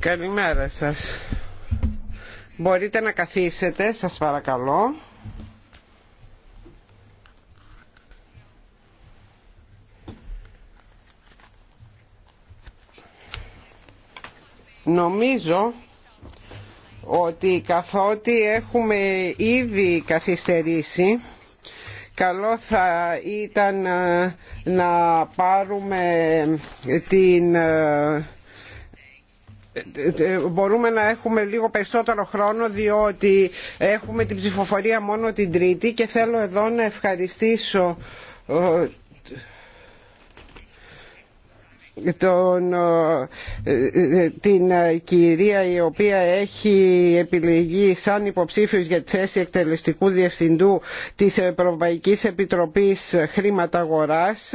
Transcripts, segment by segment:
Καλημέρα σας. Μπορείτε να καθίσετε, σας παρακαλώ. Νομίζω ότι καθότι έχουμε ήδη καθυστερήσει Καλό θα ήταν ε, να πάρουμε την ε, ε, μπορούμε να έχουμε λίγο περισσότερο χρόνο διότι έχουμε την ψηφοφορία μόνο την Τρίτη και θέλω εδώ να ευχαριστήσω τον, ε, ε, την ε, κυρία η οποία έχει επιλεγεί σαν υποψήφιος για τη θέση εκτελεστικού διευθυντού της Ευρωπαϊκής Επιτροπής Χρήματα Αγοράς.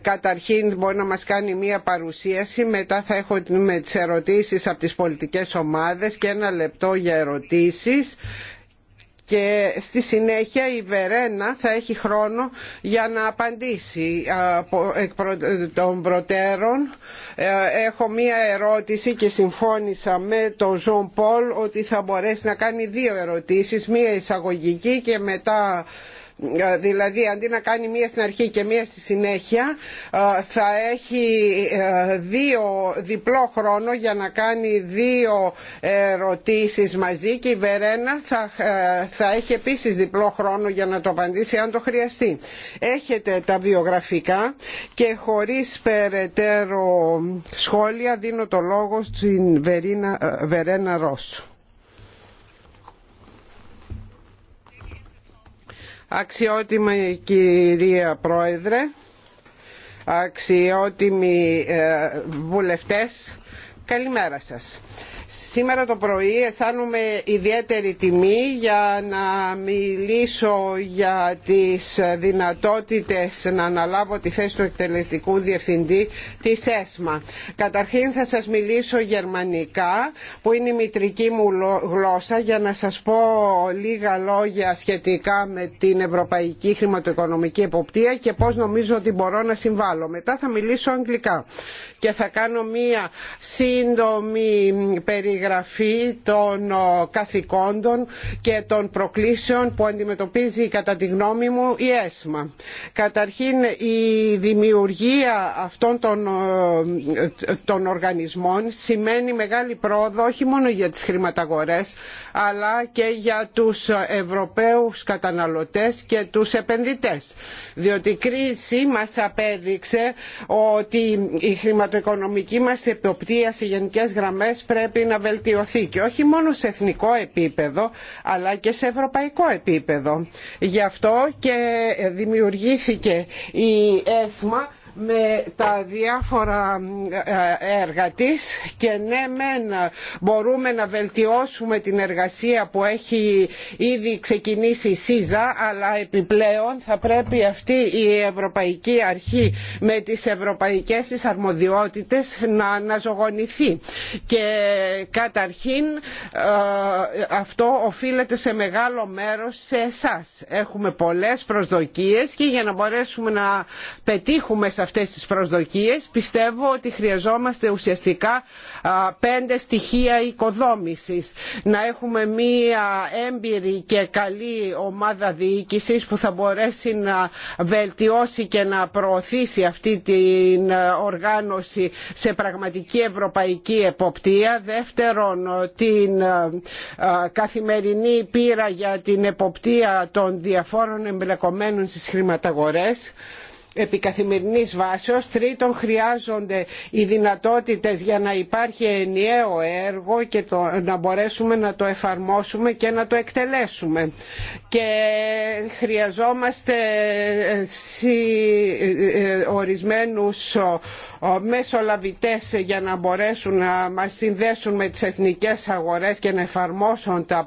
Καταρχήν μπορεί να μας κάνει μία παρουσίαση, μετά θα έχω με τις ερωτήσεις από τις πολιτικές ομάδες και ένα λεπτό για ερωτήσεις και στη συνέχεια η Βερένα θα έχει χρόνο για να απαντήσει των προτέρων. Ε, έχω μία ερώτηση και συμφώνησα με τον Ζων Πολ ότι θα μπορέσει να κάνει δύο ερωτήσεις, μία εισαγωγική και μετά ε, δηλαδή αντί να κάνει μία στην αρχή και μία στη συνέχεια ε, θα έχει ε, δύο διπλό χρόνο για να κάνει δύο ερωτήσεις μαζί και η Βερένα θα, θα έχει επίσης διπλό χρόνο για να το απαντήσει αν το χρειαστεί. Έχετε τα βιογραφικά και χωρίς περαιτέρω σχόλια δίνω το λόγο στην Βερίνα, Βερένα Ρώσου. Αξιότιμη κυρία Πρόεδρε, αξιότιμοι ε, βουλευτές, καλημέρα σας. Σήμερα το πρωί αισθάνομαι ιδιαίτερη τιμή για να μιλήσω για τις δυνατότητες να αναλάβω τη θέση του εκτελεστικού διευθυντή της ΕΣΜΑ. Καταρχήν θα σας μιλήσω γερμανικά που είναι η μητρική μου γλώσσα για να σας πω λίγα λόγια σχετικά με την Ευρωπαϊκή Χρηματοοικονομική Εποπτεία και πώς νομίζω ότι μπορώ να συμβάλλω. Μετά θα μιλήσω αγγλικά και θα κάνω μία σύντομη περιοχή περιγραφή των καθηκόντων και των προκλήσεων που αντιμετωπίζει κατά τη γνώμη μου η ΕΣΜΑ. Καταρχήν η δημιουργία αυτών των, οργανισμών σημαίνει μεγάλη πρόοδο όχι μόνο για τις χρηματαγορές αλλά και για τους Ευρωπαίους καταναλωτές και τους επενδυτές. Διότι η κρίση μας απέδειξε ότι η χρηματοοικονομική μας εποπτεία σε γενικές γραμμές πρέπει να βελτιωθεί και όχι μόνο σε εθνικό επίπεδο αλλά και σε ευρωπαϊκό επίπεδο. Γι' αυτό και δημιουργήθηκε η ΕΣΜΑ με τα διάφορα ε, έργα της και ναι μεν μπορούμε να βελτιώσουμε την εργασία που έχει ήδη ξεκινήσει η ΣΥΖΑ αλλά επιπλέον θα πρέπει αυτή η Ευρωπαϊκή Αρχή με τις ευρωπαϊκές της αρμοδιότητες να αναζωογονηθεί και καταρχήν ε, αυτό οφείλεται σε μεγάλο μέρος σε εσάς. Έχουμε πολλές προσδοκίες και για να μπορέσουμε να πετύχουμε αυτές τις προσδοκίες πιστεύω ότι χρειαζόμαστε ουσιαστικά πέντε στοιχεία οικοδόμησης. Να έχουμε μία έμπειρη και καλή ομάδα διοίκησης που θα μπορέσει να βελτιώσει και να προωθήσει αυτή την οργάνωση σε πραγματική ευρωπαϊκή εποπτεία. Δεύτερον, την καθημερινή πείρα για την εποπτεία των διαφόρων εμπλεκομένων στις χρηματαγορές επικαθημερινής βάσεως τρίτον χρειάζονται οι δυνατότητες για να υπάρχει ενιαίο έργο και το, να μπορέσουμε να το εφαρμόσουμε και να το εκτελέσουμε και χρειαζόμαστε ε, συ, ε, ορισμένους μεσολαβητές για να μπορέσουν να μας συνδέσουν με τις εθνικές αγορές και να εφαρμόσουν τα,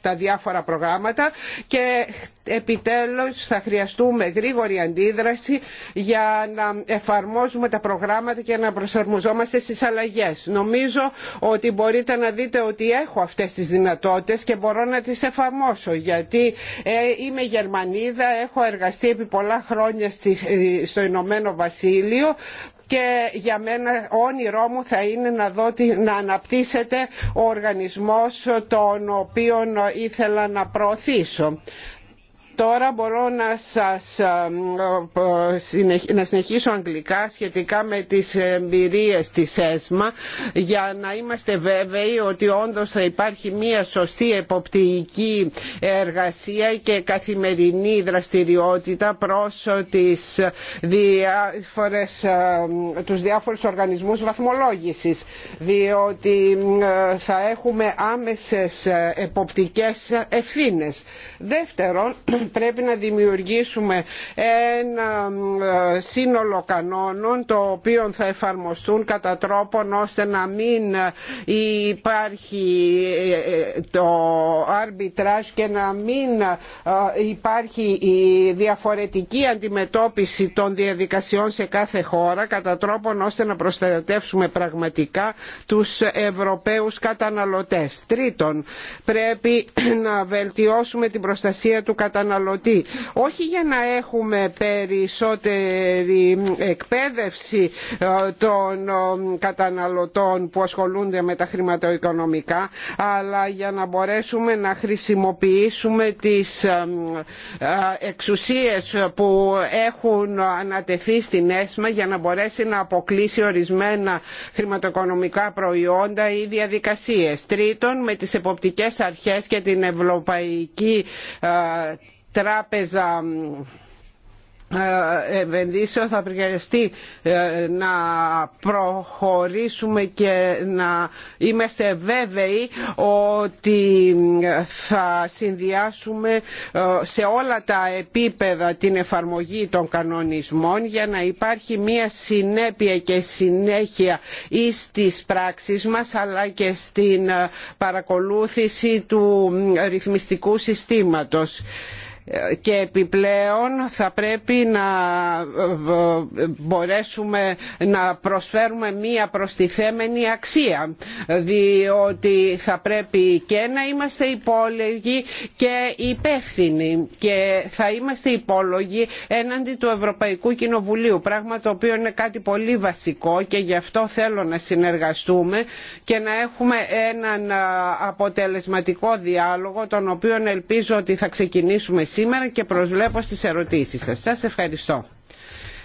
τα διάφορα προγράμματα και επιτέλους θα χρειαστούμε γρήγορη αντίδραση για να εφαρμόζουμε τα προγράμματα και να προσαρμοζόμαστε στις αλλαγές. Νομίζω ότι μπορείτε να δείτε ότι έχω αυτές τις δυνατότητες και μπορώ να τις εφαρμόσω γιατί ε, είμαι Γερμανίδα, έχω εργαστεί επί πολλά χρόνια στο Ηνωμένο Βασίλειο και για μένα όνειρό μου θα είναι να δω να αναπτύσσεται ο οργανισμός τον οποίο ήθελα να προωθήσω. Τώρα μπορώ να σας ε, ε, να συνεχίσω αγγλικά σχετικά με τις εμπειρίε της ΕΣΜΑ για να είμαστε βέβαιοι ότι όντως θα υπάρχει μια σωστή εποπτική εργασία και καθημερινή δραστηριότητα προς τις διάφορες, ε, τους διάφορους οργανισμούς βαθμολόγησης διότι θα έχουμε άμεσες εποπτικές ευθύνες. Δεύτερον, πρέπει να δημιουργήσουμε ένα ε, σύνολο κανόνων το οποίο θα εφαρμοστούν κατά τρόπον ώστε να μην ε, υπάρχει ε, το αρμπιτράζ και να μην υπάρχει η διαφορετική αντιμετώπιση των διαδικασιών σε κάθε χώρα κατά τρόπον ώστε να προστατεύσουμε πραγματικά τους Ευρωπαίους καταναλωτές. Τρίτον, πρέπει να βελτιώσουμε την προστασία του καταναλωτή καταναλωτή όχι για να έχουμε περισσότερη εκπαίδευση ε, των ε, καταναλωτών που ασχολούνται με τα χρηματοοικονομικά αλλά για να μπορέσουμε να χρησιμοποιήσουμε τις ε, εξουσίες που έχουν ανατεθεί στην ΕΣΜΑ για να μπορέσει να αποκλείσει ορισμένα χρηματοοικονομικά προϊόντα ή διαδικασίες. Τρίτον, με τις εποπτικές αρχές και την Ευρωπαϊκή τράπεζα ε, επενδύσεων θα πρέπει ε, να προχωρήσουμε και να είμαστε βέβαιοι ότι θα συνδυάσουμε ε, σε όλα τα επίπεδα την εφαρμογή των κανονισμών για να υπάρχει μια συνέπεια και συνέχεια εις τις πράξεις μας αλλά και στην παρακολούθηση του ρυθμιστικού συστήματος και επιπλέον θα πρέπει να ε, μπορέσουμε να προσφέρουμε μία προστιθέμενη αξία διότι θα πρέπει και να είμαστε υπόλογοι και υπεύθυνοι και θα είμαστε υπόλογοι έναντι του Ευρωπαϊκού Κοινοβουλίου πράγμα το οποίο είναι κάτι πολύ βασικό και γι' αυτό θέλω να συνεργαστούμε και να έχουμε έναν αποτελεσματικό διάλογο τον οποίο ελπίζω ότι θα ξεκινήσουμε σήμερα και προσβλέπω στις ερωτήσεις σας. Σας ευχαριστώ.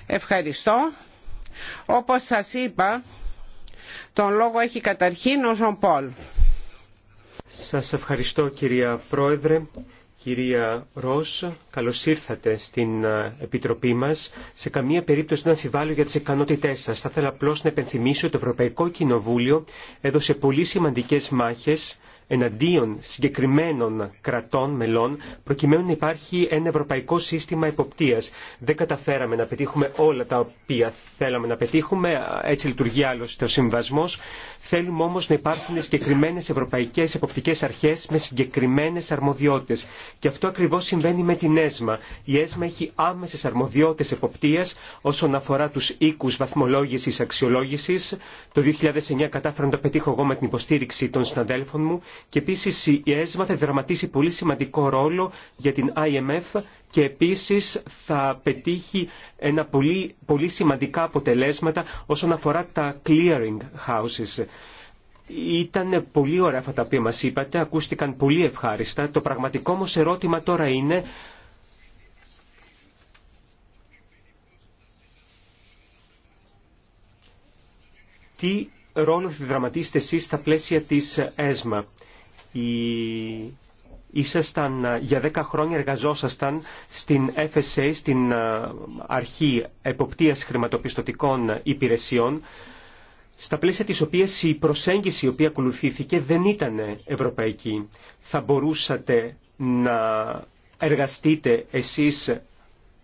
Ευχαριστώ. Όπως σας είπα, τον λόγο έχει καταρχήν ο Ζων Πολ. Σας ευχαριστώ κυρία Πρόεδρε. Κυρία Ρος, καλώς ήρθατε στην ε, Επιτροπή μας. Σε καμία περίπτωση δεν αμφιβάλλω για τις ικανότητές σας. Θα ήθελα απλώ να επενθυμίσω ότι το Ευρωπαϊκό Κοινοβούλιο έδωσε πολύ σημαντικές μάχες εναντίον συγκεκριμένων κρατών μελών προκειμένου να υπάρχει ένα ευρωπαϊκό σύστημα εποπτείας. Δεν καταφέραμε να πετύχουμε όλα τα οποία θέλαμε να πετύχουμε, έτσι λειτουργεί άλλωστε ο συμβασμός. Θέλουμε όμως να υπάρχουν συγκεκριμένες ευρωπαϊκές εποπτικές αρχές με συγκεκριμένες αρμοδιότητες. Και αυτό ακριβώς συμβαίνει με την ΕΣΜΑ. Η ΕΣΜΑ έχει άμεσες αρμοδιότητες εποπτείας όσον αφορά τους οίκους βαθμολόγησης αξιολόγηση. Το 2009 κατάφερα να το πετύχω εγώ με την υποστήριξη των συναδέλφων μου και επίση η ΕΣΜΑ θα δραματίσει πολύ σημαντικό ρόλο για την IMF και επίσης θα πετύχει ένα πολύ, πολύ σημαντικά αποτελέσματα όσον αφορά τα clearing houses. Ήταν πολύ ωραία αυτά τα οποία είπατε, ακούστηκαν πολύ ευχάριστα. Το πραγματικό μου ερώτημα τώρα είναι τι ρόλο θα δραματίσετε εσείς στα πλαίσια της ΕΣΜΑ ήσασταν ε, για 10 χρόνια εργαζόσασταν στην FSA, στην ε, Αρχή Εποπτείας Χρηματοπιστωτικών Υπηρεσιών, στα πλαίσια της οποίας η προσέγγιση η οποία ακολουθήθηκε δεν ήταν ευρωπαϊκή. Θα μπορούσατε να εργαστείτε εσείς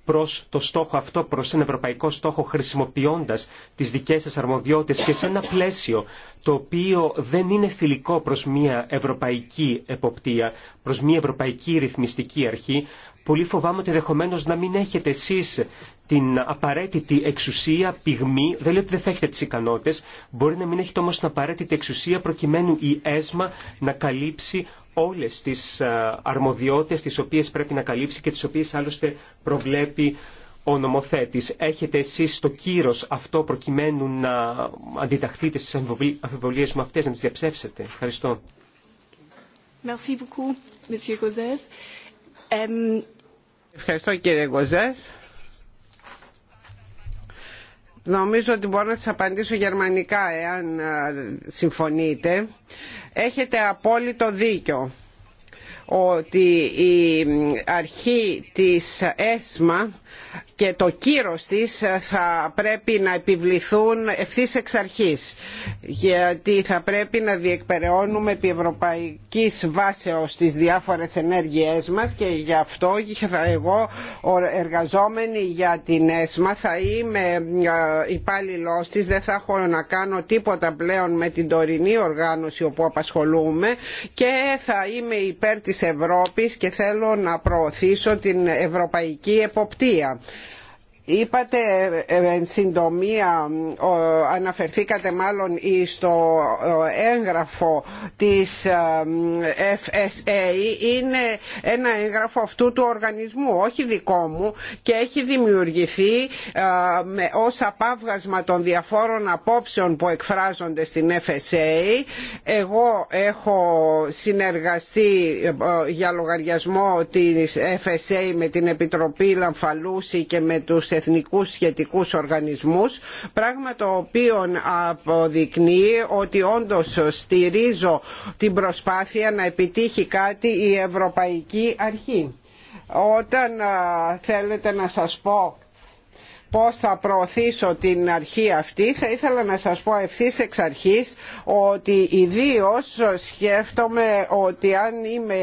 προς το στόχο αυτό, προς ένα ευρωπαϊκό στόχο χρησιμοποιώντας τις δικές σας αρμοδιότητες και σε ένα πλαίσιο το οποίο δεν είναι φιλικό προς μια ευρωπαϊκή εποπτεία, προς μια ευρωπαϊκή ρυθμιστική αρχή, πολύ φοβάμαι ότι δεχομένως να μην έχετε εσείς την απαραίτητη εξουσία, πυγμή, δεν λέω ότι δεν θα έχετε τις ικανότητες, μπορεί να μην έχετε όμως την απαραίτητη εξουσία προκειμένου η ΕΣΜΑ να καλύψει όλες τις αρμοδιότητες τις οποίες πρέπει να καλύψει και τις οποίες άλλωστε προβλέπει ο νομοθέτης. Έχετε εσείς το κύρος αυτό προκειμένου να αντιταχθείτε στις αμφιβολίες μου αυτές, να τις διαψεύσετε. Ευχαριστώ. Ευχαριστώ κύριε Γκοζές. Νομίζω ότι μπορώ να σας απαντήσω γερμανικά εάν ε, συμφωνείτε. Έχετε απόλυτο δίκιο ότι η αρχή της ΕΣΜΑ και το κύρος της θα πρέπει να επιβληθούν ευθύς εξ αρχής γιατί θα πρέπει να διεκπεραιώνουμε επί ευρωπαϊκής βάσεως τις διάφορες ενέργειές μας και γι' αυτό θα εγώ εργαζόμενη για την ΕΣΜΑ θα είμαι ε, υπάλληλό τη, δεν θα έχω να κάνω τίποτα πλέον με την τωρινή οργάνωση όπου απασχολούμε και θα είμαι υπέρ της Ευρώπης και θέλω να προωθήσω την ευρωπαϊκή εποπτεία. Είπατε ε, ε, εν συντομία, αναφερθήκατε μάλλον στο ε, έγγραφο της FSA, είναι ένα έγγραφο αυτού του οργανισμού, όχι δικό μου και έχει δημιουργηθεί με, ως απάβγασμα των διαφόρων απόψεων που εκφράζονται στην FSA. Εγώ έχω συνεργαστεί για λογαριασμό της FSA με την Επιτροπή Λαμφαλούση και με τους εθνικούς σχετικούς οργανισμούς πράγμα το οποίο αποδεικνύει ότι όντως στηρίζω την προσπάθεια να επιτύχει κάτι η Ευρωπαϊκή Αρχή. Όταν θέλετε να σας πω πώς θα προωθήσω την αρχή αυτή θα ήθελα να σας πω ευθύς εξ αρχής ότι ιδίω σκέφτομαι ότι αν είμαι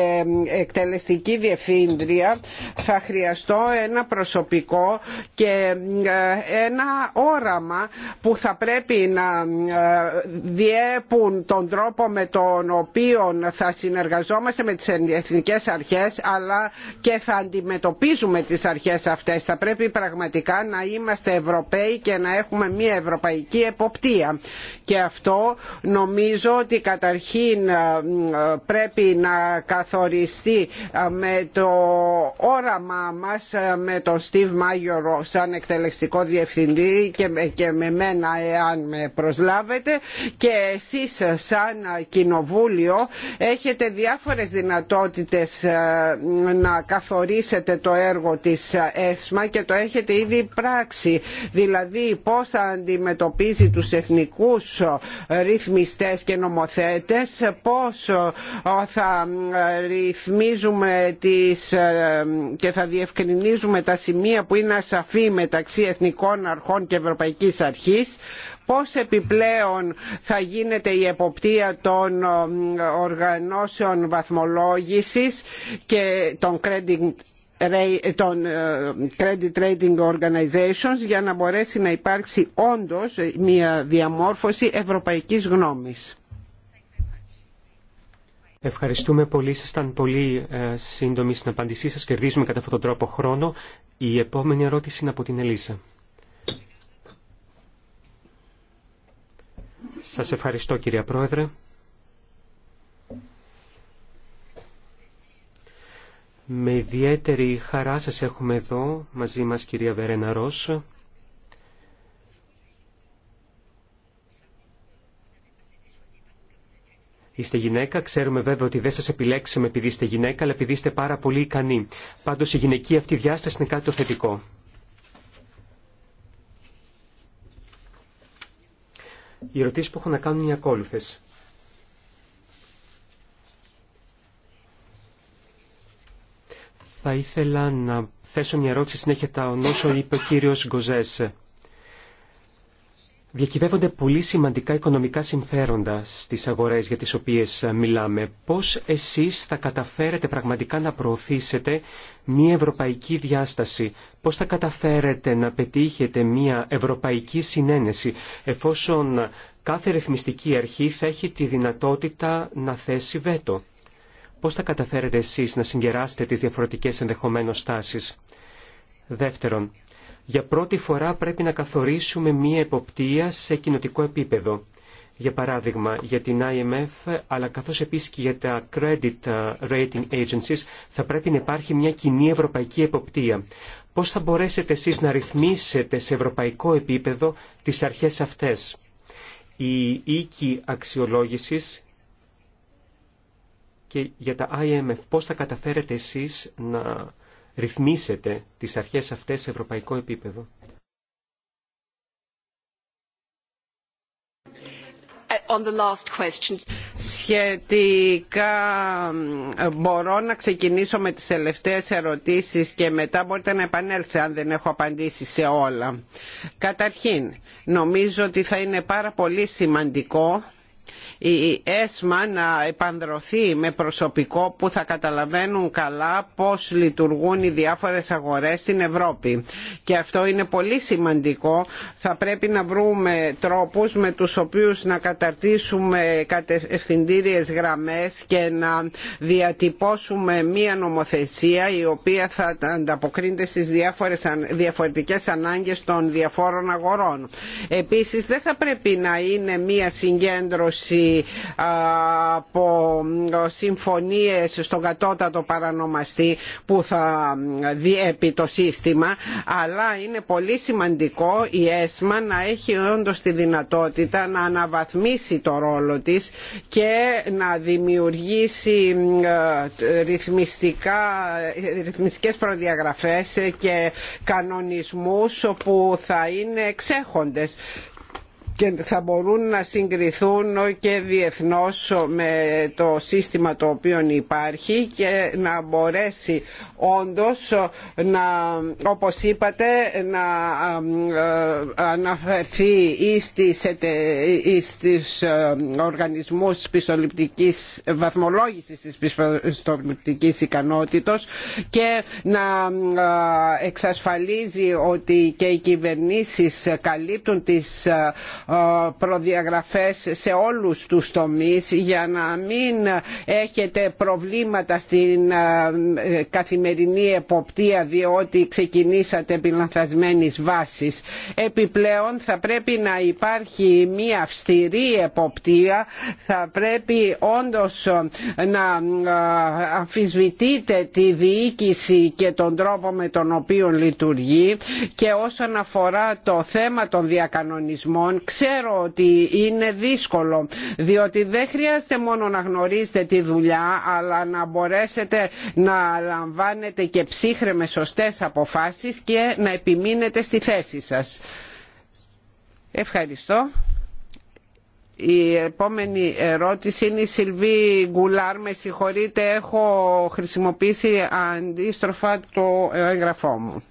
εκτελεστική διευθύντρια θα χρειαστώ ένα προσωπικό και ε, ένα όραμα που θα πρέπει να ε, διέπουν τον τρόπο με τον οποίο θα συνεργαζόμαστε με τις εθνικές αρχές αλλά και θα αντιμετωπίζουμε τις αρχές αυτές. Θα πρέπει πραγματικά να είμαστε Ευρωπαίοι και να έχουμε μια ευρωπαϊκή εποπτεία. Και αυτό νομίζω ότι καταρχήν ε, ε, πρέπει να καθοριστεί ε, με το όραμά μας με τον Στίβ Μάγιορο σαν εκτελεστικό διευθυντή και με μένα εάν με προσλάβετε και εσείς σαν κοινοβούλιο έχετε διάφορες δυνατότητες να καθορίσετε το έργο της ΕΣΜΑ και το έχετε ήδη πράξει δηλαδή πώς θα αντιμετωπίζει τους εθνικούς ρυθμιστές και νομοθέτες, πώς ε, θα ε, ρυθμίζουμε ε, και θα διευκρινίζουμε τα σημεία που είναι ασαφή μεταξύ εθνικών αρχών και Ευρωπαϊκής Αρχής, πώς επιπλέον θα γίνεται η εποπτεία των οργανώσεων βαθμολόγησης και των credit των ε, Credit Trading Organizations για να μπορέσει να υπάρξει όντως μια διαμόρφωση ευρωπαϊκής γνώμης. Ευχαριστούμε πολύ. ήταν πολύ ε, σύντομοι στην απάντησή σας. Κερδίζουμε κατά αυτόν τον τρόπο χρόνο. Η επόμενη ερώτηση είναι από την Ελίζα. Σας ευχαριστώ κυρία Πρόεδρε. Με ιδιαίτερη χαρά σας έχουμε εδώ μαζί μας κυρία Βερένα Ρώσο. Είστε γυναίκα, ξέρουμε βέβαια ότι δεν σας επιλέξαμε επειδή είστε γυναίκα, αλλά επειδή είστε πάρα πολύ ικανοί. Πάντως η γυναική αυτή διάσταση είναι κάτι το θετικό. Οι ερωτήσει που έχω να κάνουν είναι οι ακόλουθες. Θα ήθελα να θέσω μια ερώτηση συνέχεια τα όσο είπε ο κύριος Γκοζές. Διακυβεύονται πολύ σημαντικά οικονομικά συμφέροντα στις αγορές για τις οποίες μιλάμε. Πώς εσείς θα καταφέρετε πραγματικά να προωθήσετε μια ευρωπαϊκή διάσταση. Πώς θα καταφέρετε να πετύχετε μια ευρωπαϊκή συνένεση εφόσον κάθε ρυθμιστική αρχή θα έχει τη δυνατότητα να θέσει βέτο. Πώς θα καταφέρετε εσείς να συγκεράσετε τις διαφορετικές ενδεχομένω τάσει. Δεύτερον, για πρώτη φορά πρέπει να καθορίσουμε μία εποπτεία σε κοινοτικό επίπεδο. Για παράδειγμα, για την IMF, αλλά καθώς επίσης και για τα credit ε, rating agencies, θα πρέπει να υπάρχει μια κοινή ευρωπαϊκή εποπτεία. Πώς θα μπορέσετε εσείς να ρυθμίσετε σε ευρωπαϊκό επίπεδο τις αρχές αυτές. Η οίκη αξιολόγησης και για τα IMF. Πώς θα καταφέρετε εσείς να ρυθμίσετε τις αρχές αυτές σε ευρωπαϊκό επίπεδο. Ε, on Σχετικά ε, μπορώ να ξεκινήσω με τις τελευταίες ερωτήσεις και μετά μπορείτε να επανέλθετε αν δεν έχω απαντήσει σε όλα. Καταρχήν, νομίζω ότι θα είναι πάρα πολύ σημαντικό η ΕΣΜΑ να επανδρωθεί με προσωπικό που θα καταλαβαίνουν καλά πώς λειτουργούν οι διάφορες αγορές στην Ευρώπη. Και αυτό είναι πολύ σημαντικό. Θα πρέπει να βρούμε τρόπους με τους οποίους να καταρτήσουμε κατευθυντήριες γραμμές και να διατυπώσουμε μία νομοθεσία η οποία θα ανταποκρίνεται στις διάφορες, διαφορετικές ανάγκες των διαφόρων αγορών. Επίσης δεν θα πρέπει να είναι μία συγκέντρωση από συμφωνίες στον κατώτατο παρανομαστή που θα διέπει το σύστημα αλλά είναι πολύ σημαντικό η ΕΣΜΑ να έχει όντως τη δυνατότητα να αναβαθμίσει το ρόλο της και να δημιουργήσει ε, ρυθμιστικά, ρυθμιστικές προδιαγραφές και κανονισμούς που θα είναι εξέχοντες και θα μπορούν να συγκριθούν και διεθνώς με το σύστημα το οποίο υπάρχει και να μπορέσει όντως να, όπως είπατε να ε, αναφερθεί ή στις, οργανισμού στις ε, οργανισμούς πιστοληπτικής βαθμολόγησης της ικανότητος και να ε, εξασφαλίζει ότι και οι κυβερνήσεις καλύπτουν τις ε, προδιαγραφές σε όλους τους τομείς για να μην έχετε προβλήματα στην ε, καθημερινή εποπτεία διότι ξεκινήσατε επί βάσης. Επιπλέον θα πρέπει να υπάρχει μία αυστηρή εποπτεία, θα πρέπει όντως να ε, αμφισβητείτε τη διοίκηση και τον τρόπο με τον οποίο λειτουργεί και όσον αφορά το θέμα των διακανονισμών ξέρω ότι είναι δύσκολο διότι δεν χρειάζεται μόνο να γνωρίζετε τη δουλειά αλλά να μπορέσετε να λαμβάνετε και ψύχρεμες σωστές αποφάσεις και να επιμείνετε στη θέση σας. Ευχαριστώ. Η επόμενη ερώτηση είναι η Σιλβί Γκουλάρ. Με συγχωρείτε, έχω χρησιμοποιήσει αντίστροφα το έγγραφό μου.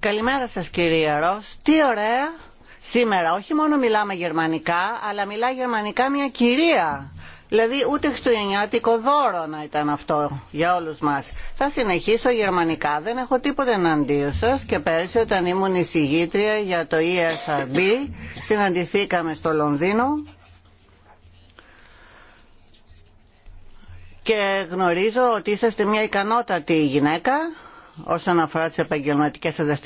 Καλημέρα σας κυρία Ρος. Τι ωραία Σήμερα όχι μόνο μιλάμε γερμανικά, αλλά μιλά γερμανικά μια κυρία. Δηλαδή ούτε χριστουγεννιάτικο δώρο να ήταν αυτό για όλους μας. Θα συνεχίσω γερμανικά, δεν έχω τίποτα εναντίον σας και πέρσι όταν ήμουν εισηγήτρια για το ESRB συναντηθήκαμε στο Λονδίνο και γνωρίζω ότι είσαστε μια ικανότατη γυναίκα όσον αφορά τις επαγγελματικές σας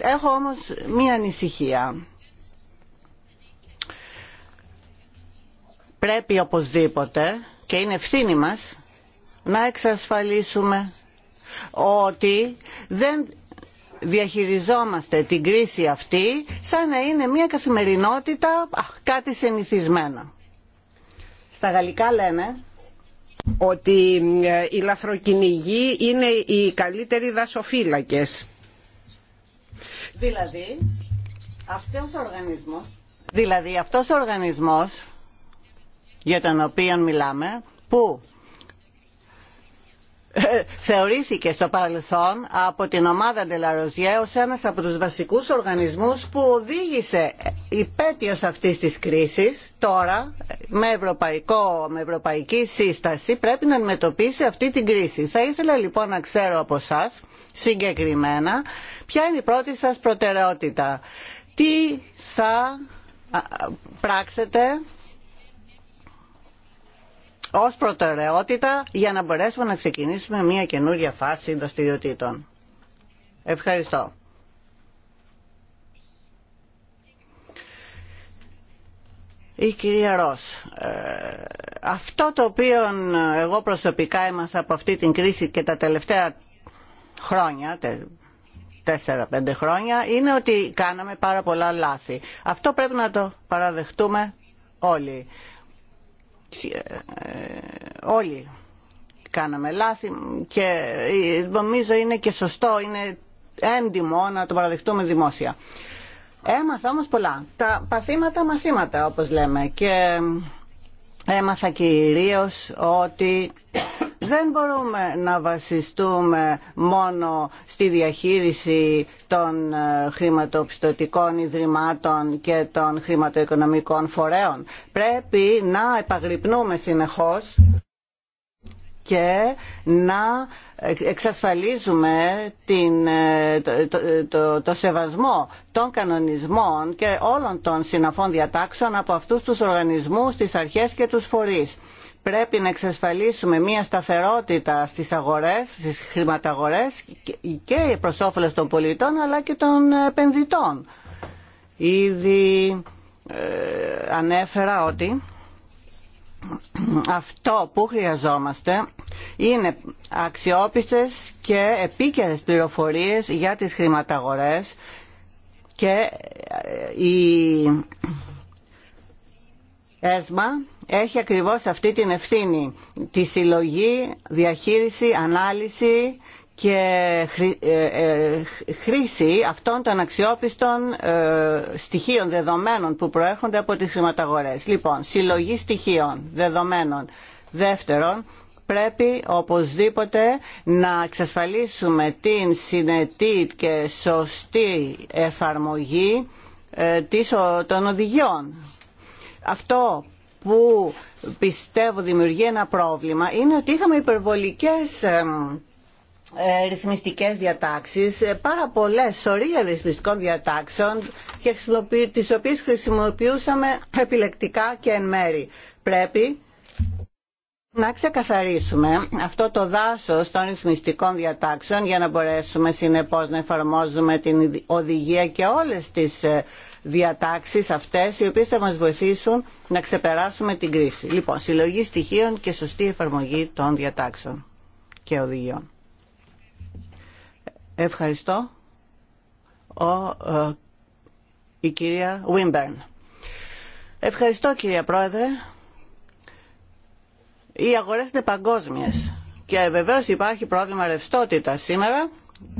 Έχω όμως μια ανησυχία. πρέπει οπωσδήποτε και είναι ευθύνη μας να εξασφαλίσουμε ότι δεν διαχειριζόμαστε την κρίση αυτή σαν να είναι μια καθημερινότητα κάτι συνηθισμένο. Στα γαλλικά λένε ότι οι ε, λαθροκυνηγοί είναι οι καλύτεροι δασοφύλακες. Δηλαδή, αυτός ο οργανισμός, δηλαδή αυτός ο οργανισμός για τον οποίο μιλάμε, που ε, θεωρήθηκε στο παρελθόν από την ομάδα Ντελαροζιέ ως ένας από τους βασικούς οργανισμούς που οδήγησε υπέτειος αυτής της κρίσης τώρα με, ευρωπαϊκό, με ευρωπαϊκή σύσταση πρέπει να αντιμετωπίσει αυτή την κρίση. Θα ήθελα λοιπόν να ξέρω από εσά συγκεκριμένα ποια είναι η πρώτη σας προτεραιότητα. Τι θα πράξετε ως προτεραιότητα για να μπορέσουμε να ξεκινήσουμε μια καινούργια φάση δραστηριοτήτων. Ευχαριστώ. Η κυρία Ρος, ε, αυτό το οποίο εγώ προσωπικά έμασα από αυτή την κρίση και τα τελευταία χρόνια, τέσσερα-πέντε χρόνια, είναι ότι κάναμε πάρα πολλά λάθη. Αυτό πρέπει να το παραδεχτούμε όλοι. Ε, ε, όλοι κάναμε λάθη και ε, νομίζω είναι και σωστό, είναι έντιμο να το παραδεχτούμε δημόσια. Έμαθα όμως πολλά. Τα παθήματα μαθήματα όπως λέμε και έμαθα κυρίως ότι δεν μπορούμε να βασιστούμε μόνο στη διαχείριση των ε, χρηματοπιστωτικών ιδρυμάτων και των χρηματοοικονομικών φορέων. Πρέπει να επαγρυπνούμε συνεχώς και να εξασφαλίζουμε ε, το, το, σεβασμό των κανονισμών και όλων των συναφών διατάξεων από αυτούς τους οργανισμούς, τις αρχές και τους φορείς πρέπει να εξασφαλίσουμε μια σταθερότητα στις αγορές, στις χρηματαγορές και προς όφελος των πολιτών αλλά και των επενδυτών. Ήδη ε, ανέφερα ότι αυτό που χρειαζόμαστε είναι αξιόπιστες και επίκαιρες πληροφορίες για τις χρηματαγορές και ε, η ΕΣΜΑ έχει ακριβώς αυτή την ευθύνη. Τη συλλογή, διαχείριση, ανάλυση και ε, ε, χρήση αυτών των αξιόπιστων ε, στοιχείων, δεδομένων που προέρχονται από τις χρηματαγορές. Λοιπόν, συλλογή στοιχείων, δεδομένων. Δεύτερον, πρέπει οπωσδήποτε να εξασφαλίσουμε την συνετή και σωστή εφαρμογή των οδηγιών. Αυτό που πιστεύω δημιουργεί ένα πρόβλημα είναι ότι είχαμε υπερβολικές ε, ρυθμιστικές διατάξεις, ε, πάρα πολλές σωρία ρυθμιστικών διατάξεων και τις οποίες χρησιμοποιούσαμε επιλεκτικά και εν μέρη. Πρέπει να ξεκαθαρίσουμε αυτό το δάσος των ρυθμιστικών διατάξεων για να μπορέσουμε συνεπώς να εφαρμόζουμε την οδηγία και όλες τις ε, διατάξεις αυτές οι οποίες θα μας βοηθήσουν να ξεπεράσουμε την κρίση. Λοιπόν, συλλογή στοιχείων και σωστή εφαρμογή των διατάξεων και οδηγιών. Ευχαριστώ. Ο, ε, η κυρία Βίμπερν. Ευχαριστώ κυρία Πρόεδρε. Οι αγορές είναι παγκόσμιες και βεβαίως υπάρχει πρόβλημα ρευστότητα σήμερα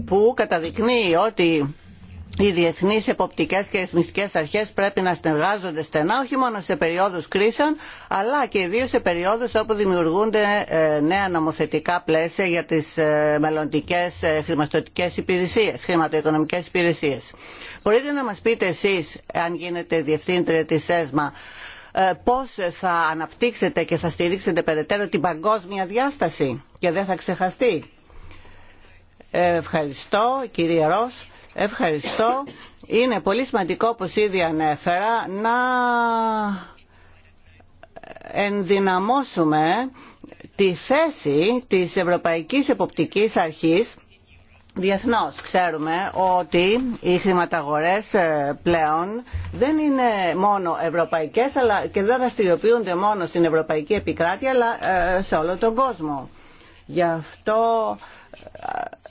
που καταδεικνύει ότι οι διεθνείς εποπτικές και ρυθμιστικές αρχές πρέπει να συνεργάζονται στενά όχι μόνο σε περιόδους κρίσεων αλλά και ιδίως σε περιόδους όπου δημιουργούνται ε, νέα νομοθετικά πλαίσια για τις ε, μελλοντικές ε, χρηματοοικονομικές υπηρεσίες, χρηματοοικονομικές υπηρεσίες. Μπορείτε να μας πείτε εσείς, αν γίνετε διευθύντρια τη ΕΣΜΑ, πώς θα αναπτύξετε και θα στηρίξετε περαιτέρω την παγκόσμια διάσταση και δεν θα ξεχαστεί. Ευχαριστώ κυρία Ρος. Ευχαριστώ. Είναι πολύ σημαντικό, όπως ήδη ανέφερα, να ενδυναμώσουμε τη θέση της Ευρωπαϊκής Εποπτικής Αρχής Διεθνώς ξέρουμε ότι οι χρηματαγορές ε, πλέον δεν είναι μόνο ευρωπαϊκές αλλά και δεν δραστηριοποιούνται μόνο στην ευρωπαϊκή επικράτεια αλλά ε, σε όλο τον κόσμο. Γι' αυτό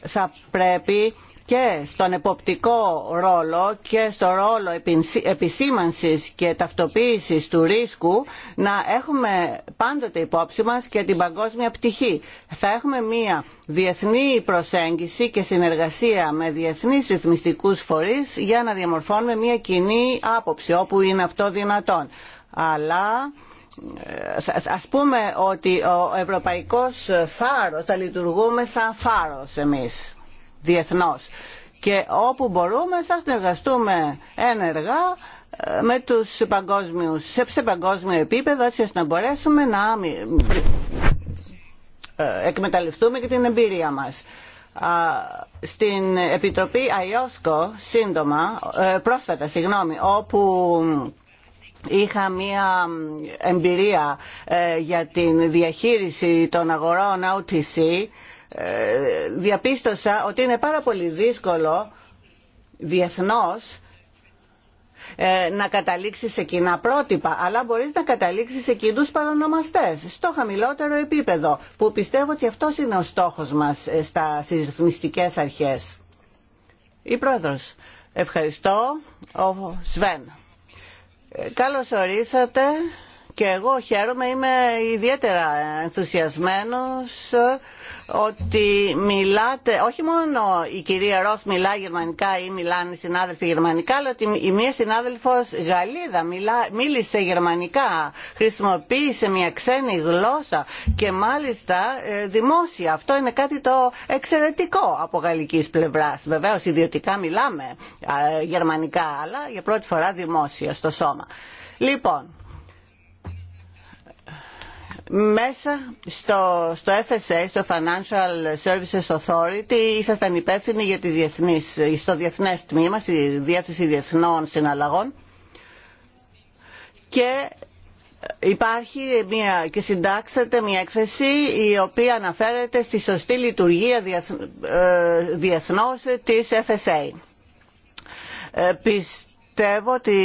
ε, θα πρέπει και στον εποπτικό ρόλο και στο ρόλο επισήμανσης και ταυτοποίησης του ρίσκου να έχουμε πάντοτε υπόψη μας και την παγκόσμια πτυχή. Θα έχουμε μία διεθνή προσέγγιση και συνεργασία με διεθνείς ρυθμιστικούς φορείς για να διαμορφώνουμε μία κοινή άποψη όπου είναι αυτό δυνατόν. Αλλά ε, ας πούμε ότι ο ευρωπαϊκός φάρος θα λειτουργούμε σαν φάρος εμείς διεθνώς. Και όπου μπορούμε θα συνεργαστούμε ένεργα ε, με τους σε παγκόσμιο επίπεδο έτσι ώστε να μπορέσουμε να ε, εκμεταλλευτούμε και την εμπειρία μας. Στην Επιτροπή ΑΙΟΣΚΟ σύντομα, ε, πρόσφατα συγγνώμη, όπου είχα μία εμπειρία για την διαχείριση των αγορών OTC ε, διαπίστωσα ότι είναι πάρα πολύ δύσκολο διεθνώς ε, να καταλήξει σε κοινά πρότυπα, αλλά μπορείς να καταλήξει σε κοινού παρονομαστές, στο χαμηλότερο επίπεδο, που πιστεύω ότι αυτός είναι ο στόχος μας ε, στα ρυθμιστικές αρχές. Η Πρόεδρος. Ευχαριστώ. Ο Σβέν. Καλώς ορίσατε και εγώ χαίρομαι, είμαι ιδιαίτερα ενθουσιασμένος ότι μιλάτε, όχι μόνο η κυρία Ρος μιλά γερμανικά ή μιλάνε οι συνάδελφοι γερμανικά, αλλά ότι η μία συνάδελφος Γαλλίδα μιλά, μίλησε γερμανικά, χρησιμοποίησε μια συναδελφος γαλλιδα μιλησε γερμανικα γλώσσα και μάλιστα ε, δημόσια. Αυτό είναι κάτι το εξαιρετικό από γαλλικής πλευράς. Βεβαίως ιδιωτικά μιλάμε ε, γερμανικά, αλλά για πρώτη φορά δημόσια στο σώμα. Λοιπόν, μέσα στο, στο FSA, στο Financial Services Authority, ήσασταν υπεύθυνοι για τη διεθνής, στο διεθνές τμήμα, στη διεύθυνση διεθνών συναλλαγών και υπάρχει μια, και συντάξατε μια έκθεση η οποία αναφέρεται στη σωστή λειτουργία διεθ, ε, της FSA. Ε, πιστεύω ότι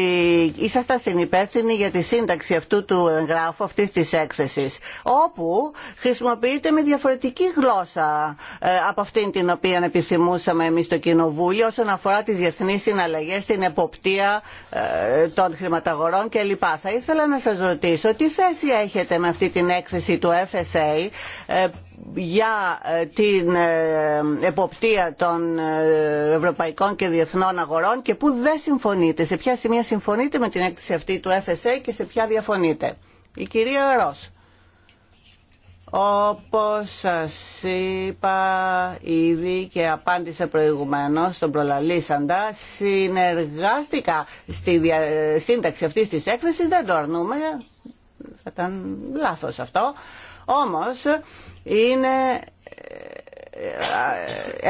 ήσασταν συνυπεύθυνοι για τη σύνταξη αυτού του εγγράφου, αυτή της έκθεσης, όπου χρησιμοποιείται με διαφορετική γλώσσα ε, από αυτήν την οποία επισημούσαμε εμείς στο Κοινοβούλιο όσον αφορά τις διεθνεί συναλλαγέ, την εποπτεία ε, των χρηματαγορών κλπ. Θα ήθελα να σας ρωτήσω τι θέση έχετε με αυτή την έκθεση του FSA ε, για ε, την ε, εποπτεία των ε, ευρωπαϊκών και διεθνών αγορών και πού δεν συμφωνείτε, σε ποια σημεία συμφωνείτε με την έκθεση αυτή του FSA και σε ποια διαφωνείτε. Η κυρία Ρος. Όπως σας είπα ήδη και απάντησα προηγουμένως στον προλαλήσαντα, συνεργάστηκα στη σύνταξη αυτής της έκθεσης, δεν το αρνούμε, θα ήταν λάθος αυτό. Όμως είναι ε,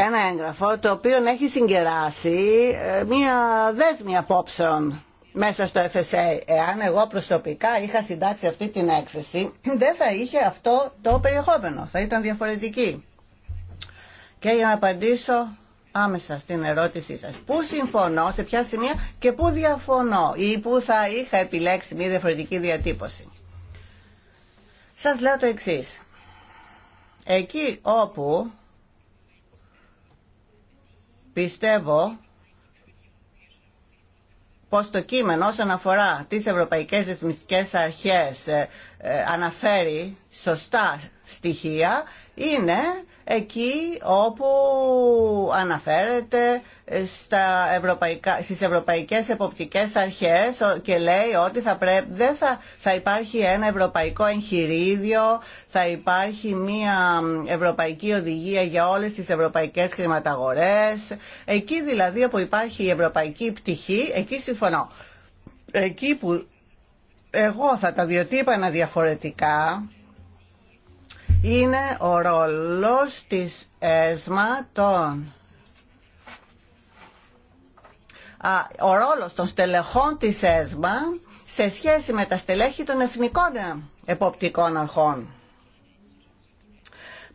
ένα έγγραφο το οποίο έχει συγκεράσει ε, μία δέσμη απόψεων μέσα στο FSA. Εάν εγώ προσωπικά είχα συντάξει αυτή την έκθεση, δεν θα είχε αυτό το περιεχόμενο. Θα ήταν διαφορετική. Και για να απαντήσω άμεσα στην ερώτησή σας. Πού συμφωνώ, σε ποια σημεία και πού διαφωνώ ή πού θα είχα επιλέξει μία διαφορετική διατύπωση. Σας λέω το εξής. Εκεί όπου πιστεύω πως το κείμενο όσον αφορά τις Ευρωπαϊκές Ρυθμιστικές Αρχές ε, ε, αναφέρει σωστά στοιχεία είναι εκεί όπου αναφέρεται στα ευρωπαϊκά, στις ευρωπαϊκές εποπτικές αρχές και λέει ότι θα, πρέπει, δεν θα, θα υπάρχει ένα ευρωπαϊκό εγχειρίδιο, θα υπάρχει μια ευρωπαϊκή οδηγία για όλες τις ευρωπαϊκές χρηματαγορές. Εκεί δηλαδή όπου υπάρχει η ευρωπαϊκή πτυχή, εκεί συμφωνώ. Εκεί που εγώ θα τα διοτύπανα διαφορετικά, είναι ο ρόλος της ΕΣΜΑ των ο των στελεχών της ΕΣΜΑ σε σχέση με τα στελέχη των εθνικών ε, εποπτικών αρχών.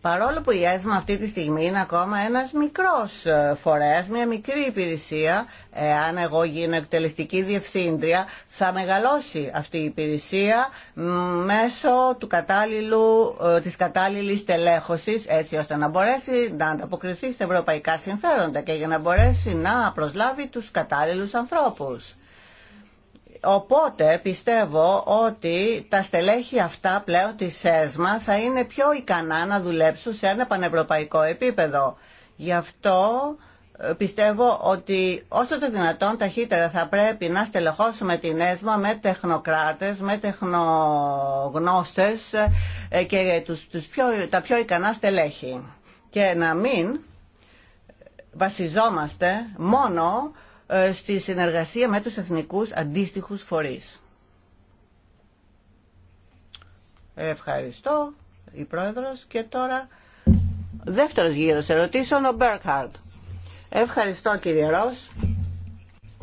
Παρόλο που η ΕΣΜΑ αυτή τη στιγμή είναι ακόμα ένας μικρός ε, φορέας, μια μικρή υπηρεσία, εάν εγώ γίνω εκτελεστική διευθύντρια, θα μεγαλώσει αυτή η υπηρεσία μέσω του κατάλληλη ε, της κατάλληλης τελέχωσης, έτσι ώστε να μπορέσει να ανταποκριθεί στα ευρωπαϊκά συμφέροντα και για να μπορέσει να προσλάβει τους κατάλληλους ανθρώπους. Οπότε πιστεύω ότι τα στελέχη αυτά πλέον της ΕΣΜΑ θα είναι πιο ικανά να δουλέψουν σε ένα πανευρωπαϊκό επίπεδο. Γι' αυτό ε, πιστεύω ότι όσο το δυνατόν ταχύτερα θα πρέπει να στελεχώσουμε την ΕΣΜΑ με τεχνοκράτες, με τεχνογνώστες ε, και τους, πιο, τα πιο ικανά στελέχη. Και να μην βασιζόμαστε μόνο ε, στη συνεργασία με τους εθνικούς αντίστοιχους φορείς. Ευχαριστώ, η Πρόεδρος. Και τώρα, δεύτερος γύρος ερωτήσεων, ο Μπέρκχαρτ. Ευχαριστώ, κύριε Ρος.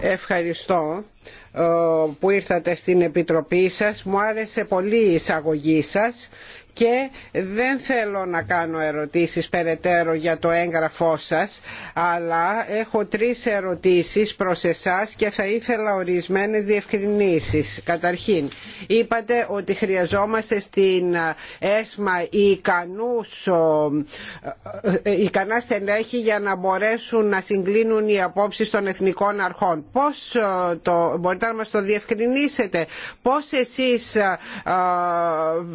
Ευχαριστώ ε, που ήρθατε στην Επιτροπή σας. Μου άρεσε πολύ η εισαγωγή σας και δεν θέλω να κάνω ερωτήσεις περαιτέρω για το έγγραφό σας αλλά έχω τρεις ερωτήσεις προς εσάς και θα ήθελα ορισμένες διευκρινήσεις. Καταρχήν, είπατε ότι χρειαζόμαστε στην ΕΣΜΑ ικανούς, ε, ε, ικανά στελέχη για να μπορέσουν να συγκλίνουν οι απόψεις των εθνικών αρχών. Πώς ε, το, μπορείτε να μας το διευκρινίσετε, πώς εσείς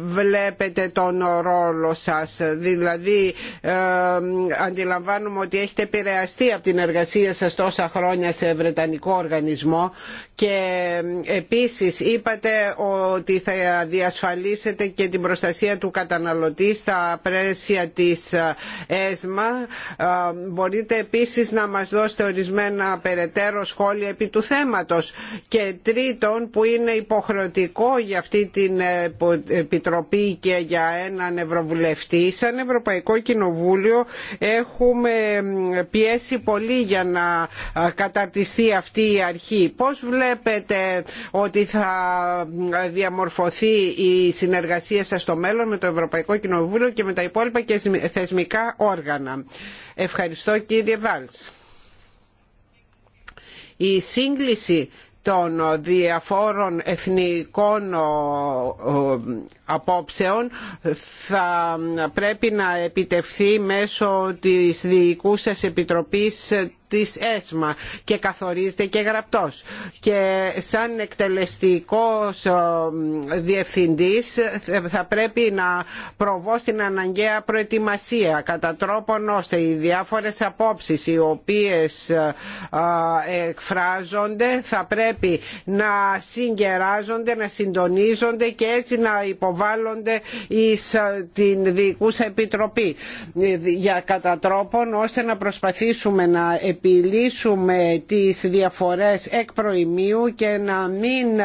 βλέπετε τον ρόλο σας. Δηλαδή ε, αντιλαμβάνουμε ότι έχετε επηρεαστεί από την εργασία σας τόσα χρόνια σε Βρετανικό οργανισμό και ε, επίσης είπατε ότι θα διασφαλίσετε και την προστασία του καταναλωτή στα πρέσια της ε, ΕΣΜΑ. Μπορείτε επίσης να μας δώσετε ορισμένα περαιτέρω σχόλια επί του θέματος. Και τρίτον που είναι υποχρεωτικό για αυτή την Επιτροπή και για έναν Ευρωβουλευτή. Σαν Ευρωπαϊκό Κοινοβούλιο έχουμε πιέσει πολύ για να καταρτιστεί αυτή η αρχή. Πώς βλέπετε ότι θα διαμορφωθεί η συνεργασία σας στο μέλλον με το Ευρωπαϊκό Κοινοβούλιο και με τα υπόλοιπα και θεσμικά όργανα. Ευχαριστώ κύριε Βάλς. Η σύγκληση των διαφόρων εθνικών απόψεων θα πρέπει να επιτευχθεί μέσω της Διοικούσας Επιτροπής της ΕΣΜΑ και καθορίζεται και γραπτός. Και σαν εκτελεστικός διευθυντής θα πρέπει να προβώ στην αναγκαία προετοιμασία κατά τρόπον ώστε οι διάφορες απόψεις οι οποίες εκφράζονται θα πρέπει να συγκεράζονται, να συντονίζονται και έτσι να υποβάλλονται εις την Διοικούσα Επιτροπή για κατά τρόπον ώστε να προσπαθήσουμε να επιλύσουμε τις διαφορές εκ προημίου και να μην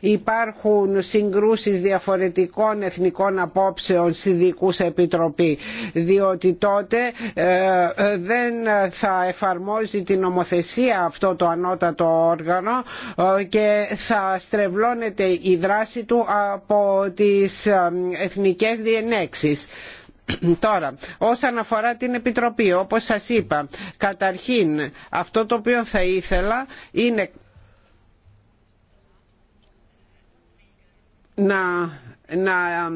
υπάρχουν συγκρούσεις διαφορετικών εθνικών απόψεων στη δικούς επιτροπή διότι τότε ε, δεν θα εφαρμόζει την νομοθεσία αυτό το ανώτατο όργανο ε, και θα στρεβλώνεται η δράση του από τις ε, εθνικές διενέξεις. Τώρα, όσον αφορά την Επιτροπή, όπως σας είπα, καταρχήν αυτό το οποίο θα ήθελα είναι να να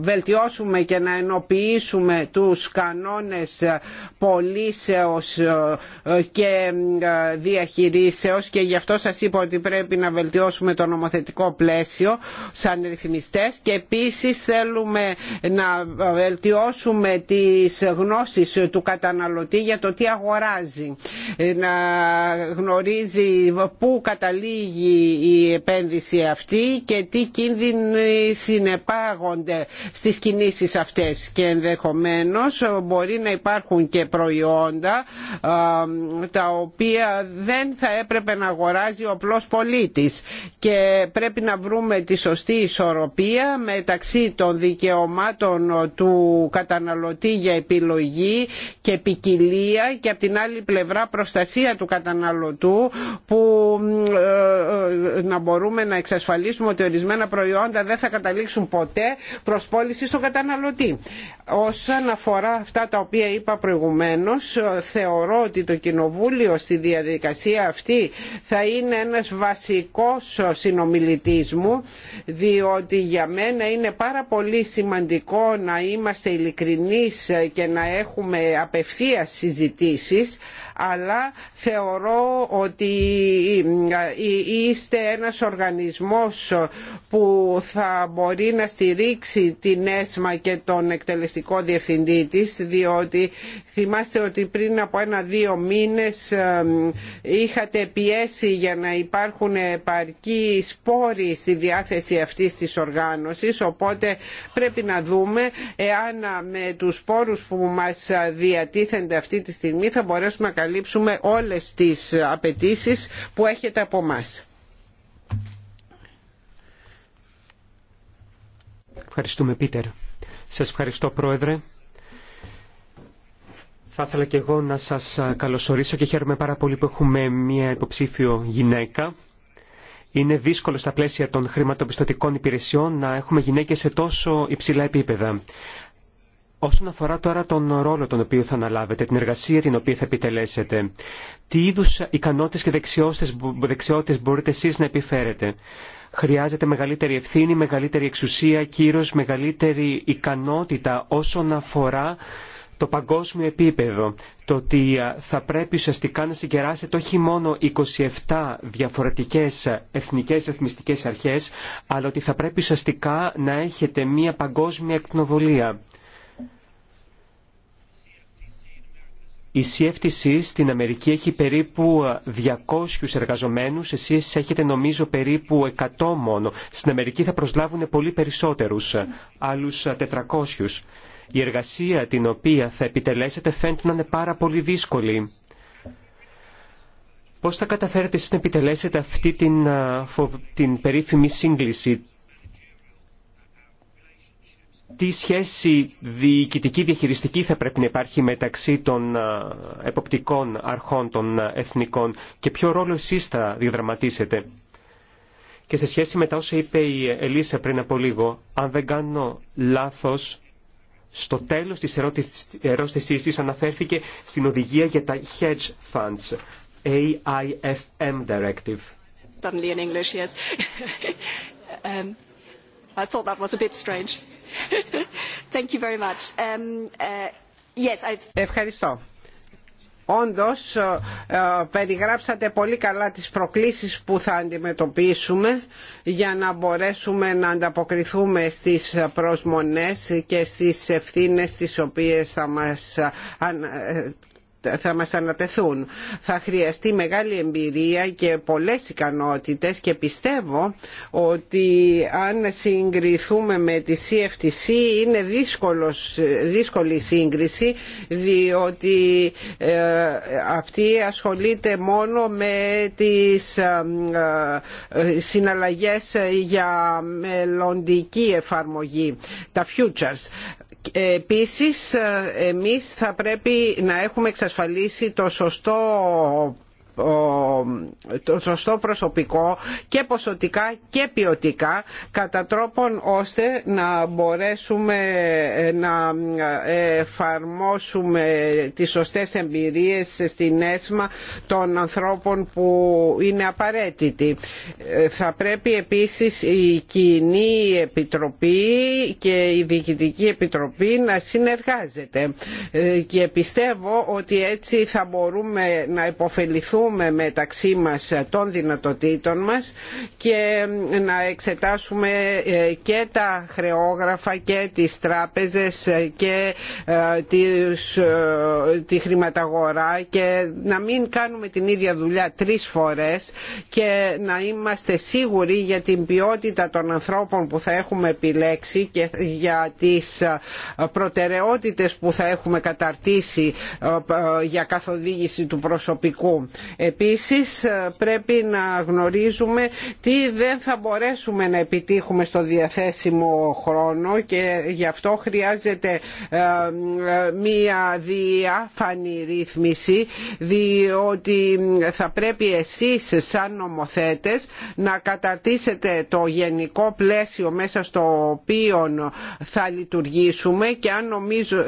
βελτιώσουμε και να ενοποιήσουμε τους κανόνες πολίσεως ε, και διαχειρίσεως και γι' αυτό σας είπα ότι πρέπει να βελτιώσουμε το νομοθετικό πλαίσιο σαν ρυθμιστές και επίσης θέλουμε να βελτιώσουμε τις γνώσεις του καταναλωτή για το τι αγοράζει ε, να γνωρίζει πού καταλήγει η επένδυση αυτή και τι κίνδυνοι συνεπάγονται στις κινήσεις αυτές και ενδεχομένως μπορεί να υπάρχουν και προϊόντα τα οποία δεν θα έπρεπε να αγοράζει ο απλός πολίτης και πρέπει να βρούμε τη σωστή ισορροπία μεταξύ των δικαιωμάτων του καταναλωτή για επιλογή και ποικιλία και από την άλλη πλευρά προστασία του καταναλωτού που ε, ε, να μπορούμε να εξασφαλίσουμε ότι ορισμένα ορισμένα προϊόντα δεν θα καταλήξουν ποτέ προς πώληση στον καταναλωτή. Όσον αφορά αυτά τα οποία είπα προηγουμένως, θεωρώ ότι το Κοινοβούλιο στη διαδικασία αυτή θα είναι ένας βασικός συνομιλητής μου, διότι για μένα είναι πάρα πολύ σημαντικό να είμαστε ειλικρινείς και να έχουμε απευθείας συζητήσεις αλλά θεωρώ ότι ε, είστε ένας οργανισμός που θα μπορεί να στηρίξει την ΕΣΜΑ και τον εκτελεστικό διευθυντή της διότι θυμάστε ότι πριν από ένα-δύο μήνες ε, είχατε πιέσει για να υπάρχουν επαρκή σπόροι στη διάθεση αυτής της οργάνωσης οπότε πρέπει να δούμε εάν με τους σπόρους που μας διατίθενται αυτή τη στιγμή θα μπορέσουμε να καλύψουμε όλες τις απαιτήσει που έχετε από μας. Ευχαριστούμε Πίτερ. Σας ευχαριστώ Πρόεδρε. Θα ήθελα και εγώ να σας καλωσορίσω και χαίρομαι πάρα πολύ που έχουμε μια υποψήφιο γυναίκα. Είναι δύσκολο στα πλαίσια των χρηματοπιστωτικών υπηρεσιών να έχουμε γυναίκες σε τόσο υψηλά επίπεδα. Όσον αφορά τώρα τον ρόλο τον οποίο θα αναλάβετε, την εργασία την οποία θα επιτελέσετε, τι είδου ικανότητε και δεξιότητε μπορείτε εσεί να επιφέρετε. Χρειάζεται μεγαλύτερη ευθύνη, μεγαλύτερη εξουσία, κύρος, μεγαλύτερη ικανότητα όσον αφορά το παγκόσμιο επίπεδο, το ότι θα πρέπει ουσιαστικά να συγκεράσετε όχι μόνο 27 διαφορετικέ εθνικέ εθνιστικές αρχέ, αλλά ότι θα πρέπει ουσιαστικά να έχετε μία παγκόσμια εκπνοβολία. Η CFTC στην Αμερική έχει περίπου 200 ε, εργαζομένους, εσείς έχετε νομίζω περίπου 100 μόνο. Στην Αμερική θα προσλάβουν πολύ περισσότερους, ε, άλλους 400. Ε, Η εργασία την οποία θα επιτελέσετε φαίνεται να είναι πάρα πολύ δύσκολη. Πώς θα καταφέρετε εσείς να επιτελέσετε αυτή την, την περίφημη σύγκληση τι σχέση διοικητική-διαχειριστική θα πρέπει να υπάρχει μεταξύ των ε, εποπτικών αρχών των ε, εθνικών και ποιο ρόλο εσείς θα διαδραματίσετε. Και σε σχέση με τα όσα είπε η Ελίσσα πριν από λίγο, αν δεν κάνω λάθος, στο τέλος της ερώτησής της αναφέρθηκε στην οδηγία για τα hedge funds, AIFM Directive. Suddenly in English, yes. Um, I thought that was a bit strange. Um, uh, Ευχαριστώ. Όντως ε, ε, περιγράψατε πολύ καλά τις προκλήσεις που θα αντιμετωπίσουμε για να μπορέσουμε να ανταποκριθούμε στις προσμονές και στις ευθύνες τις οποίες θα μας ε, θα μας ανατεθούν. Θα χρειαστεί μεγάλη εμπειρία και πολλές ικανότητες και πιστεύω ότι αν συγκριθούμε με τη CFTC είναι δύσκολος, δύσκολη σύγκριση διότι ε, αυτή ασχολείται μόνο με τις ε, ε, συναλλαγές για μελλοντική εφαρμογή, τα futures. Επίσης, εμείς θα πρέπει να έχουμε εξασφαλίσει το σωστό το σωστό προσωπικό και ποσοτικά και ποιοτικά κατά τρόπον ώστε να μπορέσουμε να εφαρμόσουμε τις σωστές εμπειρίες στην έσμα των ανθρώπων που είναι απαραίτητοι. Θα πρέπει επίσης η Κοινή Επιτροπή και η Διοικητική Επιτροπή να συνεργάζεται και πιστεύω ότι έτσι θα μπορούμε να υποφεληθούμε συμφωνούμε μεταξύ μας ε, των δυνατοτήτων μας και ε, να εξετάσουμε ε, και τα χρεόγραφα και τις τράπεζες και τη χρηματαγορά και να μην κάνουμε την ίδια δουλειά τρεις φορές και να είμαστε σίγουροι για την ποιότητα των ανθρώπων που θα έχουμε επιλέξει και για τις προτεραιότητες που θα έχουμε καταρτήσει για καθοδήγηση του προσωπικού. Επίσης πρέπει να γνωρίζουμε τι δεν θα μπορέσουμε να επιτύχουμε στο διαθέσιμο χρόνο και γι' αυτό χρειάζεται ε, μία διάφανη ρύθμιση διότι θα πρέπει εσείς σαν νομοθέτες να καταρτήσετε το γενικό πλαίσιο μέσα στο οποίο θα λειτουργήσουμε και αν νομίζω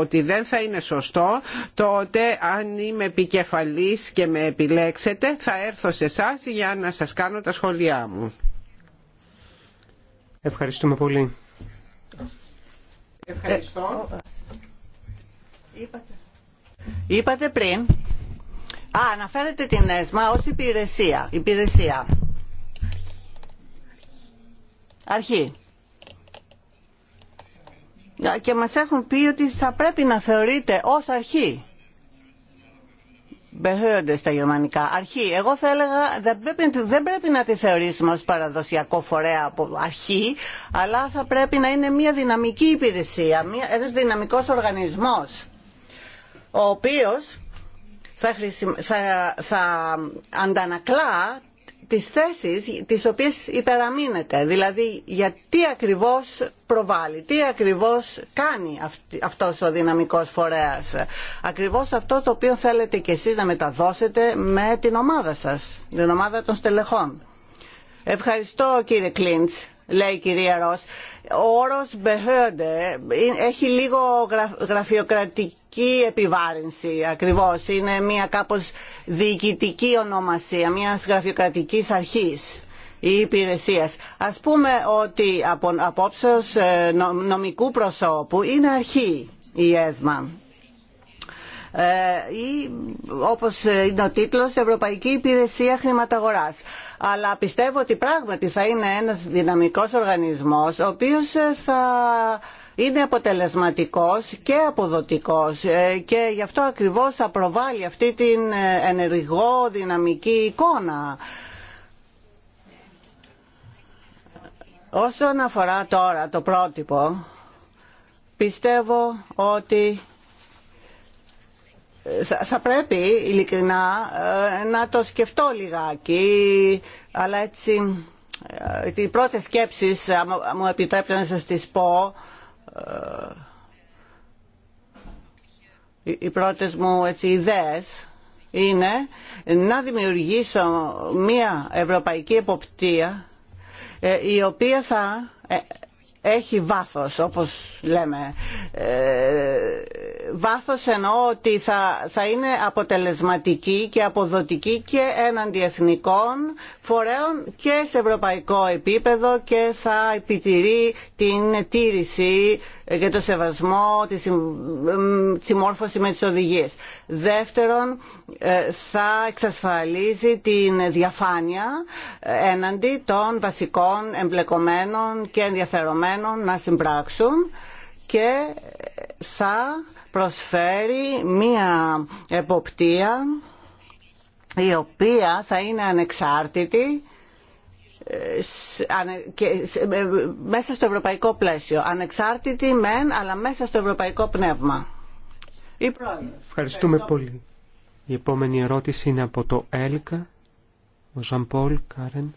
ότι δεν θα είναι σωστό τότε αν είμαι επικεφαλής και με επιλέξετε θα έρθω σε εσά για να σας κάνω τα σχόλιά μου. Ευχαριστούμε πολύ. Ευχαριστώ. Ε, Είπατε. πριν. Α, αναφέρετε την ΕΣΜΑ ως υπηρεσία. Υπηρεσία. Αρχή. Και μας έχουν πει ότι θα πρέπει να θεωρείτε ως αρχή στα γερμανικά. Αρχή. Εγώ θα έλεγα δεν πρέπει, δεν πρέπει να τη θεωρήσουμε ως παραδοσιακό φορέα από αρχή, αλλά θα πρέπει να είναι μια δυναμική υπηρεσία, μια, ένας δυναμικός οργανισμός, ο οποίος θα, χρησι... θα... θα αντανακλά τις θέσεις τις οποίες υπεραμείνεται. Δηλαδή γιατί ακριβώς προβάλλει, τι ακριβώς κάνει αυτός ο δυναμικός φορέας. Ακριβώς αυτό το οποίο θέλετε κι εσείς να μεταδώσετε με την ομάδα σας, την ομάδα των στελεχών. Ευχαριστώ κύριε Κλίντς, λέει η κυρία Ρος. Ο όρος Behörde έχει λίγο γραφειοκρατική επιβάρυνση ακριβώς. Είναι μια κάπως διοικητική ονομασία, μια γραφειοκρατικής αρχής ή υπηρεσίας. Ας πούμε ότι από απόψεως ε, νομικού προσώπου είναι αρχή η εδμα ε, ή όπως είναι ο τίτλος Ευρωπαϊκή Υπηρεσία Χρηματαγοράς. Αλλά πιστεύω ότι πράγματι θα είναι ένας δυναμικός οργανισμός ο οποίος ε, θα είναι αποτελεσματικός και αποδοτικός ε, και γι' αυτό ακριβώς θα προβάλλει αυτή την ενεργό δυναμική εικόνα. Όσον αφορά τώρα το πρότυπο, πιστεύω ότι θα πρέπει ειλικρινά ε, να το σκεφτώ λιγάκι, αλλά έτσι ε, οι πρώτες σκέψεις, ε, μου επιτρέπετε να σας τις πω, οι πρώτες μου έτσι, ιδέες είναι να δημιουργήσω μία ευρωπαϊκή εποπτεία η οποία θα έχει βάθος όπως λέμε ε, βάθος εννοώ ότι θα, είναι αποτελεσματική και αποδοτική και έναντι εθνικών φορέων και σε ευρωπαϊκό επίπεδο και θα επιτηρεί την τήρηση και το σεβασμό τη συμμόρφωση με τις οδηγίες. Δεύτερον, ε, θα εξασφαλίζει την διαφάνεια ε, έναντι των βασικών εμπλεκομένων και ενδιαφερομένων να συμπράξουν και θα προσφέρει μία εποπτεία η οποία θα είναι ανεξάρτητη ε, ε, μέσα στο ευρωπαϊκό πλαίσιο. Ανεξάρτητη μεν, αλλά μέσα στο ευρωπαϊκό πνεύμα. Ευχαριστούμε πολύ. Η επόμενη ερώτηση είναι από το ΕΛΚΑ, ο Ζαμπόλ Κάρεν.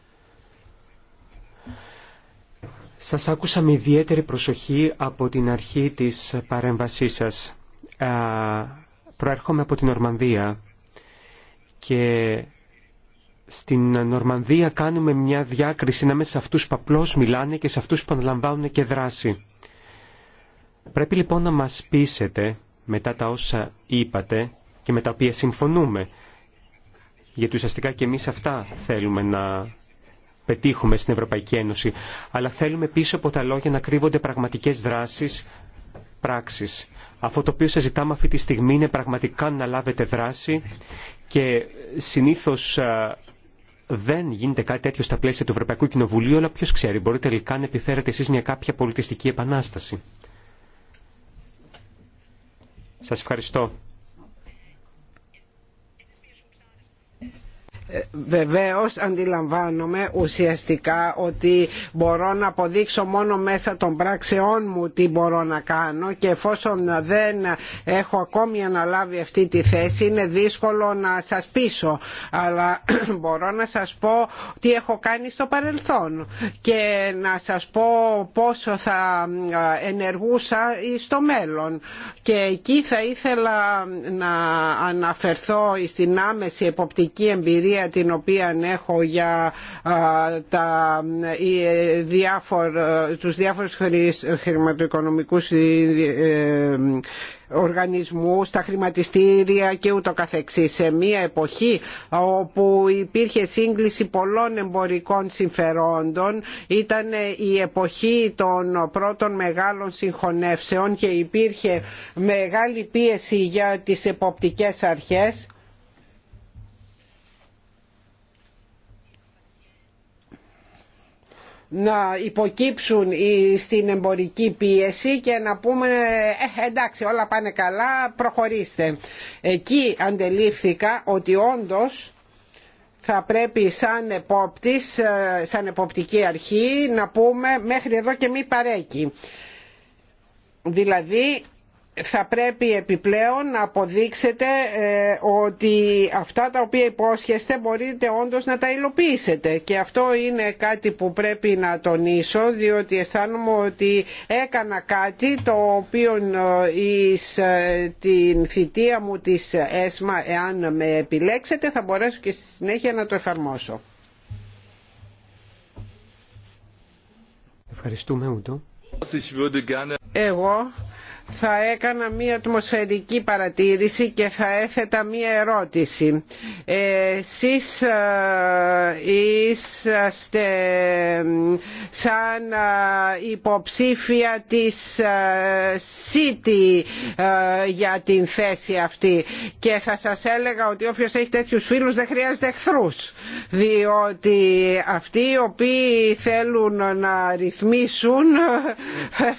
Σας άκουσα με ιδιαίτερη προσοχή από την αρχή της παρέμβασής σας. Προέρχομαι από την Ορμανδία και στην Νορμανδία κάνουμε μια διάκριση ανάμεσα σε αυτούς που απλώς μιλάνε και σε αυτούς που αναλαμβάνουν και δράση. Πρέπει λοιπόν να μας πείσετε μετά τα όσα είπατε και με τα οποία συμφωνούμε. Γιατί ουσιαστικά και εμείς αυτά θέλουμε να πετύχουμε στην Ευρωπαϊκή Ένωση. Αλλά θέλουμε πίσω από τα λόγια να κρύβονται πραγματικές δράσεις, πράξεις. Αυτό το οποίο σας ζητάμε αυτή τη στιγμή είναι πραγματικά να λάβετε δράση και συνήθως δεν γίνεται κάτι τέτοιο στα πλαίσια του Ευρωπαϊκού Κοινοβουλίου, αλλά ποιος ξέρει, μπορεί τελικά να επιφέρετε εσείς μια κάποια πολιτιστική επανάσταση. Σας ευχαριστώ. Ε, βεβαίως αντιλαμβάνομαι ουσιαστικά ότι μπορώ να αποδείξω μόνο μέσα των πράξεών μου τι μπορώ να κάνω και εφόσον δεν έχω ακόμη αναλάβει αυτή τη θέση είναι δύσκολο να σας πείσω αλλά μπορώ να σας πω τι έχω κάνει στο παρελθόν και να σας πω πόσο θα ενεργούσα στο μέλλον και εκεί θα ήθελα να αναφερθώ στην άμεση εποπτική εμπειρία εμπειρία την οποία έχω για τα, οι, διάφορ, τους διάφορους χρηματοοικονομικούς ε, ε, οργανισμού, τα χρηματιστήρια και ούτω καθεξής. Σε μια εποχή όπου υπήρχε σύγκληση πολλών εμπορικών συμφερόντων ήταν η εποχή των πρώτων μεγάλων συγχωνεύσεων και υπήρχε μεγάλη πίεση για τις εποπτικές αρχές να υποκύψουν στην εμπορική πίεση και να πούμε ε, εντάξει όλα πάνε καλά προχωρήστε. Εκεί αντελήφθηκα ότι όντως θα πρέπει σαν, επόπτης, ε, σαν εποπτική αρχή να πούμε μέχρι εδώ και μη παρέκει. Δηλαδή θα πρέπει επιπλέον να αποδείξετε ε, ότι αυτά τα οποία υπόσχεστε μπορείτε όντως να τα υλοποιήσετε και αυτό είναι κάτι που πρέπει να τονίσω διότι αισθάνομαι ότι έκανα κάτι το οποίο ε, εις ε, την θητεία μου της ΕΣΜΑ εάν με επιλέξετε θα μπορέσω και στη συνέχεια να το εφαρμόσω. Ευχαριστούμε Ούτω. Εγώ θα έκανα μία ατμοσφαιρική παρατήρηση και θα έθετα μία ερώτηση. Εσείς ε, είσαστε ε, σαν ε, υποψήφια της City για την θέση αυτή και θα σας έλεγα ότι όποιος έχει τέτοιους φίλους δεν χρειάζεται εχθρούς διότι αυτοί οι οποίοι θέλουν να ρυθμίσουν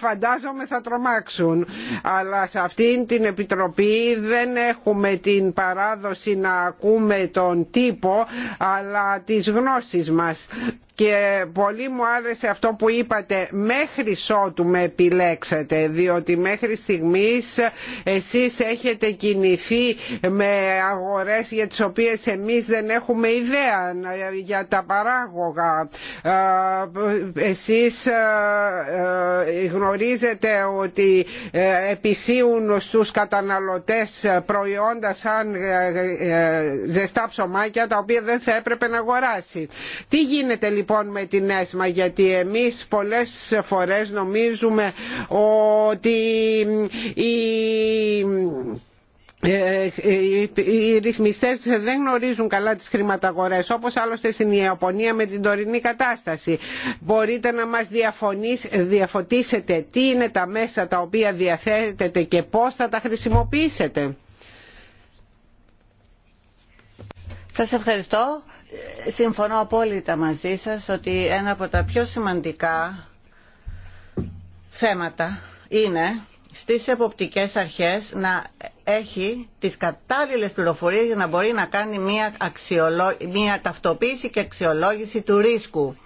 φαντάζομαι θα τρομάξουν αλλά σε αυτήν την επιτροπή δεν έχουμε την παράδοση να ακούμε τον τύπο αλλά τις γνώσεις μας και πολύ μου άρεσε αυτό που είπατε μέχρι ότου με επιλέξατε διότι μέχρι στιγμής εσείς έχετε κινηθεί με αγορές για τις οποίες εμείς δεν έχουμε ιδέα για τα παράγωγα εσείς ε, γνωρίζετε ότι ε, επισύουν στους καταναλωτές προϊόντα σαν ε, ζεστά ψωμάκια τα οποία δεν θα έπρεπε να αγοράσει. Τι γίνεται λοιπόν λοιπόν με την ΕΣΜΑ γιατί εμείς πολλές φορές νομίζουμε ότι η οι ε, ε, ρυθμιστέ δεν γνωρίζουν καλά τι χρηματαγορές όπω άλλωστε στην Ιαπωνία με την τωρινή κατάσταση μπορείτε να μας διαφωτίσετε τι είναι τα μέσα τα οποία διαθέτετε και πώ θα τα χρησιμοποιήσετε Σα ευχαριστώ συμφωνώ απόλυτα μαζί σας ότι ένα από τα πιο σημαντικά θέματα είναι στις εποπτικές αρχές να έχει τις κατάλληλες πληροφορίες για να μπορεί να κάνει μια, μια ταυτοποίηση και αξιολόγηση του ρίσκου.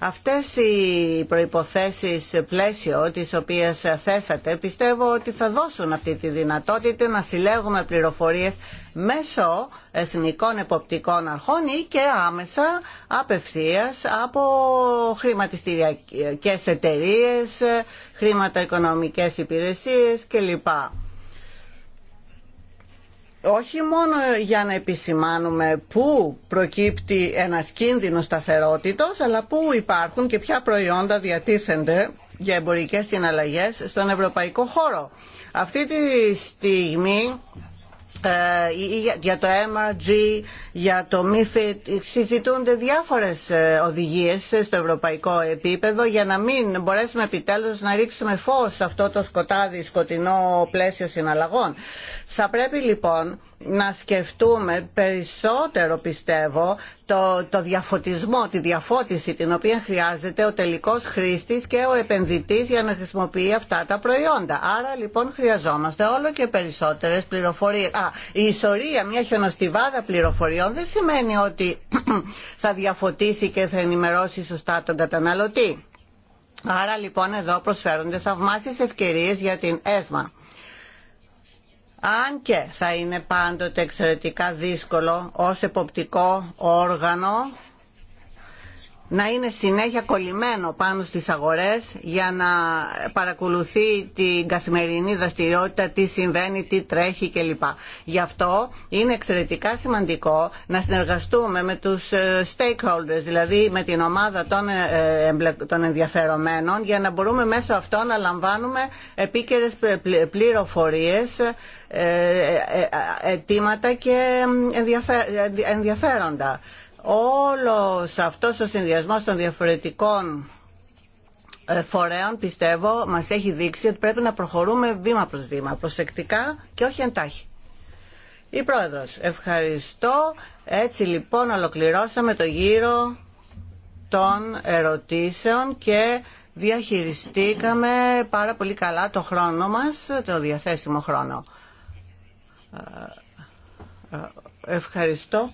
Αυτές οι προϋποθέσεις πλαίσιο τις οποίες θέσατε πιστεύω ότι θα δώσουν αυτή τη δυνατότητα να συλλέγουμε πληροφορίες μέσω εθνικών εποπτικών αρχών ή και άμεσα απευθείας από χρηματιστηριακές εταιρείες, οικονομικές υπηρεσίες κλπ όχι μόνο για να επισημάνουμε πού προκύπτει ένας κίνδυνος σταθερότητος, αλλά πού υπάρχουν και ποια προϊόντα διατίθενται για εμπορικές συναλλαγές στον ευρωπαϊκό χώρο. Αυτή τη στιγμή ε, για το MRG, για το MIFID συζητούνται διάφορες ε, οδηγίες στο ευρωπαϊκό επίπεδο για να μην μπορέσουμε επιτέλους να ρίξουμε φως σε αυτό το σκοτάδι σκοτεινό πλαίσιο συναλλαγών. Θα πρέπει λοιπόν να σκεφτούμε περισσότερο πιστεύω το, το διαφωτισμό, τη διαφώτιση την οποία χρειάζεται ο τελικός χρήστης και ο επενδυτής για να χρησιμοποιεί αυτά τα προϊόντα. Άρα λοιπόν χρειαζόμαστε όλο και περισσότερες πληροφορίες. Α, η ισορία, μια χιονοστιβάδα πληροφοριών δεν σημαίνει ότι θα διαφωτίσει και θα ενημερώσει σωστά τον καταναλωτή. Άρα λοιπόν εδώ προσφέρονται θαυμάσιες ευκαιρίες για την ΕΣΜΑ αν και θα είναι πάντοτε εξαιρετικά δύσκολο ως εποπτικό όργανο να είναι συνέχεια κολλημένο πάνω στις αγορές για να παρακολουθεί την καθημερινή δραστηριότητα, τι συμβαίνει, τι τρέχει κλπ. Γι' αυτό είναι εξαιρετικά σημαντικό να συνεργαστούμε με τους ε, stakeholders, δηλαδή με την ομάδα ε, των ενδιαφερομένων, για να μπορούμε μέσω αυτών να λαμβάνουμε επίκαιρες πληροφορίες, ε, αιτήματα και ενδιαφέροντα όλος αυτός ο συνδυασμός των διαφορετικών ε, φορέων πιστεύω μας έχει δείξει ότι πρέπει να προχωρούμε βήμα προς βήμα, προσεκτικά και όχι εντάχει. Η Πρόεδρος, ευχαριστώ. Έτσι λοιπόν ολοκληρώσαμε το γύρο των ερωτήσεων και διαχειριστήκαμε πάρα πολύ καλά το χρόνο μας, το διαθέσιμο χρόνο. Ε, ε, ευχαριστώ.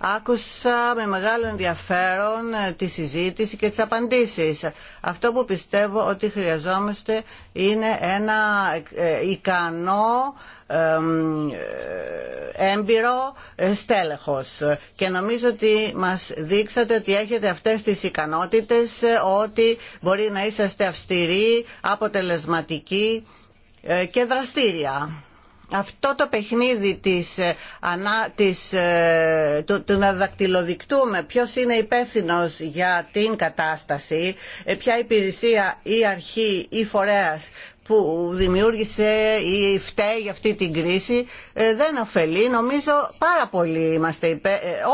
Άκουσα με μεγάλο ενδιαφέρον ε, τη συζήτηση και τις απαντήσεις. Αυτό που πιστεύω ότι χρειαζόμαστε είναι ένα ε, ικανό, ε, έμπειρο στέλεχος. Και νομίζω ότι μας δείξατε ότι έχετε αυτές τις ικανότητες, ότι μπορεί να είσαστε αυστηροί, αποτελεσματικοί και δραστήρια αυτό το παιχνίδι της, ε, ε, του, να δακτυλοδεικτούμε ποιος είναι υπεύθυνο για την κατάσταση, ε, ποια υπηρεσία ή αρχή ή φορέας που δημιούργησε ή φταίει για αυτή την κρίση δεν ωφελεί. Νομίζω πάρα πολύ είμαστε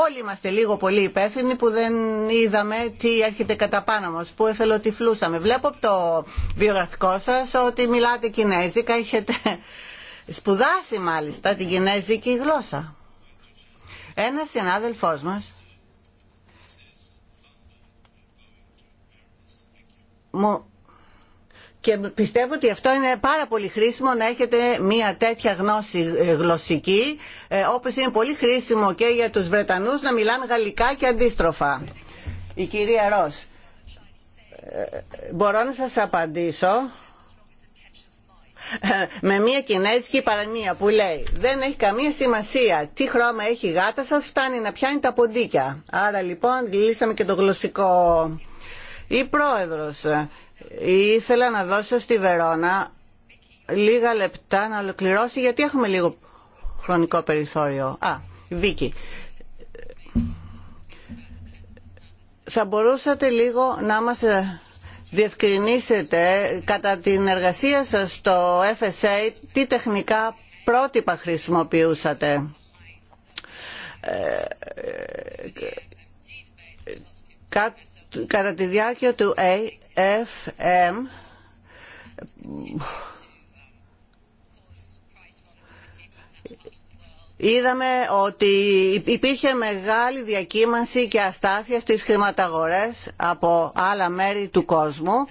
όλοι είμαστε λίγο πολύ υπεύθυνοι που δεν είδαμε τι έρχεται κατά πάνω μας, που εθελοτυφλούσαμε. Βλέπω από το βιογραφικό σας ότι μιλάτε κινέζικα, έχετε σπουδάσει μάλιστα την κινέζικη γλώσσα. Ένα συνάδελφός μας μου και πιστεύω ότι αυτό είναι πάρα πολύ χρήσιμο να έχετε μια τέτοια γνώση ε, γλωσσική, ε, όπως είναι πολύ χρήσιμο και για τους Βρετανούς να μιλάνε γαλλικά και αντίστροφα. Η κυρία Ρος, ε, μπορώ να σας απαντήσω ε, με μια κινέζικη παραμία που λέει δεν έχει καμία σημασία τι χρώμα έχει η γάτα σας φτάνει να πιάνει τα ποντίκια. Άρα λοιπόν λύσαμε και το γλωσσικό. Η πρόεδρος ε, ήθελα να δώσω στη Βερόνα λίγα λεπτά να ολοκληρώσει γιατί έχουμε λίγο χρονικό περιθώριο. Α, Βίκη. Ε, θα μπορούσατε λίγο να μας διευκρινίσετε κατά την εργασία σας στο FSA τι τεχνικά πρότυπα χρησιμοποιούσατε. Ε, κατά τη διάρκεια του AFM είδαμε ότι υπήρχε μεγάλη διακύμανση και αστάθεια στις χρηματαγορές από άλλα μέρη του κόσμου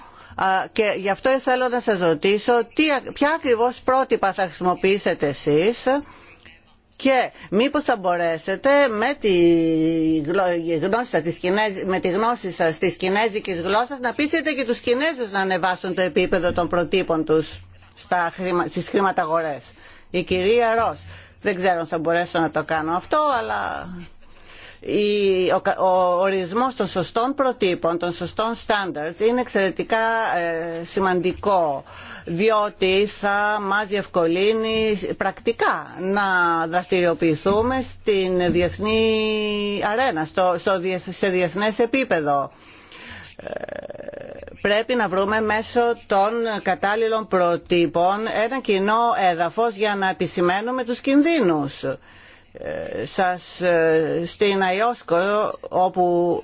και γι' αυτό θέλω να σας ρωτήσω τι, ποια ακριβώς πρότυπα θα χρησιμοποιήσετε εσείς και μήπως θα μπορέσετε με τη γνώση σας, της τη γνώση σας κινέζικης γλώσσας να πείσετε και τους Κινέζους να ανεβάσουν το επίπεδο των προτύπων τους στα στις Η κυρία Ρος. Δεν ξέρω αν θα μπορέσω να το κάνω αυτό, αλλά ο ορισμός των σωστών προτύπων, των σωστών standards είναι εξαιρετικά ε, σημαντικό διότι θα μας διευκολύνει πρακτικά να δραστηριοποιηθούμε στην διεθνή αρένα, στο, στο, σε διεθνές επίπεδο πρέπει να βρούμε μέσω των κατάλληλων προτύπων ένα κοινό έδαφος για να επισημαίνουμε τους κινδύνους. Ε, σας, ε, στην ΑΙΟΣΚΟ όπου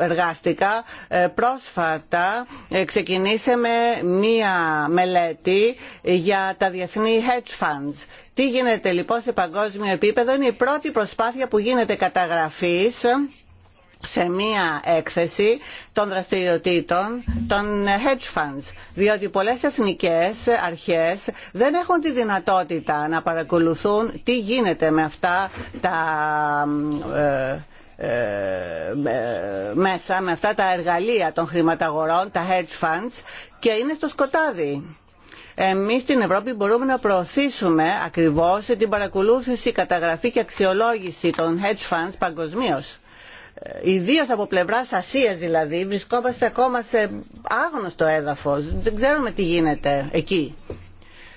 εργάστηκα ε, πρόσφατα ξεκινήσαμε μία μελέτη για τα διεθνή hedge funds. Τι γίνεται λοιπόν σε παγκόσμιο επίπεδο είναι η πρώτη προσπάθεια που γίνεται καταγραφής σε μία έκθεση των δραστηριοτήτων των hedge funds, διότι πολλές εθνικές αρχές δεν έχουν τη δυνατότητα να παρακολουθούν τι γίνεται με αυτά τα ε, ε, μέσα, με αυτά τα εργαλεία των χρηματαγορών, τα hedge funds και είναι στο σκοτάδι. Εμείς στην Ευρώπη μπορούμε να προωθήσουμε ακριβώς την παρακολούθηση, καταγραφή και αξιολόγηση των hedge funds παγκοσμίως ε, Ιδίω από πλευρά Ασία δηλαδή, βρισκόμαστε ακόμα σε άγνωστο έδαφο. Δεν ξέρουμε τι γίνεται εκεί.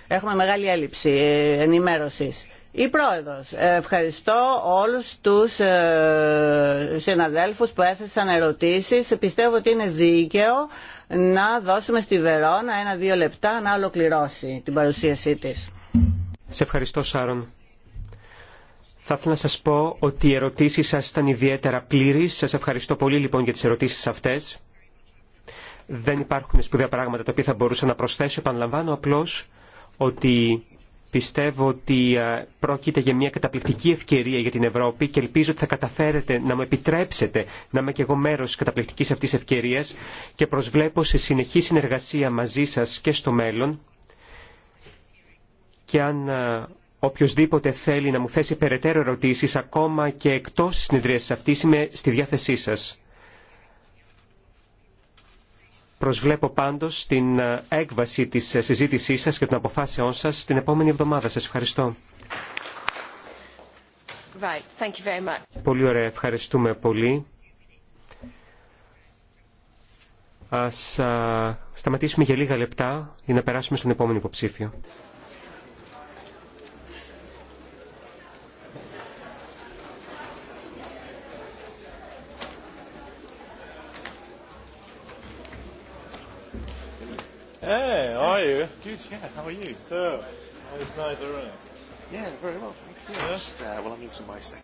Έχουμε μεγάλη έλλειψη ε, ενημέρωση. Η Πρόεδρος, ε, ευχαριστώ όλους τους συναδέλφους που έθεσαν ερωτήσεις. Πιστεύω ότι είναι δίκαιο να δώσουμε στη Βερόνα ένα-δύο λεπτά να ολοκληρώσει την παρουσίασή της. Σε ευχαριστώ Σάρων. Θα ήθελα να σας πω ότι οι ερωτήσεις σας ήταν ιδιαίτερα πλήρεις. Σας ευχαριστώ πολύ λοιπόν για τις ερωτήσεις αυτές. Δεν υπάρχουν σπουδαία πράγματα τα οποία θα μπορούσα να προσθέσω. Επαναλαμβάνω απλώς ότι πιστεύω ότι ε, πρόκειται για μια καταπληκτική ευκαιρία για την Ευρώπη και ελπίζω ότι θα καταφέρετε να μου επιτρέψετε να είμαι και εγώ μέρος της καταπληκτικής αυτής ευκαιρίας και προσβλέπω σε συνεχή συνεργασία μαζί σας και στο μέλλον και αν ε, οποιοδήποτε θέλει να μου θέσει περαιτέρω ερωτήσεις, ακόμα και εκτός της συνεδρίασης αυτής, είμαι στη διάθεσή σας. Προσβλέπω πάντως την ε, έκβαση της ε, συζήτησής σας και των αποφάσεών σας την επόμενη εβδομάδα. Σας ευχαριστώ. Right. Thank you very much. Πολύ ωραία. Ευχαριστούμε πολύ. Ας α, ε, σταματήσουμε για λίγα λεπτά για να περάσουμε στον επόμενο υποψήφιο. Hey, how are you? Good, yeah, how are you? So, it's nice, to rest. Yeah, very well, thanks. Yeah, just, uh, well, I'm into my ice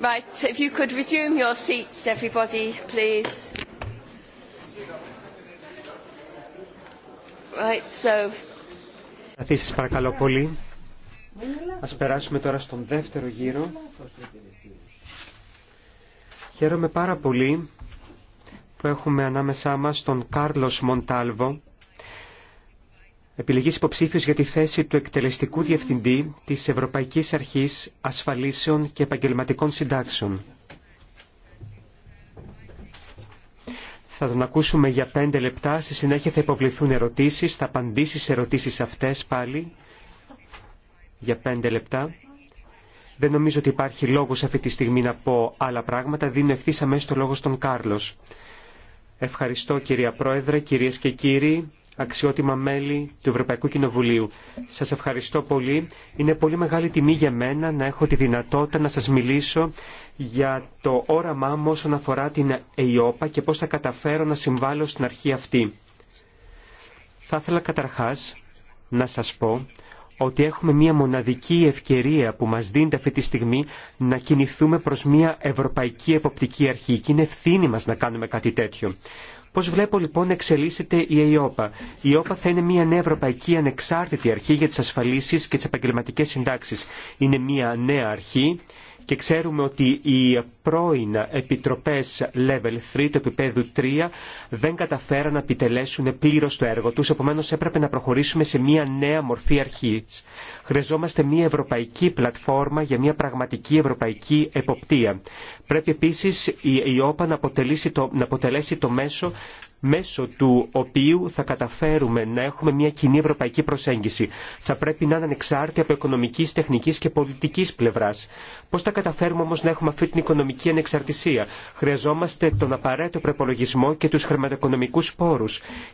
Right, παρακαλώ πολύ. Ας περάσουμε τώρα στον δεύτερο γύρο. Χαίρομαι πάρα πολύ που έχουμε ανάμεσά μας τον Κάρλος Μοντάλβο, επιλεγείς υποψήφιο για τη θέση του εκτελεστικού διευθυντή της Ευρωπαϊκής Αρχής Ασφαλίσεων και Επαγγελματικών Συντάξεων. Θα τον ακούσουμε για πέντε λεπτά, στη συνέχεια θα υποβληθούν ερωτήσεις, θα απαντήσει σε ερωτήσεις αυτές πάλι για πέντε λεπτά. Δεν νομίζω ότι υπάρχει λόγος αυτή τη στιγμή να πω άλλα πράγματα, δίνω ευθύ αμέσω το λόγο στον Κάρλος. Ευχαριστώ κυρία Πρόεδρε, κυρίες και κύριοι αξιότιμα μέλη του Ευρωπαϊκού Κοινοβουλίου. Σας ευχαριστώ πολύ. Είναι πολύ μεγάλη τιμή για μένα να έχω τη δυνατότητα να σας μιλήσω για το όραμά μου όσον αφορά την ΕΙΟΠΑ και πώς θα καταφέρω να συμβάλλω στην αρχή αυτή. Θα ήθελα καταρχάς να σας πω ότι έχουμε μια μοναδική ευκαιρία που μας δίνεται αυτή τη στιγμή να κινηθούμε προς μια ευρωπαϊκή εποπτική αρχή και είναι ευθύνη μας να κάνουμε κάτι τέτοιο. Πώς βλέπω λοιπόν να εξελίσσεται η ΕΙΟΠΑ. Η ΕΙΟΠΑ θα είναι μια νέα ευρωπαϊκή ανεξάρτητη αρχή για τις ασφαλίσεις και τις επαγγελματικέ συντάξεις. Είναι μια νέα αρχή και ξέρουμε ότι οι πρώην επιτροπές level 3 του επίπεδου 3 δεν καταφέραν να επιτελέσουν πλήρως το έργο τους, επομένως έπρεπε να προχωρήσουμε σε μια νέα μορφή αρχής. Χρειαζόμαστε μια ευρωπαϊκή πλατφόρμα για μια πραγματική ευρωπαϊκή εποπτεία. Πρέπει επίσης η ΕΟΠΑ να αποτελέσει το μέσο μέσω του οποίου θα καταφέρουμε να έχουμε μια κοινή ευρωπαϊκή προσέγγιση. Θα πρέπει να είναι ανεξάρτητη από οικονομική, τεχνική και πολιτική πλευρά. Πώ θα καταφέρουμε όμω να έχουμε αυτή την οικονομική ανεξαρτησία. Χρειαζόμαστε τον απαραίτητο προπολογισμό και του χρηματοοικονομικού πόρου.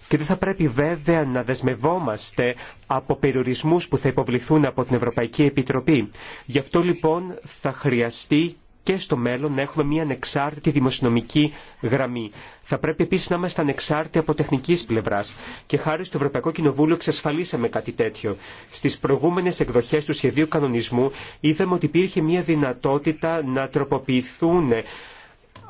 Και δεν θα πρέπει βέβαια να δεσμευόμαστε από περιορισμού που θα υποβληθούν από την Ευρωπαϊκή Επιτροπή. Γι' αυτό λοιπόν θα χρειαστεί και στο μέλλον να έχουμε μια ανεξάρτητη δημοσιονομική γραμμή. Θα πρέπει επίση να είμαστε ανεξάρτητοι από τεχνική πλευρά. Και χάρη στο Ευρωπαϊκό Κοινοβούλιο εξασφαλίσαμε κάτι τέτοιο. Στι προηγούμενε εκδοχέ του σχεδίου κανονισμού είδαμε ότι υπήρχε μια δυνατότητα να τροποποιηθούν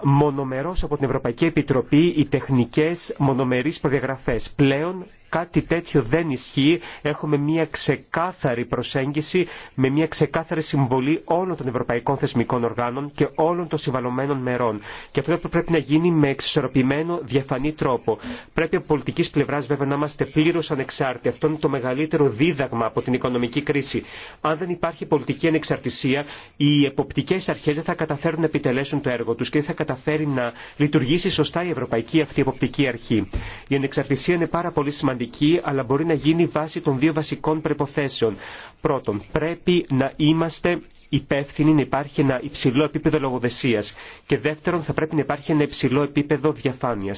μονομερώς από την Ευρωπαϊκή Επιτροπή οι τεχνικές μονομερείς προδιαγραφές. Πλέον Κάτι τέτοιο δεν ισχύει. Έχουμε μια ξεκάθαρη προσέγγιση με μια ξεκάθαρη συμβολή όλων των ευρωπαϊκών θεσμικών οργάνων και όλων των συμβαλωμένων μερών. Και αυτό πρέπει να γίνει με εξισορροπημένο, διαφανή τρόπο. Πρέπει από πολιτική πλευρά βέβαια να είμαστε πλήρω ανεξάρτητοι. Αυτό είναι το μεγαλύτερο δίδαγμα από την οικονομική κρίση. Αν δεν υπάρχει πολιτική ανεξαρτησία, οι εποπτικέ αρχέ δεν θα καταφέρουν να επιτελέσουν το έργο του και δεν θα καταφέρει να λειτουργήσει σωστά η ευρωπαϊκή αυτή εποπτική αρχή. Η ανεξαρτησία είναι πάρα πολύ σημαντική σημαντική, αλλά μπορεί να γίνει βάση των δύο βασικών προποθέσεων. Πρώτον, πρέπει να είμαστε υπεύθυνοι, να υπάρχει ένα υψηλό επίπεδο λογοδεσία. Και δεύτερον, θα πρέπει να υπάρχει ένα υψηλό επίπεδο διαφάνεια.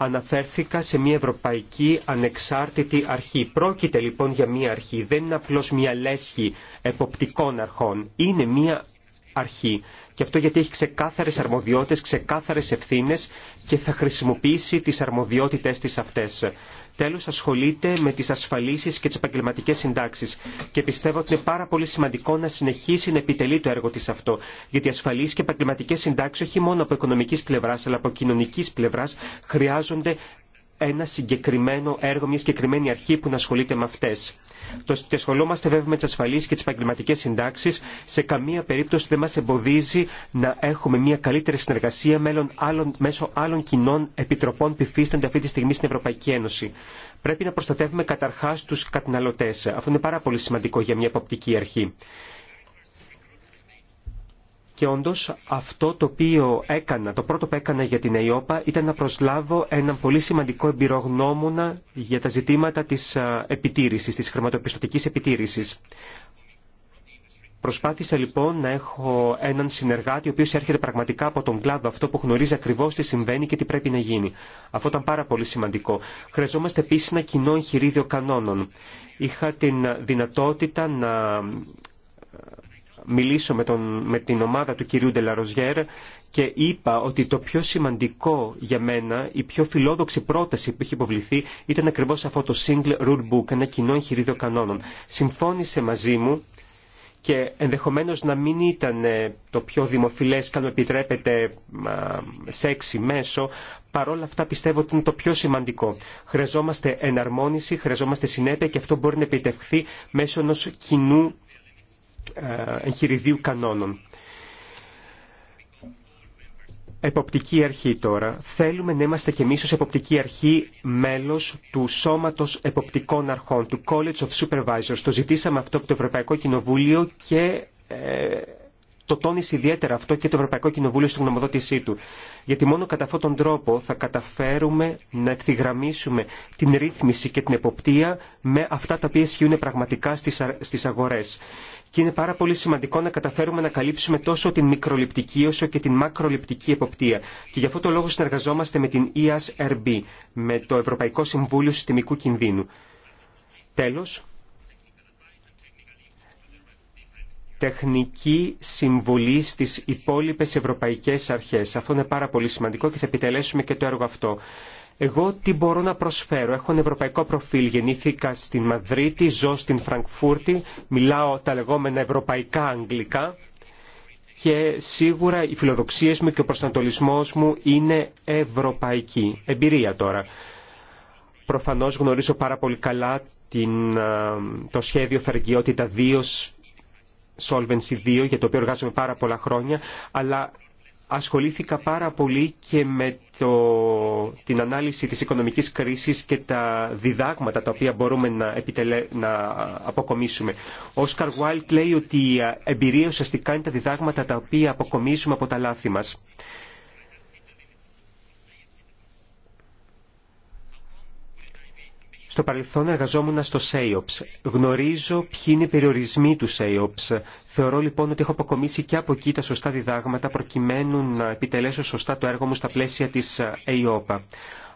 Αναφέρθηκα σε μια ευρωπαϊκή ανεξάρτητη αρχή. Πρόκειται λοιπόν για μια αρχή. Δεν είναι απλώς μια λέσχη εποπτικών αρχών. Είναι μια αρχή. Και αυτό γιατί έχει ξεκάθαρες αρμοδιότητες, ξεκάθαρες ευθύνες και θα χρησιμοποιήσει τις αρμοδιότητες της αυτές. Τέλος, ασχολείται με τις ασφαλίσεις και τις επαγγελματικέ συντάξεις. Και πιστεύω ότι είναι πάρα πολύ σημαντικό να συνεχίσει να επιτελεί το έργο της αυτό. Γιατί οι και επαγγελματικέ συντάξεις όχι μόνο από οικονομικής πλευράς αλλά από κοινωνικής πλευράς χρειάζονται ένα συγκεκριμένο έργο, μια συγκεκριμένη αρχή που να ασχολείται με αυτέ. Το ότι ασχολούμαστε βέβαια με τι ασφαλεί και τι επαγγελματικέ συντάξει σε καμία περίπτωση δεν μα εμποδίζει να έχουμε μια καλύτερη συνεργασία μέσω άλλων κοινών επιτροπών που υφίστανται αυτή τη στιγμή στην Ευρωπαϊκή Ένωση. Πρέπει να προστατεύουμε καταρχά του καταναλωτέ. Αυτό είναι πάρα πολύ σημαντικό για μια εποπτική αρχή. Και όντω αυτό το οποίο έκανα, το πρώτο που έκανα για την ΕΙΟΠΑ ήταν να προσλάβω έναν πολύ σημαντικό εμπειρογνώμονα για τα ζητήματα τη επιτήρηση, τη χρηματοπιστωτική επιτήρηση. Προσπάθησα λοιπόν να έχω έναν συνεργάτη ο οποίος έρχεται πραγματικά από τον κλάδο αυτό που γνωρίζει ακριβώς τι συμβαίνει και τι πρέπει να γίνει. Αυτό ήταν πάρα πολύ σημαντικό. Χρειαζόμαστε επίσης ένα κοινό εγχειρίδιο κανόνων. Είχα την δυνατότητα να μιλήσω με, τον, με την ομάδα του κυρίου Ντελαροζιέρ και είπα ότι το πιο σημαντικό για μένα, η πιο φιλόδοξη πρόταση που είχε υποβληθεί ήταν ακριβώς αυτό το Single Rule Book, ένα κοινό εγχειρίδιο κανόνων. Συμφώνησε μαζί μου και ενδεχομένως να μην ήταν ε, το πιο δημοφιλές καν επιτρέπεται σεξι μέσο, παρόλα αυτά πιστεύω ότι είναι το πιο σημαντικό. Χρειαζόμαστε εναρμόνιση, χρειαζόμαστε συνέπεια και αυτό μπορεί να επιτευχθεί μέσω ενός κοινού ε, εγχειριδίου κανόνων. Εποπτική αρχή τώρα. Θέλουμε να είμαστε και εμείς ως εποπτική αρχή μέλος του Σώματος Εποπτικών Αρχών, του College of Supervisors. Το ζητήσαμε αυτό από το Ευρωπαϊκό Κοινοβούλιο και ε, το τόνισε ιδιαίτερα αυτό και το Ευρωπαϊκό Κοινοβούλιο στην γνωμοδότησή του. Γιατί μόνο κατά αυτόν τον τρόπο θα καταφέρουμε να ευθυγραμμίσουμε την ρύθμιση και την εποπτεία με αυτά τα οποία ισχύουν πραγματικά στις αγορές και είναι πάρα πολύ σημαντικό να καταφέρουμε να καλύψουμε τόσο την μικροληπτική όσο και την μακροληπτική εποπτεία. Και γι' αυτό το λόγο συνεργαζόμαστε με την ESRB, με το Ευρωπαϊκό Συμβούλιο Συστημικού Κινδύνου. Τέλος, τεχνική συμβουλή στις υπόλοιπες ευρωπαϊκές αρχές. Αυτό είναι πάρα πολύ σημαντικό και θα επιτελέσουμε και το έργο αυτό. Εγώ τι μπορώ να προσφέρω. Έχω ένα ευρωπαϊκό προφίλ. Γεννήθηκα στην Μαδρίτη, ζω στην Φραγκφούρτη, μιλάω τα λεγόμενα ευρωπαϊκά αγγλικά και σίγουρα οι φιλοδοξίε μου και ο προσανατολισμός μου είναι ευρωπαϊκή. Εμπειρία τώρα. Προφανώ γνωρίζω πάρα πολύ καλά την, το σχέδιο Φεργιότητα 2, Solvency 2, για το οποίο εργάζομαι πάρα πολλά χρόνια, αλλά ασχολήθηκα πάρα πολύ και με το, την ανάλυση της οικονομικής κρίσης και τα διδάγματα τα οποία μπορούμε να, επιτελε, να αποκομίσουμε. Ο Όσκαρ Γουάλτ λέει ότι η εμπειρία ουσιαστικά είναι τα διδάγματα τα οποία αποκομίσουμε από τα λάθη μας. Στο παρελθόν εργαζόμουν στο ΣΕΙΟΠΣ. Γνωρίζω ποιοι είναι οι περιορισμοί του ΣΕΙΟΠΣ. Θεωρώ λοιπόν ότι έχω αποκομίσει και από εκεί τα σωστά διδάγματα προκειμένου να επιτελέσω σωστά το έργο μου στα πλαίσια της ΕΙΟΠΑ.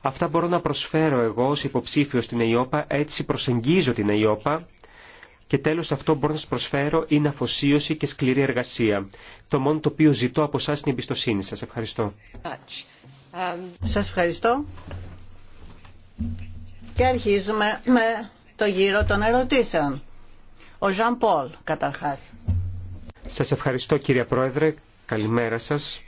Αυτά μπορώ να προσφέρω εγώ ως υποψήφιος στην ΕΙΟΠΑ, έτσι προσεγγίζω την ΕΙΟΠΑ και τέλος αυτό μπορώ να σας προσφέρω είναι αφοσίωση και σκληρή εργασία. Το μόνο το οποίο ζητώ από εσά είναι η εμπιστοσύνη σας. Ευχαριστώ. Σας ευχαριστώ και αρχίζουμε με το γύρο των ερωτήσεων. Ο Ζαν Πολ, καταρχάς. Σας ευχαριστώ κύριε Πρόεδρε. Καλημέρα σας.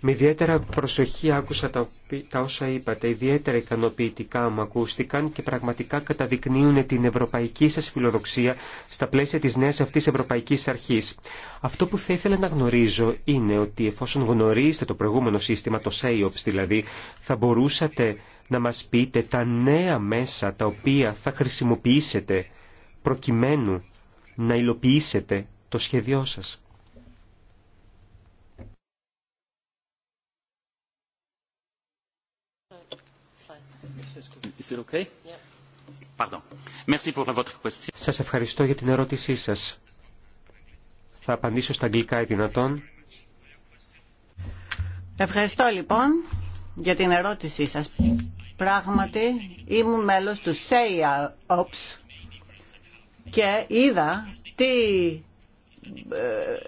Με ιδιαίτερα προσοχή άκουσα τα, τα όσα είπατε, ιδιαίτερα ικανοποιητικά μου ακούστηκαν και πραγματικά καταδεικνύουν την ευρωπαϊκή σας φιλοδοξία στα πλαίσια της νέας αυτής ευρωπαϊκής αρχής. Αυτό που θα ήθελα να γνωρίζω είναι ότι εφόσον γνωρίζετε το προηγούμενο σύστημα, το ΣΕΙΟΠΣ δηλαδή, θα μπορούσατε να μας πείτε τα νέα μέσα τα οποία θα χρησιμοποιήσετε προκειμένου να υλοποιήσετε το σχέδιό σας. Okay? Σας ευχαριστώ για την ερώτησή σας. Θα απαντήσω στα αγγλικά ή δυνατόν. Ευχαριστώ λοιπόν για την ερώτησή σας. Πράγματι, ήμουν μέλος του ΣΕΙΑ ΟΠΣ και είδα τι ε,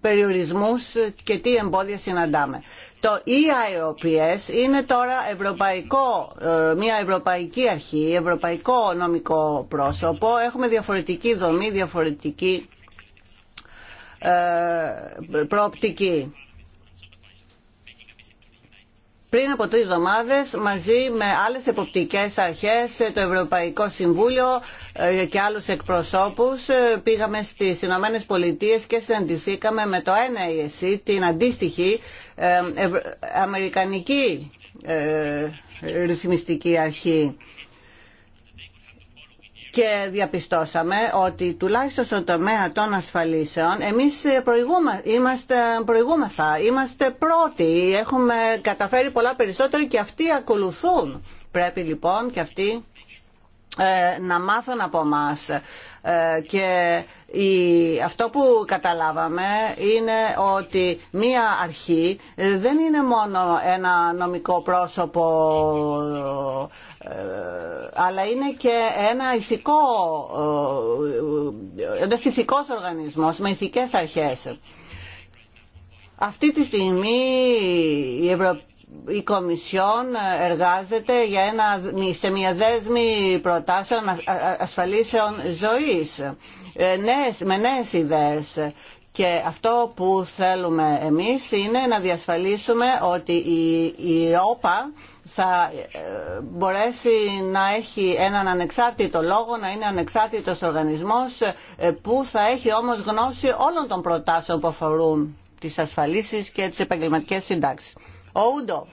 περιορισμούς και τι εμπόδια συναντάμε. Το EIOPS είναι τώρα ευρωπαϊκό, ε, μια ευρωπαϊκή αρχή, ευρωπαϊκό νομικό πρόσωπο. Έχουμε διαφορετική δομή, διαφορετική ε, προοπτική πριν από τρεις εβδομάδες μαζί με άλλες εποπτικές αρχές, ε, το Ευρωπαϊκό Συμβούλιο ε, και άλλους εκπροσώπους ε, πήγαμε στις Ηνωμένε Πολιτείε και συναντηθήκαμε με το NASC, την αντίστοιχη Αμερικανική ρυθμιστική αρχή και διαπιστώσαμε ότι τουλάχιστον στον τομέα των ασφαλίσεων εμείς είμαστε προηγούμεθα, είμαστε πρώτοι, έχουμε καταφέρει πολλά περισσότερα και αυτοί ακολουθούν. Πρέπει λοιπόν και αυτοί ε, να μάθουν από μας ε, και αυτό που καταλάβαμε είναι ότι μία αρχή ε, δεν είναι μόνο ένα νομικό πρόσωπο αλλά είναι και ένα ηθικό ένας ηθικός οργανισμός με ηθικές αρχές αυτή τη στιγμή η Ευρωπαϊκή η Κομισιόν εργάζεται για ένα, σε μια δέσμη προτάσεων ασφαλίσεων ζωής, ε, με νέες ιδέες. Και αυτό που θέλουμε εμείς είναι να διασφαλίσουμε ότι η, η ΟΠΑ θα ε, μπορέσει να έχει έναν ανεξάρτητο λόγο, να είναι ανεξάρτητος οργανισμός ε, που θα έχει όμως γνώση όλων των προτάσεων που αφορούν τις ασφαλίσεις και τις επαγγελματικές συντάξεις. Ούντο,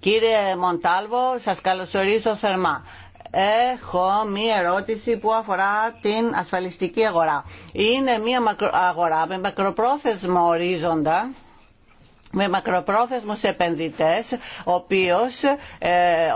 Κύριε Μοντάλβο, σας καλωσορίζω θερμά. Έχω μία ερώτηση που αφορά την ασφαλιστική αγορά. Είναι μία αγορά με μακροπρόθεσμο ορίζοντα με μακροπρόθεσμους επενδυτές, ο οποίος ε,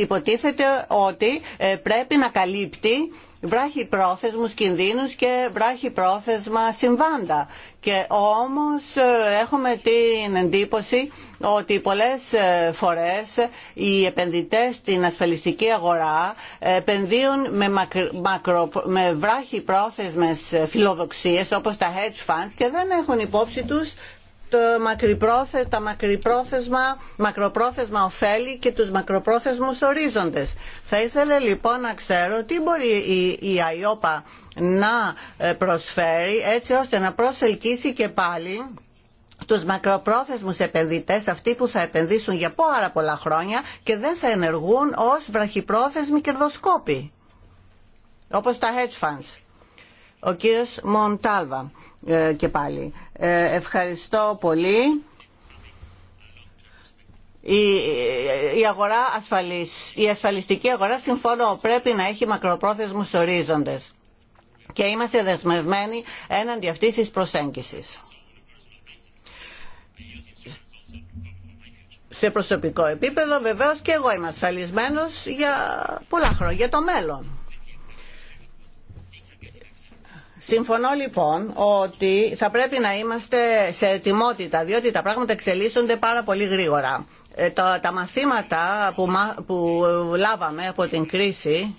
υποτίθεται ότι ε, πρέπει να καλύπτει βράχει πρόθεσμους κινδύνους και βράχει πρόθεσμα συμβάντα. Και όμως ε, έχουμε την εντύπωση ότι πολλές ε, φορές οι επενδυτές στην ασφαλιστική αγορά επενδύουν με, μακρο, με φιλοδοξίε, πρόθεσμες φιλοδοξίες όπως τα hedge funds και δεν έχουν υπόψη τους τα μακροπρόθεσμα μακροπρόθεσμα ωφέλη και τους μακροπρόθεσμους ορίζοντες. Θα ήθελα λοιπόν να ξέρω τι μπορεί η, η ΑΙΟΠΑ να ε, προσφέρει έτσι ώστε να προσελκύσει και πάλι τους μακροπρόθεσμους επενδυτές, αυτοί που θα επενδύσουν για πάρα πολλά χρόνια και δεν θα ενεργούν ως βραχυπρόθεσμοι κερδοσκόποι, όπως τα hedge funds. Ο κύριος Μοντάλβα. Ε, και πάλι. Ε, ευχαριστώ πολύ. Η, η, αγορά ασφαλής, η ασφαλιστική αγορά, συμφωνώ, πρέπει να έχει μακροπρόθεσμους ορίζοντες. Και είμαστε δεσμευμένοι έναντι αυτής της προσέγγισης. Σε προσωπικό επίπεδο βεβαίως και εγώ είμαι ασφαλισμένος για πολλά χρόνια, για το μέλλον. Συμφωνώ λοιπόν ότι θα πρέπει να είμαστε σε ετοιμότητα, διότι τα πράγματα εξελίσσονται πάρα πολύ γρήγορα. Ε, τα, τα μαθήματα που, που λάβαμε από την κρίση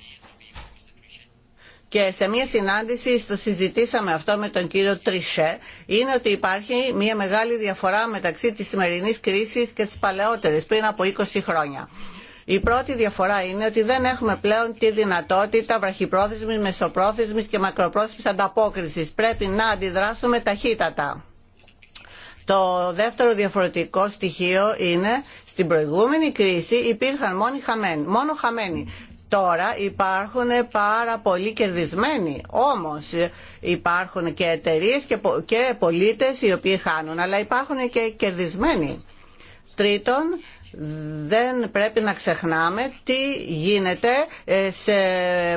και σε μια συνάντηση το συζητήσαμε αυτό με τον κύριο Τρισέ, είναι ότι υπάρχει μια μεγάλη διαφορά μεταξύ της σημερινής κρίσης και της παλαιότερης πριν από 20 χρόνια. Η πρώτη διαφορά είναι ότι δεν έχουμε πλέον τη δυνατότητα βραχυπρόθεσμης, μεσοπρόθεσμης και μακροπρόθεσμης ανταπόκρισης. Πρέπει να αντιδράσουμε ταχύτατα. Το δεύτερο διαφορετικό στοιχείο είναι στην προηγούμενη κρίση υπήρχαν μόνο χαμένοι. Μόνο χαμένοι. Τώρα υπάρχουν πάρα πολλοί κερδισμένοι, όμως υπάρχουν και εταιρείε και πολίτες οι οποίοι χάνουν, αλλά υπάρχουν και κερδισμένοι. Τρίτον, δεν πρέπει να ξεχνάμε τι γίνεται ε, σε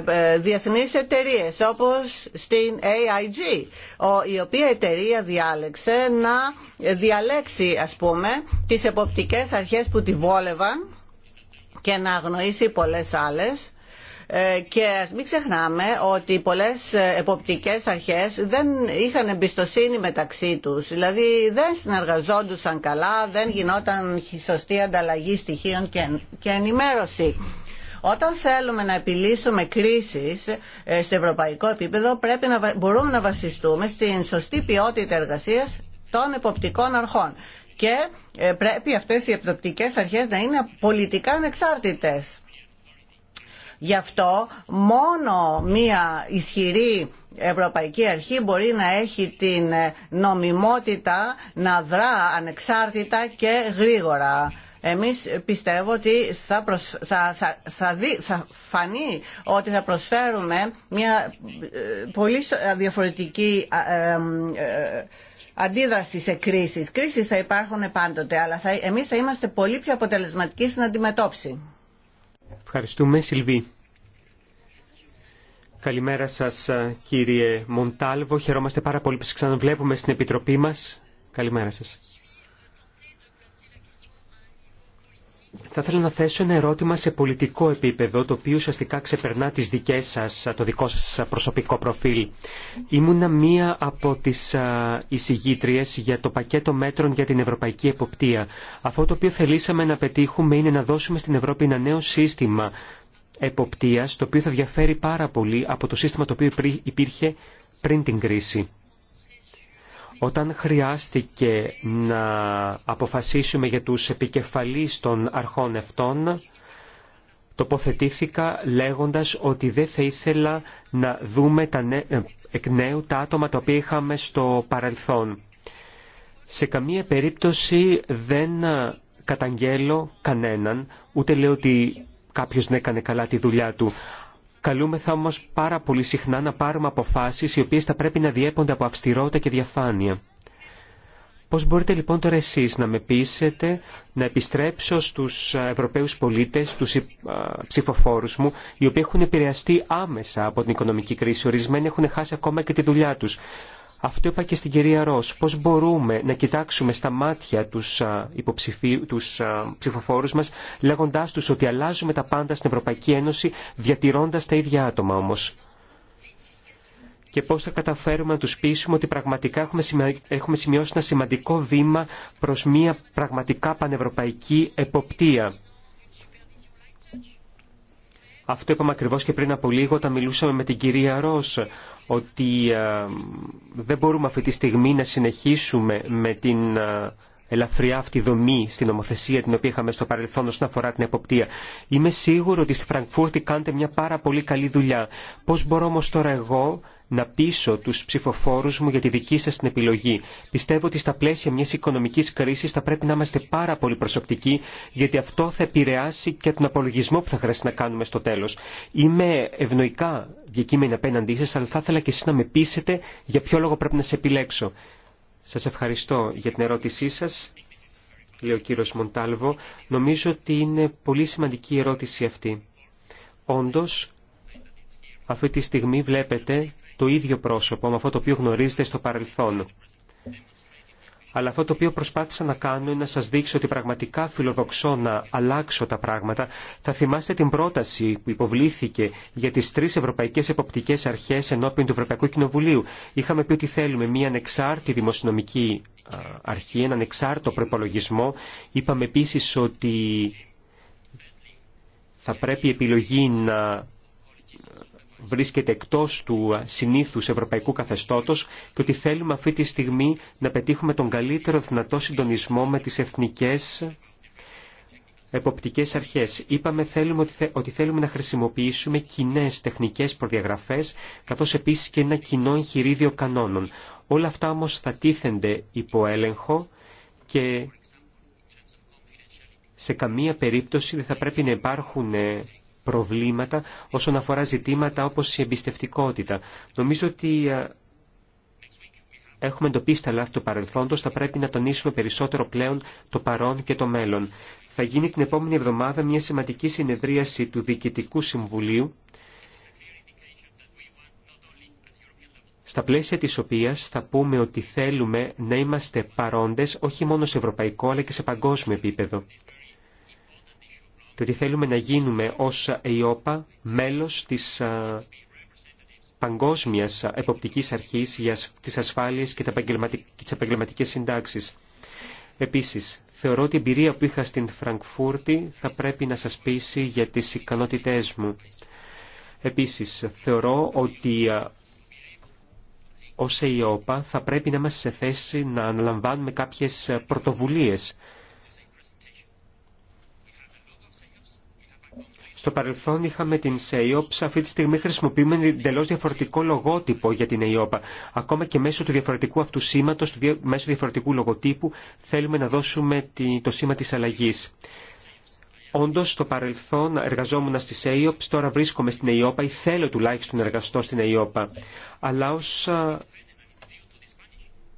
ε, διεθνείς εταιρείε, όπως στην AIG η οποία εταιρεία διάλεξε να διαλέξει ας πούμε τις εποπτικές αρχές που τη βόλευαν και να αγνοήσει πολλές άλλες ε, και ας μην ξεχνάμε ότι πολλές ε, εποπτικές αρχές δεν είχαν εμπιστοσύνη μεταξύ τους. Δηλαδή δεν συνεργαζόντουσαν καλά, δεν γινόταν σωστή ανταλλαγή στοιχείων και ενημέρωση. Όταν θέλουμε να επιλύσουμε κρίσεις ε, σε ευρωπαϊκό επίπεδο πρέπει να μπορούμε να βασιστούμε στην σωστή ποιότητα εργασίας των εποπτικών αρχών. Και πρέπει αυτές οι εποπτικές αρχές να είναι πολιτικά ανεξάρτητες Γι' αυτό μόνο μία ισχυρή Ευρωπαϊκή Αρχή μπορεί να έχει την νομιμότητα να δρά ανεξάρτητα και γρήγορα. Εμείς πιστεύω ότι θα, θα, θα, θα, δει, θα φανεί ότι θα προσφέρουμε μια ε, πολύ διαφορετική ε, ε, αντίδραση σε κρίσεις. Κρίσεις θα υπάρχουν πάντοτε, αλλά θα, εμείς θα είμαστε πολύ πιο αποτελεσματικοί στην αντιμετώπιση. Ευχαριστούμε, Σιλβί. Καλημέρα σας ε, κύριε Μοντάλβο. Χαιρόμαστε πάρα πολύ που σας ξαναβλέπουμε στην Επιτροπή μας. Καλημέρα σας. Θα ήθελα να θέσω ένα ερώτημα σε πολιτικό επίπεδο, το οποίο ουσιαστικά ξεπερνά τις δικές σας, το δικό σας προσωπικό προφίλ. Ήμουνα μία από τις ε, εισηγήτριες για το πακέτο μέτρων για την Ευρωπαϊκή Εποπτεία. Αυτό το οποίο θελήσαμε να πετύχουμε είναι να δώσουμε στην Ευρώπη ένα νέο σύστημα εποπτείας, το οποίο θα διαφέρει πάρα πολύ από το σύστημα το οποίο υπήρχε πριν την κρίση. Όταν χρειάστηκε να αποφασίσουμε για τους επικεφαλείς των αρχών αυτών, τοποθετήθηκα λέγοντας ότι δεν θα ήθελα να δούμε τα ε, εκ νέου τα άτομα τα οποία είχαμε στο παρελθόν. Σε καμία περίπτωση δεν καταγγέλω κανέναν, ούτε λέω ότι κάποιος να έκανε καλά τη δουλειά του. Καλούμεθα όμω πάρα πολύ συχνά να πάρουμε αποφάσεις οι οποίες θα πρέπει να διέπονται από αυστηρότητα και διαφάνεια. Πώς μπορείτε λοιπόν τώρα εσεί να με πείσετε να επιστρέψω στου Ευρωπαίους πολίτες, στου ε, ψηφοφόρου μου, οι οποίοι έχουν επηρεαστεί άμεσα από την οικονομική κρίση. Ορισμένοι έχουν χάσει ακόμα και τη δουλειά του. Αυτό είπα και στην κυρία Ρος. Πώς μπορούμε να κοιτάξουμε στα μάτια τους, ψηφοφόρου τους ψηφοφόρους μας λέγοντάς τους ότι αλλάζουμε τα πάντα στην Ευρωπαϊκή Ένωση διατηρώντας τα ίδια άτομα όμως. Και πώς θα καταφέρουμε να τους πείσουμε ότι πραγματικά έχουμε σημειώσει ένα σημαντικό βήμα προς μια πραγματικά πανευρωπαϊκή εποπτεία. Αυτό είπαμε ακριβώς και πριν από λίγο όταν μιλούσαμε με την κυρία Ρος, ότι ε, δεν μπορούμε αυτή τη στιγμή να συνεχίσουμε με την ε, ελαφριά αυτή δομή στην νομοθεσία την οποία είχαμε στο παρελθόν όσον αφορά την εποπτεία. Είμαι σίγουρο ότι στη Φραγκφούρτη κάνετε μια πάρα πολύ καλή δουλειά. Πώς μπορώ όμως τώρα εγώ να πείσω τους ψηφοφόρους μου για τη δική σας την επιλογή. Πιστεύω ότι στα πλαίσια μιας οικονομικής κρίσης θα πρέπει να είμαστε πάρα πολύ προσωπικοί, γιατί αυτό θα επηρεάσει και τον απολογισμό που θα χρειαστεί να κάνουμε στο τέλος. Είμαι ευνοϊκά διακείμενη απέναντί σας, αλλά θα ήθελα και εσείς να με πείσετε για ποιο λόγο πρέπει να σε επιλέξω. Σας ευχαριστώ για την ερώτησή σας, λέει ο κύριος Μοντάλβο. Νομίζω ότι είναι πολύ σημαντική η ερώτηση αυτή. Όντως, αυτή τη στιγμή βλέπετε το ίδιο πρόσωπο με αυτό το οποίο γνωρίζετε στο παρελθόν. Αλλά αυτό το οποίο προσπάθησα να κάνω είναι να σας δείξω ότι πραγματικά φιλοδοξώ να αλλάξω τα πράγματα. Θα θυμάστε την πρόταση που υποβλήθηκε για τις τρεις ευρωπαϊκές εποπτικές αρχές ενώπιον του Ευρωπαϊκού Κοινοβουλίου. Είχαμε πει ότι θέλουμε μια ανεξάρτητη δημοσιονομική αρχή, έναν εξάρτητο προπολογισμό. Είπαμε επίσης ότι θα πρέπει η επιλογή να βρίσκεται εκτός του συνήθους ευρωπαϊκού καθεστώτος και ότι θέλουμε αυτή τη στιγμή να πετύχουμε τον καλύτερο δυνατό συντονισμό με τις εθνικές εποπτικές αρχές. Είπαμε θέλουμε ότι, θέλουμε να χρησιμοποιήσουμε κοινέ τεχνικές προδιαγραφές, καθώς επίσης και ένα κοινό εγχειρίδιο κανόνων. Όλα αυτά όμως θα τίθενται υπό έλεγχο και σε καμία περίπτωση δεν θα πρέπει να υπάρχουν ε, προβλήματα όσον αφορά ζητήματα όπως η εμπιστευτικότητα. Νομίζω ότι ε, έχουμε εντοπίσει τα λάθη του παρελθόντος, θα πρέπει να τονίσουμε περισσότερο πλέον το παρόν και το μέλλον. Θα γίνει την επόμενη εβδομάδα μια σημαντική συνεδρίαση του Διοικητικού Συμβουλίου, στα πλαίσια της οποίας θα πούμε ότι θέλουμε να είμαστε παρόντες όχι μόνο σε ευρωπαϊκό αλλά και σε παγκόσμιο επίπεδο και ότι θέλουμε να γίνουμε ως ΕΙΟΠΑ μέλος της παγκόσμιας εποπτικής αρχής για τις ασφάλειες και τις επαγγελματικέ συντάξεις. Επίσης, θεωρώ ότι η εμπειρία που είχα στην Φραγκφούρτη θα πρέπει να σας πείσει για τις ικανότητές μου. Επίσης, θεωρώ ότι ως ΕΙΟΠΑ θα πρέπει να είμαστε σε θέση να αναλαμβάνουμε κάποιες πρωτοβουλίες Στο παρελθόν είχαμε την ΣΕΙΟΠΣ, αυτή τη στιγμή χρησιμοποιούμε εντελώ διαφορετικό λογότυπο για την ΕΙΟΠΑ. Ακόμα και μέσω του διαφορετικού αυτού σήματος, μέσω διαφορετικού λογοτύπου, θέλουμε να δώσουμε το σήμα της αλλαγή. Όντω, στο παρελθόν εργαζόμουν στη ΣΕΙΟΠΣ, τώρα βρίσκομαι στην ΕΙΟΠΑ ή θέλω τουλάχιστον να εργαστώ στην ΕΙΟΠΑ. Αλλά ω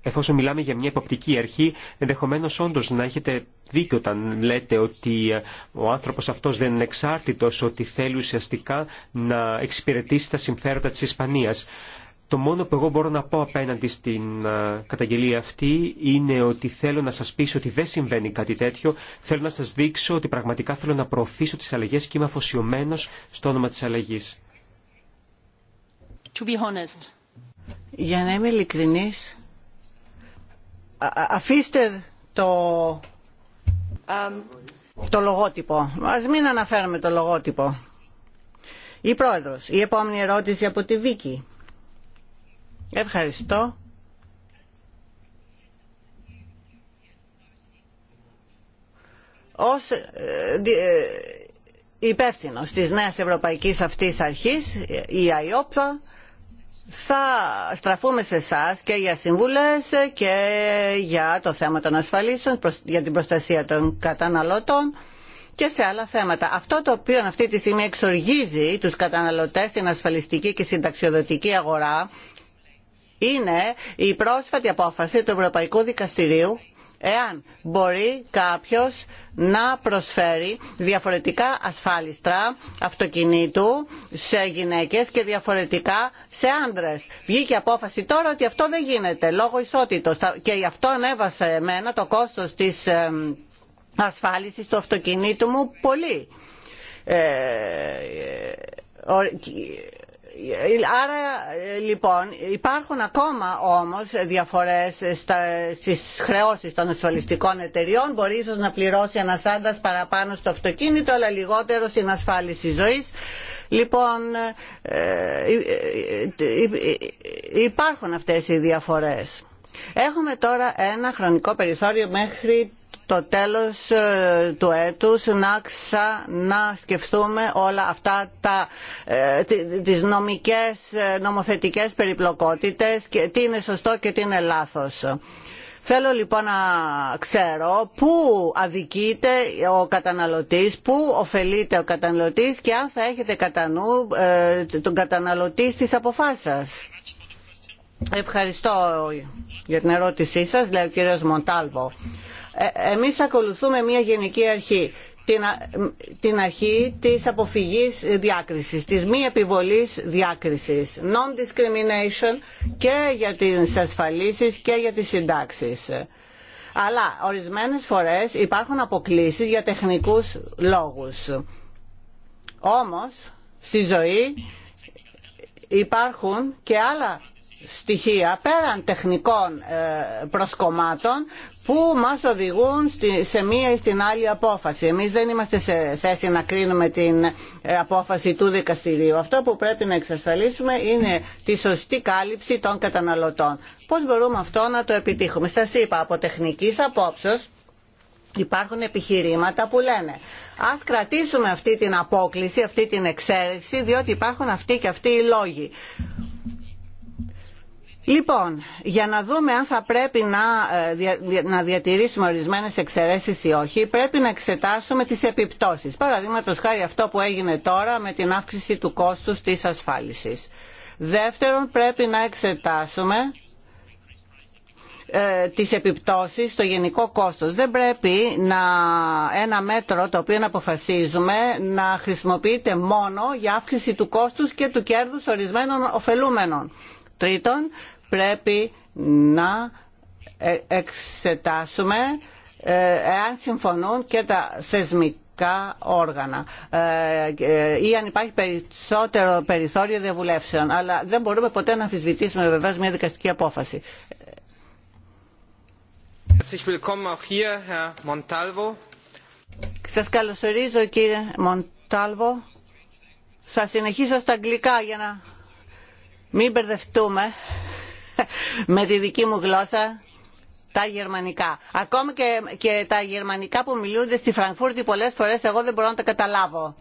εφόσον μιλάμε για μια υποπτική αρχή, ενδεχομένω όντω να έχετε δίκιο όταν λέτε ότι ε, ο άνθρωπο αυτό δεν είναι εξάρτητο, ότι θέλει ουσιαστικά να εξυπηρετήσει τα συμφέροντα τη Ισπανία. Το μόνο που εγώ μπορώ να πω απέναντι στην ε, καταγγελία αυτή είναι ότι θέλω να σας πείσω ότι δεν συμβαίνει κάτι τέτοιο. Θέλω να σας δείξω ότι πραγματικά θέλω να προωθήσω τις αλλαγές και είμαι αφοσιωμένος στο όνομα της αλλαγής. Για να είμαι ειλικρινής, αφήστε το, το λογότυπο. Ας μην αναφέρουμε το λογότυπο. Η πρόεδρος. Η επόμενη ερώτηση από τη Βίκη. Ευχαριστώ. Ως ε, ε, υπεύθυνο της νέας ευρωπαϊκής αυτής αρχής, η ΑΙΟΠΑ, θα στραφούμε σε εσά και για συμβουλές και για το θέμα των ασφαλίσεων, για την προστασία των καταναλωτών και σε άλλα θέματα. Αυτό το οποίο αυτή τη στιγμή εξοργίζει τους καταναλωτές στην ασφαλιστική και συνταξιοδοτική αγορά είναι η πρόσφατη απόφαση του Ευρωπαϊκού Δικαστηρίου εάν μπορεί κάποιος να προσφέρει διαφορετικά ασφάλιστρα αυτοκινήτου σε γυναίκες και διαφορετικά σε άντρες. Βγήκε απόφαση τώρα ότι αυτό δεν γίνεται λόγω ισότητος και γι' αυτό ανέβασε εμένα το κόστος της ασφάλισης του αυτοκινήτου μου πολύ. Ε, ε, Άρα λοιπόν υπάρχουν ακόμα όμως διαφορές στις χρεώσεις των ασφαλιστικών εταιριών. Μπορεί ίσως να πληρώσει ένας άντας παραπάνω στο αυτοκίνητο αλλά λιγότερο στην ασφάλιση ζωής. Λοιπόν ε, ε, ε, υπάρχουν αυτές οι διαφορές. Έχουμε τώρα ένα χρονικό περιθώριο μέχρι το τέλος ε, του έτους να σκεφτούμε όλα αυτά τα, ε, τις νομικές, ε, νομοθετικές περιπλοκότητες και τι είναι σωστό και τι είναι λάθος. Θέλω λοιπόν να ξέρω πού αδικείται ο καταναλωτής, πού ωφελείται ο καταναλωτής και αν θα έχετε κατά νου τον καταναλωτή στις αποφάσεις Ευχαριστώ για την ερώτησή σας, λέει ο κύριος Μοντάλβο. Ε, εμείς ακολουθούμε μια γενική αρχή την, αρχή της αποφυγής διάκρισης, της μη επιβολής διάκρισης, non-discrimination και για τις ασφαλίσεις και για τις συντάξεις. Αλλά ορισμένες φορές υπάρχουν αποκλήσεις για τεχνικούς λόγους. Όμως, στη ζωή υπάρχουν και άλλα στοιχεία πέραν τεχνικών ε, προσκομάτων που μας οδηγούν σε μία ή στην άλλη απόφαση. Εμείς δεν είμαστε σε θέση να κρίνουμε την ε, απόφαση του δικαστηρίου. Αυτό που πρέπει να εξασφαλίσουμε είναι τη σωστή κάλυψη των καταναλωτών. Πώς μπορούμε αυτό να το επιτύχουμε. Σας είπα από τεχνικής απόψεως Υπάρχουν επιχειρήματα που λένε ας κρατήσουμε αυτή την απόκληση, αυτή την εξαίρεση, διότι υπάρχουν αυτοί και αυτοί οι λόγοι. Λοιπόν, για να δούμε αν θα πρέπει να, ε, να διατηρήσουμε ορισμένες εξαιρέσεις ή όχι, πρέπει να εξετάσουμε τις επιπτώσεις. Παραδείγματο χάρη αυτό που έγινε τώρα με την αύξηση του κόστους της ασφάλισης. Δεύτερον, πρέπει να εξετάσουμε ε, τις επιπτώσεις στο γενικό κόστος. Δεν πρέπει να, ένα μέτρο το οποίο αποφασίζουμε να χρησιμοποιείται μόνο για αύξηση του κόστους και του κέρδους ορισμένων ωφελούμενων. Τρίτον, πρέπει να ε, εξετάσουμε ε, εάν συμφωνούν και τα σεσμικά όργανα ε, ή αν υπάρχει περισσότερο περιθώριο διαβουλεύσεων. Αλλά δεν μπορούμε ποτέ να αμφισβητήσουμε βεβαίω μια δικαστική απόφαση. Σας καλωσορίζω κύριε Μοντάλβο. Θα συνεχίσω στα αγγλικά για να μην μπερδευτούμε με τη δική μου γλώσσα τα γερμανικά. Ακόμα και, και τα γερμανικά που μιλούνται στη Φραγκφούρτη πολλές φορές εγώ δεν μπορώ να τα καταλάβω.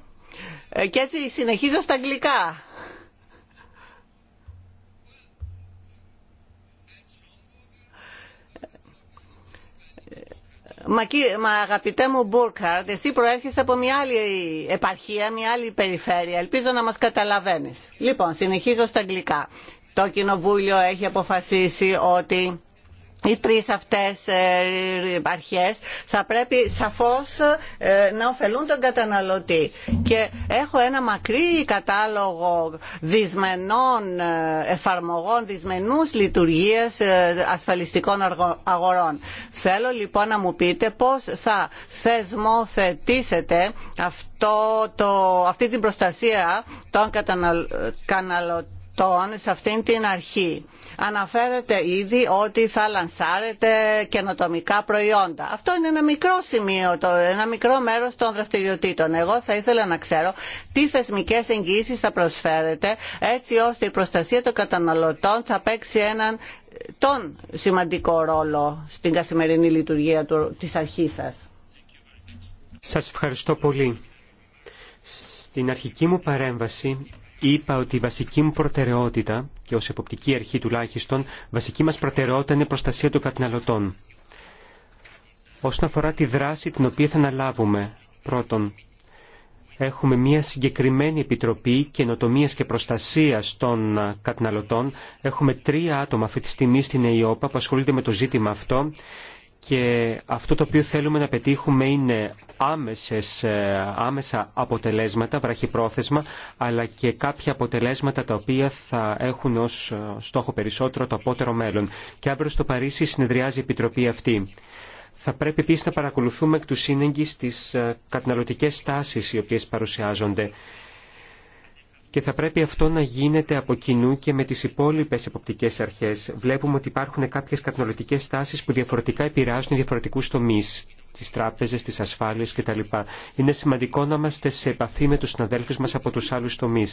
Ε, και έτσι συνεχίζω στα αγγλικά. Μα, μα αγαπητέ μου Μπούρκαρτ εσύ προέρχεσαι από μια άλλη επαρχία, μια άλλη περιφέρεια. Ελπίζω να μας καταλαβαίνεις. Λοιπόν, συνεχίζω στα αγγλικά. Το Κοινοβούλιο έχει αποφασίσει ότι οι τρεις αυτές ε, αρχές θα πρέπει σαφώς ε, να ωφελούν τον καταναλωτή. Και έχω ένα μακρύ κατάλογο δυσμενών ε, εφαρμογών, δυσμενούς λειτουργίες ασφαλιστικών αγορών. Θέλω λοιπόν να μου πείτε πώς θα θεσμοθετήσετε αυτό το, αυτή την προστασία των καταναλωτών τον σε αυτήν την αρχή. Αναφέρεται ήδη ότι θα λανσάρετε καινοτομικά προϊόντα. Αυτό είναι ένα μικρό σημείο, ένα μικρό μέρος των δραστηριοτήτων. Εγώ θα ήθελα να ξέρω τι θεσμικές εγγυήσεις θα προσφέρετε έτσι ώστε η προστασία των καταναλωτών θα παίξει έναν τον σημαντικό ρόλο στην καθημερινή λειτουργία της αρχής σας. Σας ευχαριστώ πολύ. Στην αρχική μου παρέμβαση είπα ότι η βασική μου προτεραιότητα, και ως εποπτική αρχή τουλάχιστον, βασική μας προτεραιότητα είναι η προστασία των καταναλωτών. Όσον αφορά τη δράση την οποία θα αναλάβουμε, πρώτον, έχουμε μια συγκεκριμένη επιτροπή καινοτομία και προστασία των καταναλωτών. Έχουμε τρία άτομα αυτή τη στιγμή στην ΕΙΟΠΑ που ασχολούνται με το ζήτημα αυτό και αυτό το οποίο θέλουμε να πετύχουμε είναι άμεσες, ε, άμεσα αποτελέσματα, βραχυπρόθεσμα, αλλά και κάποια αποτελέσματα τα οποία θα έχουν ως ε, στόχο περισσότερο το απότερο μέλλον. Και αύριο στο Παρίσι συνεδριάζει η Επιτροπή αυτή. Θα πρέπει επίση να παρακολουθούμε εκ του σύνεγγυ τις ε, καταναλωτικές τάσει οι οποίες παρουσιάζονται και θα πρέπει αυτό να γίνεται από κοινού και με τις υπόλοιπες εποπτικές αρχές. Βλέπουμε ότι υπάρχουν κάποιες καταναλωτικέ τάσεις που διαφορετικά επηρεάζουν διαφορετικούς τομείς τι τράπεζε, τι ασφάλειε κτλ. Είναι σημαντικό να είμαστε σε επαφή με του συναδέλφου μα από του άλλου τομεί.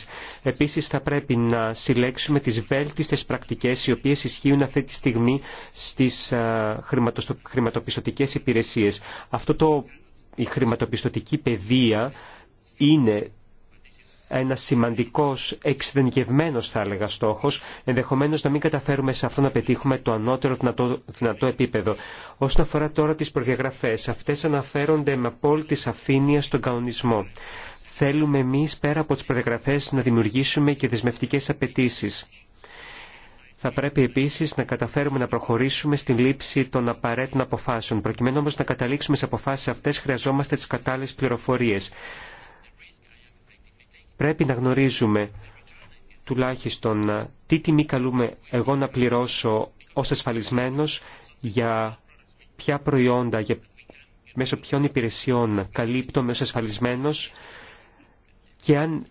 Επίση, θα πρέπει να συλλέξουμε τι βέλτιστε πρακτικέ, οι οποίε ισχύουν αυτή τη στιγμή στι χρηματοπιστωτικέ υπηρεσίε. Αυτό το, η χρηματοπιστωτική παιδεία είναι ένα σημαντικό, εξειδενικευμένο θα έλεγα στόχο, ενδεχομένω να μην καταφέρουμε σε αυτό να πετύχουμε το ανώτερο δυνατό, δυνατό επίπεδο. Όσον αφορά τώρα τι προδιαγραφέ, αυτέ αναφέρονται με απόλυτη σαφήνεια στον κανονισμό. Θέλουμε εμεί πέρα από τι προδιαγραφέ να δημιουργήσουμε και δεσμευτικέ απαιτήσει. Θα πρέπει επίση να καταφέρουμε να προχωρήσουμε στην λήψη των απαραίτητων αποφάσεων. Προκειμένου όμω να καταλήξουμε σε αποφάσει αυτέ χρειαζόμαστε τι κατάλληλε πληροφορίε πρέπει να γνωρίζουμε τουλάχιστον τι τιμή καλούμε εγώ να πληρώσω ως ασφαλισμένος για ποια προϊόντα, για μέσω ποιων υπηρεσιών καλύπτω ως ασφαλισμένος και αν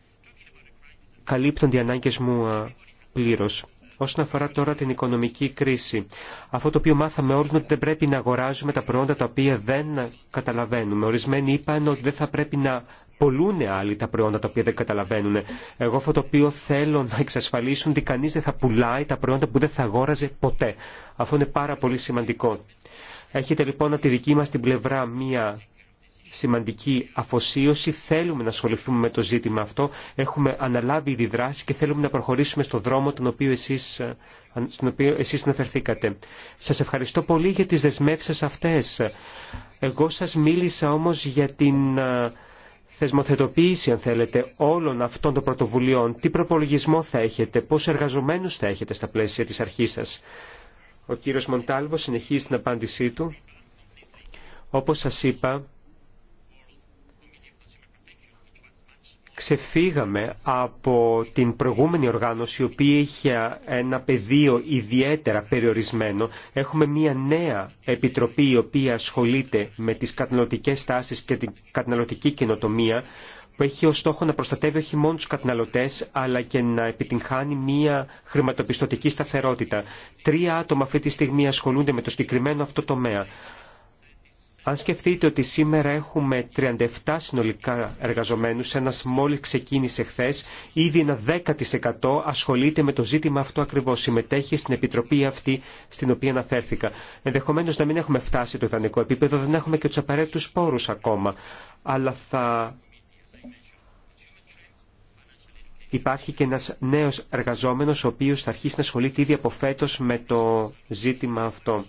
καλύπτονται οι ανάγκες μου πλήρως. Όσον αφορά τώρα την οικονομική κρίση, αυτό το οποίο μάθαμε όλοι είναι ότι δεν πρέπει να αγοράζουμε τα προϊόντα τα οποία δεν καταλαβαίνουμε. Ορισμένοι είπαν ότι δεν θα πρέπει να πολλούν άλλοι τα προϊόντα τα οποία δεν καταλαβαίνουν. Εγώ αυτό το οποίο θέλω να εξασφαλίσουν ότι κανεί δεν θα πουλάει τα προϊόντα που δεν θα αγόραζε ποτέ. Αυτό είναι πάρα πολύ σημαντικό. Έχετε λοιπόν από τη δική μας την πλευρά μία σημαντική αφοσίωση. Θέλουμε να ασχοληθούμε με το ζήτημα αυτό. Έχουμε αναλάβει τη δράση και θέλουμε να προχωρήσουμε στον δρόμο τον οποίο εσείς, ε, στον οποίο εσείς αναφερθήκατε. Σας ευχαριστώ πολύ για τις δεσμεύσεις αυτές. Εγώ σας μίλησα όμως για την ε, θεσμοθετοποίηση, αν θέλετε, όλων αυτών των πρωτοβουλειών. Τι προπολογισμό θα έχετε, πόσους εργαζομένους θα έχετε στα πλαίσια της αρχής σας. Ο κύριος Μοντάλβο συνεχίζει την απάντησή του. Όπως σας είπα, ξεφύγαμε από την προηγούμενη οργάνωση, η οποία είχε ένα πεδίο ιδιαίτερα περιορισμένο. Έχουμε μια νέα επιτροπή η οποία ασχολείται με τις καταναλωτικές τάσεις και την καταναλωτική καινοτομία, που έχει ως στόχο να προστατεύει όχι μόνο τους καταναλωτές, αλλά και να επιτυγχάνει μια χρηματοπιστωτική σταθερότητα. Τρία άτομα αυτή τη στιγμή ασχολούνται με το συγκεκριμένο αυτό τομέα. Αν σκεφτείτε ότι σήμερα έχουμε 37 συνολικά εργαζομένους, ένας μόλις ξεκίνησε χθε, ήδη ένα 10% ασχολείται με το ζήτημα αυτό ακριβώς, συμμετέχει στην επιτροπή αυτή στην οποία αναφέρθηκα. Ενδεχομένως να μην έχουμε φτάσει το ιδανικό επίπεδο, δεν έχουμε και τους απαραίτητους πόρους ακόμα, αλλά θα υπάρχει και ένας νέος εργαζόμενος ο οποίος θα αρχίσει να ασχολείται ήδη από φέτος με το ζήτημα αυτό.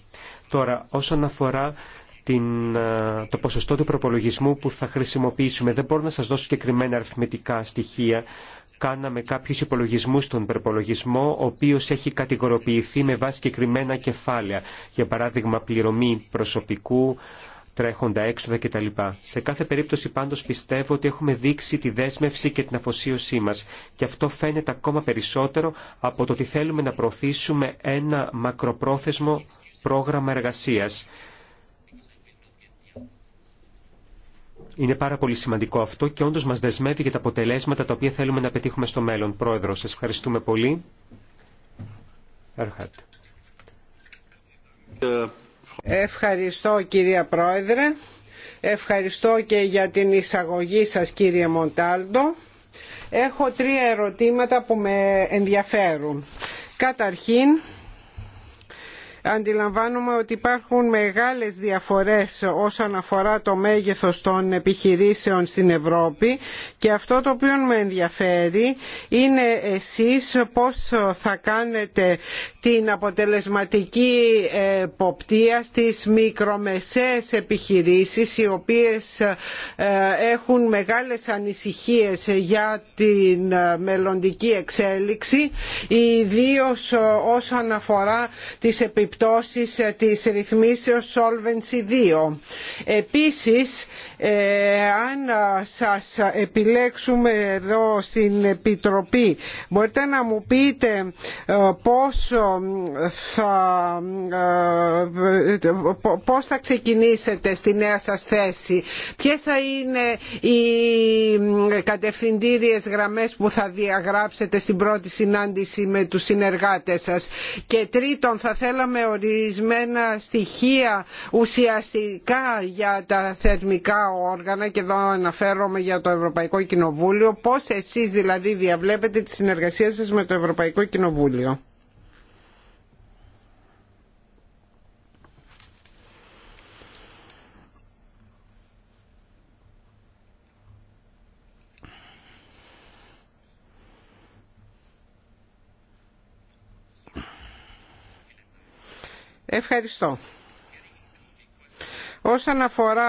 Τώρα, όσον αφορά την, το ποσοστό του προπολογισμού που θα χρησιμοποιήσουμε. Δεν μπορώ να σας δώσω συγκεκριμένα αριθμητικά στοιχεία. Κάναμε κάποιους υπολογισμούς στον προπολογισμό, ο οποίος έχει κατηγοροποιηθεί με βάση συγκεκριμένα κεφάλαια. Για παράδειγμα, πληρωμή προσωπικού, τρέχοντα έξοδα κτλ. Σε κάθε περίπτωση πάντως πιστεύω ότι έχουμε δείξει τη δέσμευση και την αφοσίωσή μας και αυτό φαίνεται ακόμα περισσότερο από το ότι θέλουμε να προωθήσουμε ένα μακροπρόθεσμο πρόγραμμα εργασίας. Είναι πάρα πολύ σημαντικό αυτό και όντω μα δεσμεύει για τα αποτελέσματα τα οποία θέλουμε να πετύχουμε στο μέλλον. Πρόεδρο, σα ευχαριστούμε πολύ. Ευχαριστώ κυρία Πρόεδρε. Ευχαριστώ και για την εισαγωγή σας κύριε Μοντάλτο. Έχω τρία ερωτήματα που με ενδιαφέρουν. Καταρχήν, αντιλαμβάνομαι ότι υπάρχουν μεγάλες διαφορές όσον αφορά το μέγεθος των επιχειρήσεων στην Ευρώπη και αυτό το οποίο με ενδιαφέρει είναι εσείς πώς θα κάνετε την αποτελεσματική εποπτεία στις μικρομεσαίες επιχειρήσεις οι οποίες ε, έχουν μεγάλες ανησυχίες για την ε, μελλοντική εξέλιξη ιδίως ε, όσον αφορά τις επιπτώσεις Τη ε, της ρυθμίσεως Solvency 2. Επίσης, ε, αν ε, σας επιλέξουμε εδώ στην Επιτροπή, μπορείτε να μου πείτε πόσο θα, πώς θα ξεκινήσετε στη νέα σας θέση, ποιες θα είναι οι κατευθυντήριες γραμμές που θα διαγράψετε στην πρώτη συνάντηση με τους συνεργάτες σας. Και τρίτον, θα θέλαμε ορισμένα στοιχεία ουσιαστικά για τα θερμικά όργανα και εδώ αναφέρομαι για το Ευρωπαϊκό Κοινοβούλιο. Πώς εσείς δηλαδή διαβλέπετε τη συνεργασία σας με το Ευρωπαϊκό Κοινοβούλιο. Ευχαριστώ. Όσον αφορά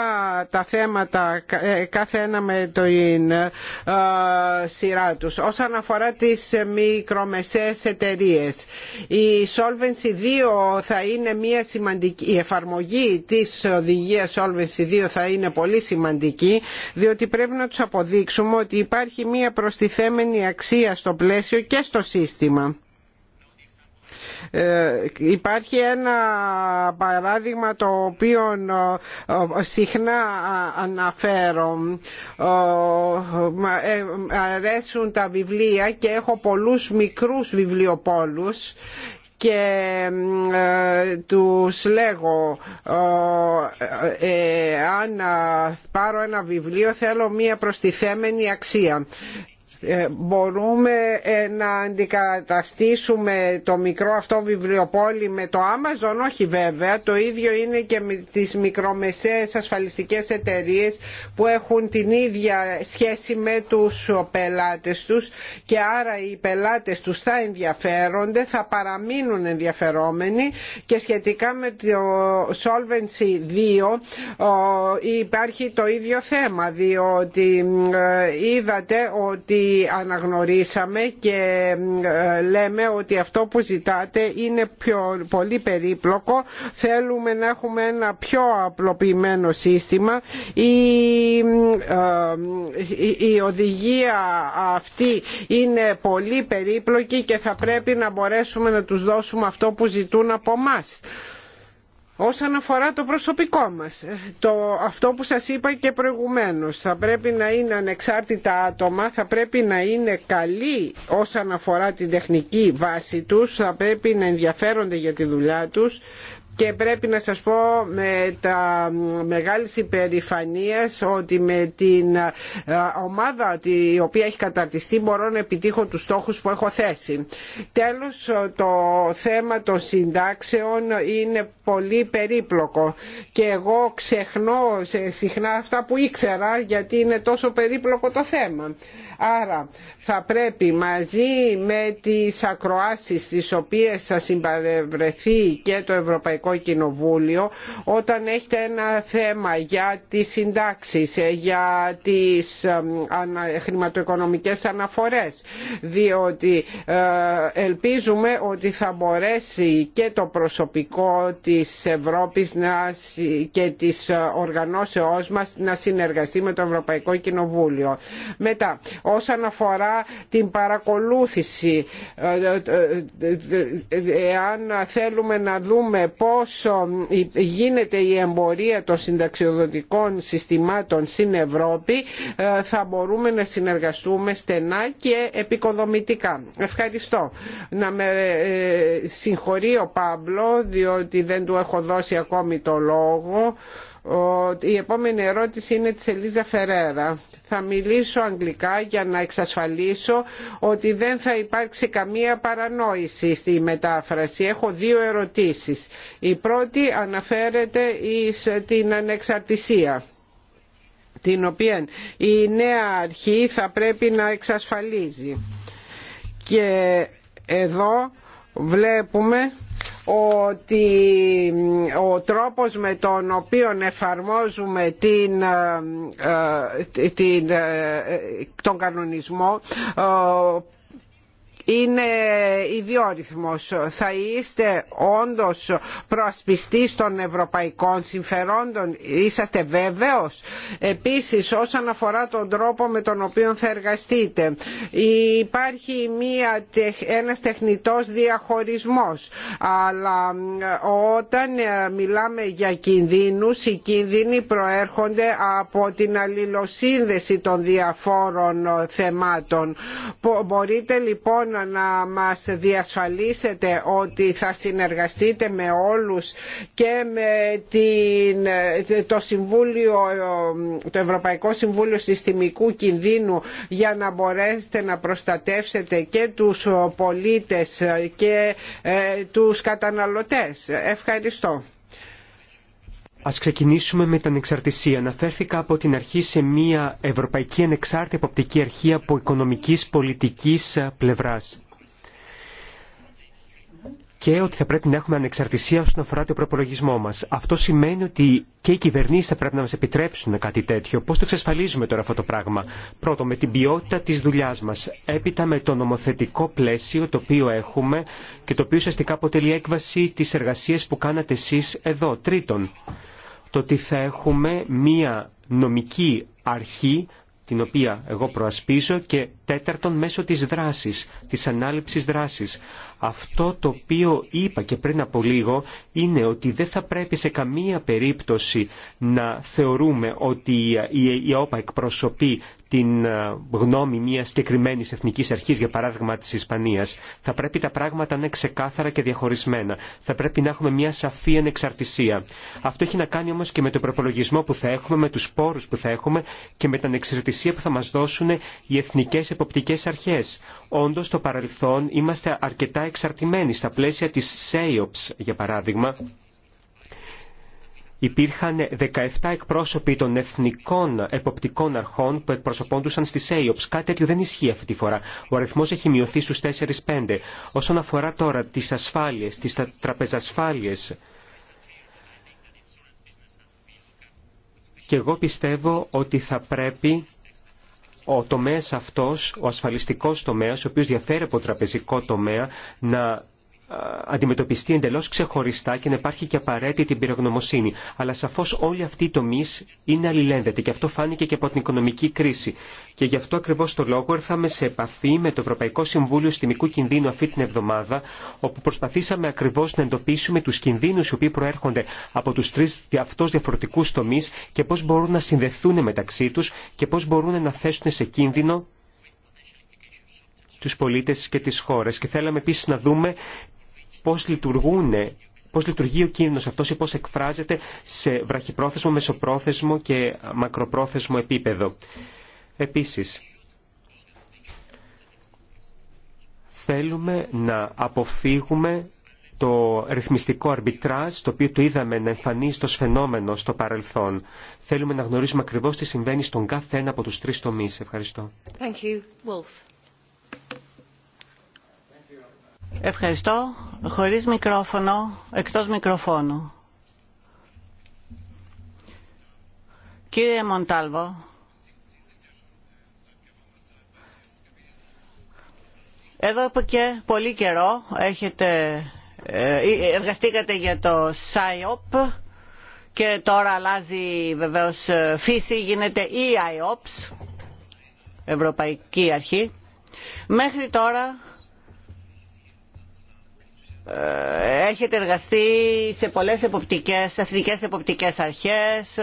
τα θέματα, ε, κάθε ένα με το ίν, ε, σειρά τους, όσον αφορά τις μικρομεσαίες εταιρείες, η Solvency 2 θα είναι μια σημαντική, η εφαρμογή της οδηγίας Solvency 2 θα είναι πολύ σημαντική, διότι πρέπει να τους αποδείξουμε ότι υπάρχει μια προστιθέμενη αξία στο πλαίσιο και στο σύστημα ε, υπάρχει ένα παράδειγμα το οποίο ε, ε, συχνά αναφέρω. Αρέσουν τα βιβλία και έχω πολλούς μικρούς βιβλιοπόλους και τους λέγω αν πάρω ένα βιβλίο θέλω μία προστιθέμενη αξία ε, μπορούμε ε, να αντικαταστήσουμε το μικρό αυτό βιβλιοπόλι με το Amazon, όχι βέβαια, το ίδιο είναι και με τις μικρομεσαίες ασφαλιστικές εταιρείες που έχουν την ίδια σχέση με τους πελάτες τους και άρα οι πελάτες τους θα ενδιαφέρονται, θα παραμείνουν ενδιαφερόμενοι και σχετικά με το Solvency 2 υπάρχει το ίδιο θέμα διότι ε, είδατε ότι αναγνωρίσαμε και ε, λέμε ότι αυτό που ζητάτε είναι πιο, πολύ περίπλοκο θέλουμε να έχουμε ένα πιο απλοποιημένο σύστημα ε, η, η οδηγία αυτή είναι πολύ περίπλοκη και θα πρέπει να μπορέσουμε να τους δώσουμε αυτό που ζητούν από μας όσον αφορά το προσωπικό μας. Ε, το, αυτό που σας είπα και προηγουμένως, θα πρέπει να είναι ανεξάρτητα άτομα, θα πρέπει να είναι καλοί όσον αφορά την τεχνική βάση τους, θα πρέπει να ενδιαφέρονται για τη δουλειά τους και πρέπει να σας πω με τα μεγάλη υπερηφανία ότι με την ε, ομάδα η οποία έχει καταρτιστεί μπορώ να επιτύχω τους στόχους που έχω θέσει. Τέλος το θέμα των συντάξεων είναι πολύ περίπλοκο και εγώ ξεχνώ συχνά αυτά που ήξερα γιατί είναι τόσο περίπλοκο το θέμα. Άρα θα πρέπει μαζί με τις ακροάσεις τις οποίες θα συμπαρευρεθεί και το Ευρωπαϊκό Ευρωπαϊκό Κοινοβούλιο όταν έχετε ένα θέμα για τις συντάξεις, ε, για τις χρηματοοικονομικές αναφορές διότι ε, ελπίζουμε ότι θα μπορέσει και το προσωπικό της Ευρώπης και της ε, οργανώσεώς μας να συνεργαστεί με το Ευρωπαϊκό Κοινοβούλιο. Μετά, όσον αφορά την παρακολούθηση, εάν θέλουμε να δούμε πώς όσο γίνεται η εμπορία των συνταξιοδοτικών συστημάτων στην Ευρώπη ε, θα μπορούμε να συνεργαστούμε στενά και επικοδομητικά. Ευχαριστώ. Να με ε, συγχωρεί ο Παύλο διότι δεν του έχω δώσει ακόμη το λόγο. Η επόμενη ερώτηση είναι της Ελίζα Φερέρα. Θα μιλήσω αγγλικά για να εξασφαλίσω ότι δεν θα υπάρξει καμία παρανόηση στη μετάφραση. Έχω δύο ερωτήσεις. Η πρώτη αναφέρεται στην ανεξαρτησία την οποία η νέα αρχή θα πρέπει να εξασφαλίζει. Και εδώ βλέπουμε ότι ο τρόπος με τον οποίο εφαρμόζουμε την, ε, ε, την, ε, τον κανονισμό είναι ιδιόρυθμος. Θα είστε όντως προασπιστής των ευρωπαϊκών συμφερόντων, είσαστε βέβαιος. Επίσης όσον αφορά τον τρόπο με τον οποίο θα εργαστείτε, υπάρχει μία, ένας τεχνητός διαχωρισμός, αλλά όταν ε, μιλάμε για κινδύνους, οι κινδύνοι προέρχονται από την αλληλοσύνδεση των διαφόρων ε, θεμάτων. Μπορείτε λοιπόν να μας διασφαλίσετε ότι θα συνεργαστείτε με όλους και με το, Συμβούλιο, το Ευρωπαϊκό Συμβούλιο Συστημικού Κινδύνου για να μπορέσετε να προστατεύσετε και τους πολίτες και ε, τους καταναλωτές. Ευχαριστώ. Α ξεκινήσουμε με την ανεξαρτησία. Αναφέρθηκα από την αρχή σε μια ευρωπαϊκή ανεξάρτητη αποπτική αρχή από οικονομική πολιτική ε, πλευρά. Και ότι θα πρέπει να έχουμε ανεξαρτησία όσον αφορά το προπολογισμό μα. Αυτό σημαίνει ότι και οι κυβερνήσει θα πρέπει να μα επιτρέψουν κάτι τέτοιο. Πώ το εξασφαλίζουμε τώρα αυτό το πράγμα. Πρώτο, με την ποιότητα τη δουλειά μα, Έπειτα με το νομοθετικό πλαίσιο το οποίο έχουμε και το οποίο ουσιαστικά αποτελεί έκβαση τη εργασία που κάνατε εσεί εδώ. Τρίτον, το ότι θα έχουμε μία νομική αρχή την οποία εγώ προασπίζω και Τέταρτον, μέσω της δράσης, της ανάληψης δράσης. Αυτό το οποίο είπα και πριν από λίγο είναι ότι δεν θα πρέπει σε καμία περίπτωση να θεωρούμε ότι η ΕΟΠΑ εκπροσωπεί την ε, γνώμη μιας συγκεκριμένη εθνικής αρχής, για παράδειγμα της Ισπανίας. Θα πρέπει τα πράγματα να είναι ξεκάθαρα και διαχωρισμένα. Θα πρέπει να έχουμε μια σαφή ανεξαρτησία. Αυτό έχει να κάνει όμως και με τον προπολογισμό που θα έχουμε, με τους πόρους που θα έχουμε και με την ανεξαρτησία που θα μας δώσουν οι εθνικές εποπτικές αρχές. Όντως, στο παρελθόν είμαστε αρκετά εξαρτημένοι. Στα πλαίσια τη ΣΕΙΟΠΣ, για παράδειγμα, υπήρχαν 17 εκπρόσωποι των εθνικών εποπτικών αρχών που εκπροσωπώντουσαν στη ΣΕΙΟΠΣ. Κάτι τέτοιο δεν ισχύει αυτή τη φορά. Ο αριθμό έχει μειωθεί στους 4-5. Όσον αφορά τώρα τις ασφάλειες, τις τραπεζασφάλειε, και εγώ πιστεύω ότι θα πρέπει ο τομέας αυτός, ο ασφαλιστικός τομέας, ο οποίος διαφέρει από τραπεζικό τομέα, να αντιμετωπιστεί εντελώς ξεχωριστά και να υπάρχει και απαραίτητη πυρογνωμοσύνη. Αλλά σαφώς όλοι αυτοί οι τομείς είναι αλληλένδετοι και αυτό φάνηκε και από την οικονομική κρίση. Και γι' αυτό ακριβώς το λόγο ήρθαμε σε επαφή με το Ευρωπαϊκό Συμβούλιο Στιμικού Κινδύνου αυτή την εβδομάδα, όπου προσπαθήσαμε ακριβώς να εντοπίσουμε τους κινδύνους οι οποίοι προέρχονται από τους τρεις αυτού διαφορετικούς τομείς και πώς μπορούν να συνδεθούν μεταξύ τους και πώς μπορούν να θέσουν σε κίνδυνο τους πολίτες και τις χώρες. Και θέλαμε επίσης να δούμε πώς λειτουργούν πώς λειτουργεί ο κίνδυνος αυτός ή πώς εκφράζεται σε βραχυπρόθεσμο, μεσοπρόθεσμο και μακροπρόθεσμο επίπεδο. Επίσης, θέλουμε να αποφύγουμε το ρυθμιστικό αρμπιτράζ, το οποίο το είδαμε να εμφανίζει το σφαινόμενο στο παρελθόν. Θέλουμε να γνωρίσουμε ακριβώς τι συμβαίνει στον κάθε ένα από τους τρεις τομείς. Ευχαριστώ. Thank you, Ευχαριστώ. Χωρίς μικρόφωνο, εκτός μικροφώνου. Κύριε Μοντάλβο, εδώ και πολύ καιρό έχετε, ε, ε, εργαστήκατε για το ΣΑΙΟΠ και τώρα αλλάζει βεβαίως ε, φύση, γίνεται EIOPS, Ευρωπαϊκή Αρχή. Μέχρι τώρα ε, έχετε εργαστεί σε πολλές εποπτικές, εθνικές εποπτικές αρχές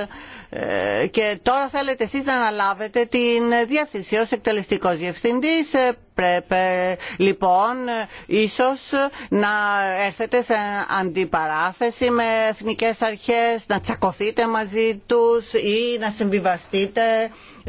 ε, και τώρα θέλετε εσείς να αναλάβετε την διεύθυνση ως εκτελεστικός διευθυντής ε, πρέπει λοιπόν ίσως να έρθετε σε αντιπαράθεση με εθνικές αρχές να τσακωθείτε μαζί τους ή να συμβιβαστείτε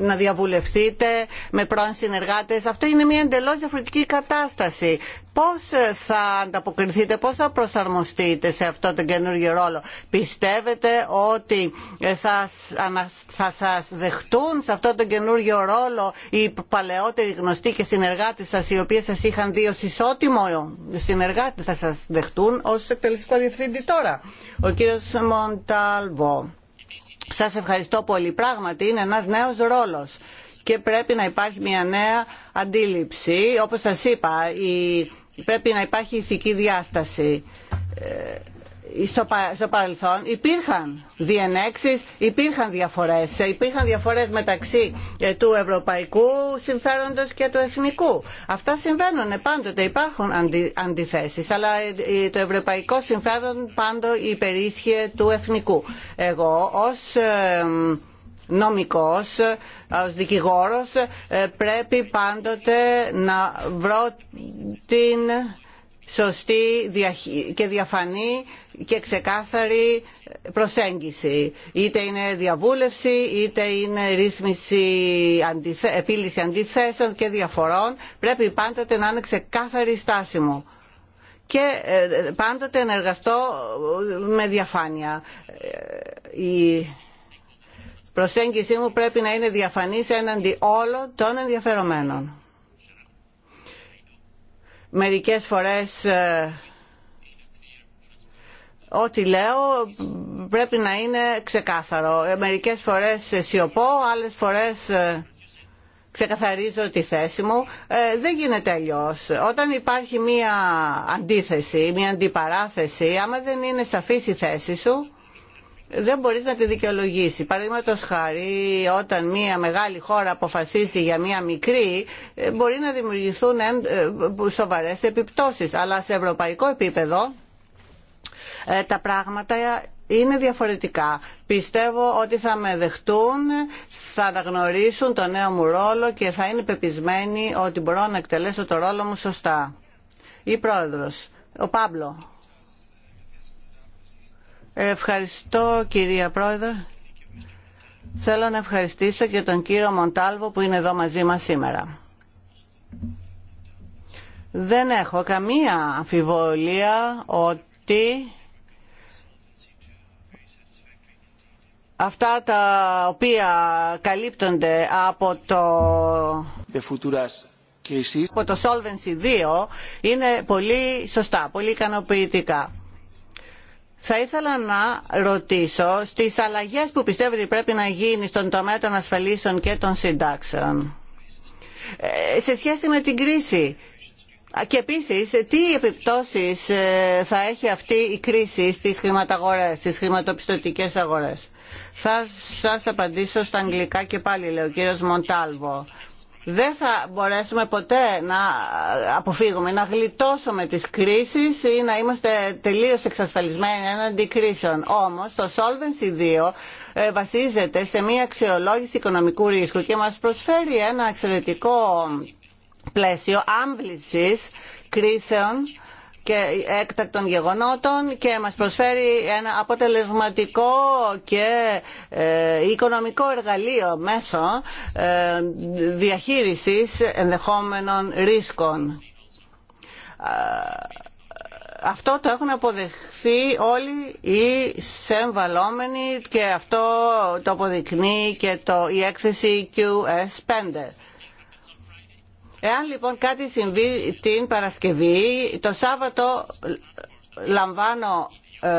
να διαβουλευτείτε με πρώην συνεργάτε, Αυτό είναι μια εντελώς διαφορετική κατάσταση. Πώς θα ανταποκριθείτε, πώς θα προσαρμοστείτε σε αυτό το καινούργιο ρόλο. Πιστεύετε ότι θα σας δεχτούν σε αυτό το καινούργιο ρόλο οι παλαιότεροι γνωστοί και συνεργάτες σας, οι οποίοι σα είχαν δύο ισότιμο συνεργάτες, θα σα δεχτούν ω εκτελεστικό διευθύντη τώρα. Ο κύριος Μοντάλβο. Σας ευχαριστώ πολύ. Πράγματι είναι ένας νέος ρόλος και πρέπει να υπάρχει μια νέα αντίληψη. Όπως σας είπα, η... πρέπει να υπάρχει ηθική διάσταση. Ε, στο, παρελθόν υπήρχαν διενέξεις, υπήρχαν διαφορές, ε, υπήρχαν διαφορές μεταξύ ε, του ευρωπαϊκού συμφέροντος και του εθνικού. Αυτά συμβαίνουν πάντοτε, υπάρχουν αντιθέσεις, αλλά ε, το ευρωπαϊκό συμφέρον πάντοτε υπερίσχυε του εθνικού. Εγώ ως νομικός, ως δικηγόρος πρέπει πάντοτε να βρω την σωστή και διαφανή και ξεκάθαρη προσέγγιση. Είτε είναι διαβούλευση, είτε είναι ρύθμιση, επίλυση αντιθέσεων και διαφορών. Πρέπει πάντοτε να είναι ξεκάθαρη στάση μου και ε, πάντοτε να εργαστώ ε, με διαφάνεια. Ε, η προσέγγιση μου πρέπει να είναι διαφανής έναντι όλων των ενδιαφερομένων μερικές φορές ε, ό,τι λέω πρέπει να είναι ξεκάθαρο. Ε, μερικές φορές σιωπώ, άλλες φορές ε, ξεκαθαρίζω τη θέση μου. δεν γίνεται αλλιώ. Όταν υπάρχει μία αντίθεση, μία αντιπαράθεση, άμα δεν είναι σαφής η θέση σου, δεν μπορείς να τη δικαιολογήσει. Παραδείγματο χάρη, όταν μια μεγάλη χώρα αποφασίσει για μια μικρή, ε, μπορεί να δημιουργηθούν ε, σοβαρές επιπτώσεις. Αλλά σε ευρωπαϊκό επίπεδο ε, τα πράγματα είναι διαφορετικά. Πιστεύω ότι θα με δεχτούν, θα αναγνωρίσουν το νέο μου ρόλο και θα είναι πεπισμένοι ότι μπορώ να εκτελέσω το ρόλο μου σωστά. Η πρόεδρος, ο Πάμπλο. Ευχαριστώ κυρία Πρόεδρε. Θέλω να ευχαριστήσω και τον κύριο Μοντάλβο που είναι εδώ μαζί μας σήμερα. Δεν έχω καμία αμφιβολία ότι αυτά τα οποία καλύπτονται από το, από το Solvency 2 είναι πολύ σωστά, πολύ ικανοποιητικά. Θα ήθελα να ρωτήσω στις αλλαγές που πιστεύετε πρέπει να γίνει στον τομέα των ασφαλίσεων και των συντάξεων ε, σε σχέση με την κρίση. Και επίσης, τι επιπτώσεις ε, θα έχει αυτή η κρίση στις χρηματαγορές, στις χρηματοπιστωτικές αγορές. Θα σας απαντήσω στα αγγλικά και πάλι, λέει ο κύριος Μοντάλβο δεν θα μπορέσουμε ποτέ να αποφύγουμε, να γλιτώσουμε τις κρίσεις ή να είμαστε τελείως εξασφαλισμένοι έναντι κρίσεων. Όμως το Solvency 2 ε, βασίζεται σε μια αξιολόγηση οικονομικού ρίσκου και μας προσφέρει ένα εξαιρετικό πλαίσιο άμβλησης κρίσεων και έκτακτων γεγονότων και μας προσφέρει ένα αποτελεσματικό και ε, οικονομικό εργαλείο μέσω ε, διαχείρισης ενδεχόμενων ρίσκων. Αυτό το έχουν αποδεχθεί όλοι οι σεμβαλόμενοι και αυτό το αποδεικνύει και το, η έκθεση QS5. Εάν λοιπόν κάτι συμβεί την Παρασκευή, το Σάββατο λαμβάνω ε,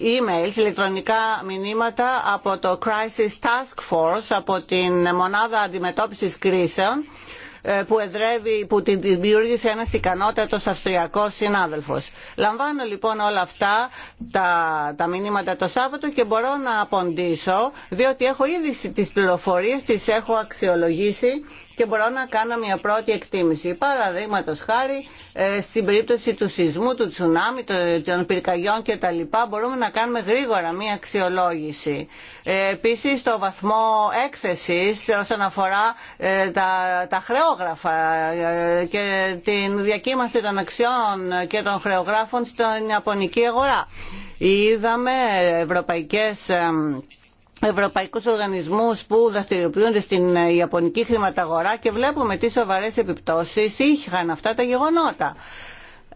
emails, ηλεκτρονικά μηνύματα από το Crisis Task Force, από την Μονάδα Αντιμετώπισης Κρίσεων, ε, που, εδρεύει, που την δημιούργησε ένας ικανότατος αυστριακός συνάδελφος. Λαμβάνω λοιπόν όλα αυτά τα, τα μηνύματα το Σάββατο και μπορώ να απαντήσω, διότι έχω ήδη τις πληροφορίες, τις έχω αξιολογήσει και μπορώ να κάνω μια πρώτη εκτίμηση. Παραδείγματο χάρη, ε, στην περίπτωση του σεισμού, του τσουνάμι, των πυρκαγιών κτλ. μπορούμε να κάνουμε γρήγορα μια αξιολόγηση. Ε, Επίση, το βαθμό έξεσης όσον αφορά ε, τα, τα χρεόγραφα και την διακύμαση των αξιών και των χρεογράφων στην Ιαπωνική αγορά. Είδαμε ευρωπαϊκές ευρωπαϊκούς οργανισμούς που δραστηριοποιούνται στην ε, ιαπωνική χρηματαγορά και βλέπουμε τι σοβαρές επιπτώσεις είχαν αυτά τα γεγονότα.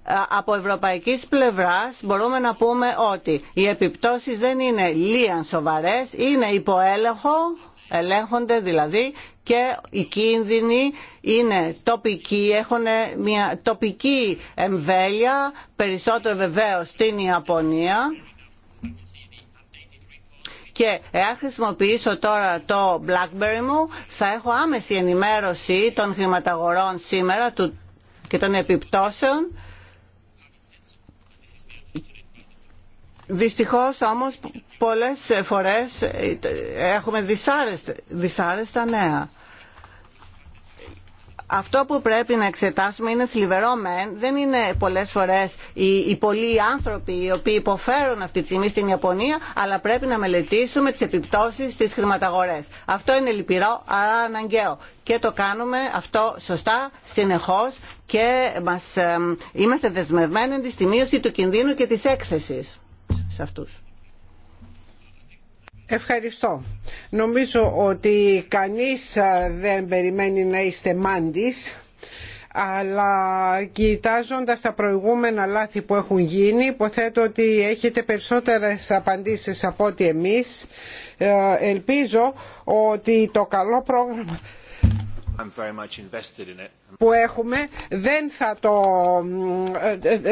Ε, από ευρωπαϊκής πλευράς μπορούμε να πούμε ότι οι επιπτώσεις δεν είναι λίαν σοβαρές, είναι υποέλεγχο, ελέγχονται δηλαδή και οι κίνδυνοι είναι τοπικοί, έχουν μια τοπική εμβέλεια, περισσότερο βεβαίως στην Ιαπωνία και εάν χρησιμοποιήσω τώρα το BlackBerry μου, θα έχω άμεση ενημέρωση των χρηματαγορών σήμερα του και των επιπτώσεων. Δυστυχώς όμως πολλές φορές ε, έχουμε δυσάρεστα νέα αυτό που πρέπει να εξετάσουμε είναι σλιβερό μεν. Δεν είναι πολλές φορές οι, πολλοί άνθρωποι οι οποίοι υποφέρουν αυτή τη στιγμή στην Ιαπωνία, αλλά πρέπει να μελετήσουμε τις επιπτώσεις στις χρηματαγορέ. Αυτό είναι λυπηρό, αλλά αναγκαίο. Και το κάνουμε αυτό σωστά, συνεχώς και μας, είμαστε δεσμευμένοι στη μείωση του κινδύνου και τη έκθεση σε αυτού. Ευχαριστώ. Νομίζω ότι κανείς δεν περιμένει να είστε μάντης αλλά κοιτάζοντας τα προηγούμενα λάθη που έχουν γίνει υποθέτω ότι έχετε περισσότερες απαντήσεις από ό,τι εμείς. Ε, ελπίζω ότι το καλό πρόγραμμα που έχουμε δεν θα το,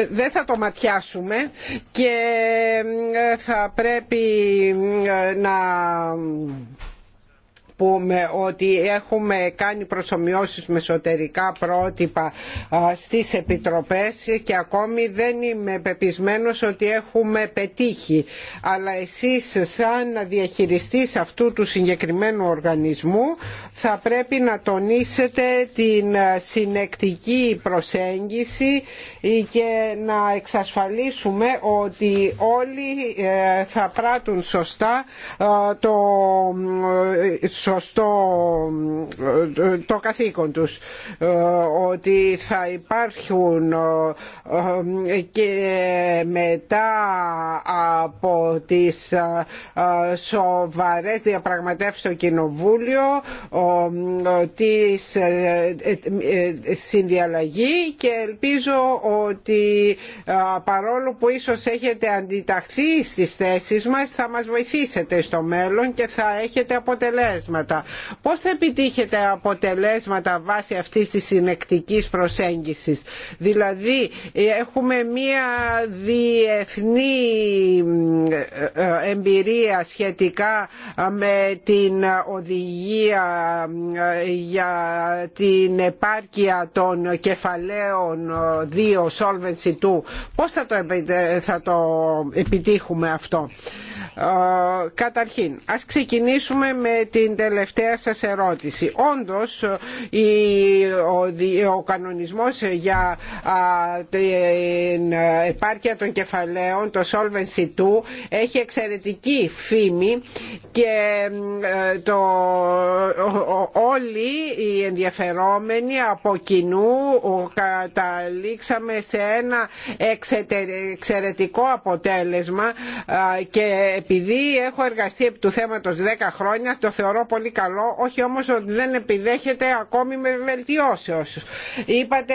δεν θα το ματιάσουμε και θα πρέπει να πούμε ότι έχουμε κάνει προσωμιώσεις με εσωτερικά πρότυπα στις επιτροπές και ακόμη δεν είμαι πεπισμένος ότι έχουμε πετύχει. Αλλά εσείς σαν διαχειριστής αυτού του συγκεκριμένου οργανισμού θα πρέπει να τονίσετε την συνεκτική προσέγγιση και να εξασφαλίσουμε ότι όλοι ε, θα πράττουν σωστά ε, το σωστό το καθήκον τους ε, ότι θα υπάρχουν ε, ε, και μετά από τις σοβαρές διαπραγματεύσεις στο Κοινοβούλιο της συνδιαλλαγή και ελπίζω ότι παρόλο που ίσως έχετε αντιταχθεί στις θέσεις μας θα μας βοηθήσετε στο μέλλον και θα έχετε αποτελέσματα αποτελέσματα. Πώς θα επιτύχετε αποτελέσματα βάσει αυτής της συνεκτικής προσέγγισης. Δηλαδή έχουμε μία διεθνή ε, ε, εμπειρία σχετικά με την οδηγία ε, για την επάρκεια των κεφαλαίων 2 Solvency 2. Πώς θα το επιτύχουμε αυτό. Ε, καταρχήν, ας ξεκινήσουμε με την τελευταία σας ερώτηση. Όντως, ο κανονισμός για την επάρκεια των κεφαλαίων, το Solvency II, έχει εξαιρετική φήμη και ε, το, όλοι οι ενδιαφερόμενοι από κοινού καταλήξαμε σε ένα εξαιρετικό αποτέλεσμα και επειδή έχω εργαστεί επί του θέματος 10 χρόνια το θεωρώ πολύ καλό όχι όμως ότι δεν επιδέχεται ακόμη με βελτιώσεως είπατε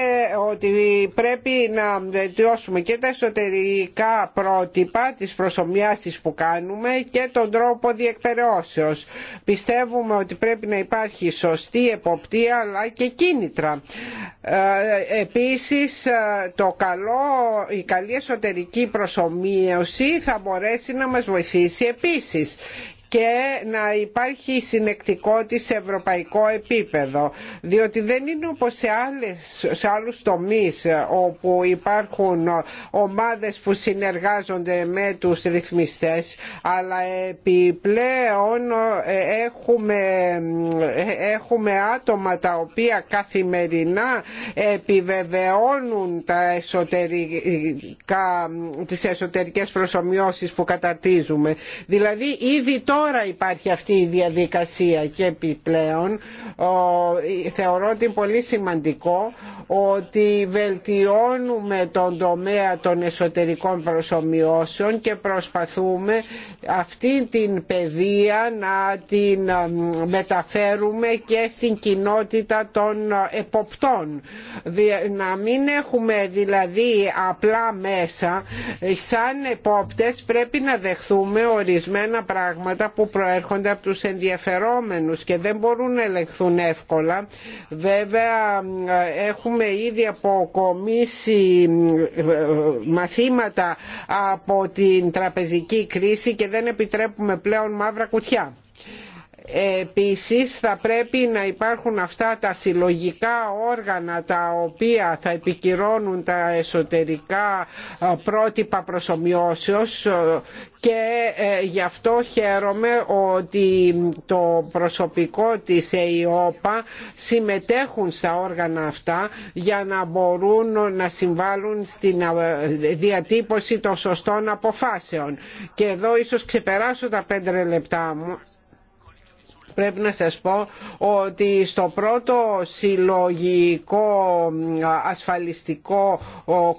ότι πρέπει να βελτιώσουμε και τα εσωτερικά πρότυπα της προσωμιάσης που κάνουμε και τον τρόπο διεκπαιρεώσεως πιστεύουμε ότι πρέπει να υπάρχει σωστή εποπτεία αλλά και κίνητρα ε, επίσης ε, το καλό η καλή εσωτερική προσωμείωση θα μπορέσει να μας βοηθήσει βοηθήσει επίσης και να υπάρχει συνεκτικότητα σε ευρωπαϊκό επίπεδο. Διότι δεν είναι όπως σε, άλλες, σε άλλους τομείς ε, όπου υπάρχουν ομάδες που συνεργάζονται με τους ρυθμιστές αλλά επιπλέον ε, έχουμε, ε, έχουμε άτομα τα οποία καθημερινά επιβεβαιώνουν τα εσωτερικά, τις εσωτερικές προσωμιώσεις που καταρτίζουμε. Δηλαδή ήδη τώρα τώρα υπάρχει αυτή η διαδικασία και επιπλέον θεωρώ ότι είναι πολύ σημαντικό ότι βελτιώνουμε τον τομέα των εσωτερικών προσωμιώσεων και προσπαθούμε αυτή την παιδεία να την ε, μεταφέρουμε και στην κοινότητα των εποπτών. Να μην έχουμε δηλαδή απλά μέσα, σαν επόπτες πρέπει να δεχθούμε ορισμένα πράγματα που προέρχονται από τους ενδιαφερόμενους και δεν μπορούν να ελεγχθούν εύκολα. Βέβαια έχουμε ήδη αποκομίσει ε, μαθήματα από την τραπεζική κρίση και δεν επιτρέπουμε πλέον μαύρα κουτιά. Επίσης θα πρέπει να υπάρχουν αυτά τα συλλογικά όργανα τα οποία θα επικυρώνουν τα εσωτερικά ε, πρότυπα προσωμιώσεως ε, και ε, γι' αυτό χαίρομαι ότι το προσωπικό της ΕΙΟΠΑ συμμετέχουν στα όργανα αυτά για να μπορούν να συμβάλλουν στην διατύπωση των σωστών αποφάσεων. Και εδώ ίσως ξεπεράσω τα πέντε λεπτά μου πρέπει να σας πω ότι στο πρώτο συλλογικό ασφαλιστικό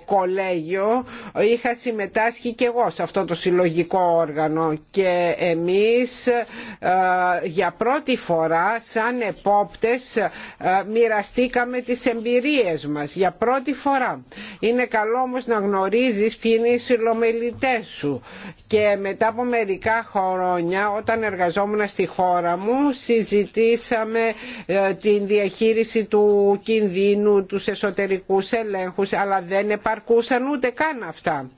κολέγιο είχα συμμετάσχει και εγώ σε αυτό το συλλογικό όργανο και εμείς ε, για πρώτη φορά σαν επόπτες ε, μοιραστήκαμε τις εμπειρίες μας για πρώτη φορά. Είναι καλό όμως να γνωρίζεις ποιοι είναι οι συλλομελητές σου και μετά από μερικά χρόνια όταν εργαζόμουν στη χώρα μου συζητήσαμε ε, την διαχείριση του κινδύνου, τους εσωτερικούς ελέγχους, αλλά δεν επαρκούσαν ούτε καν αυτά.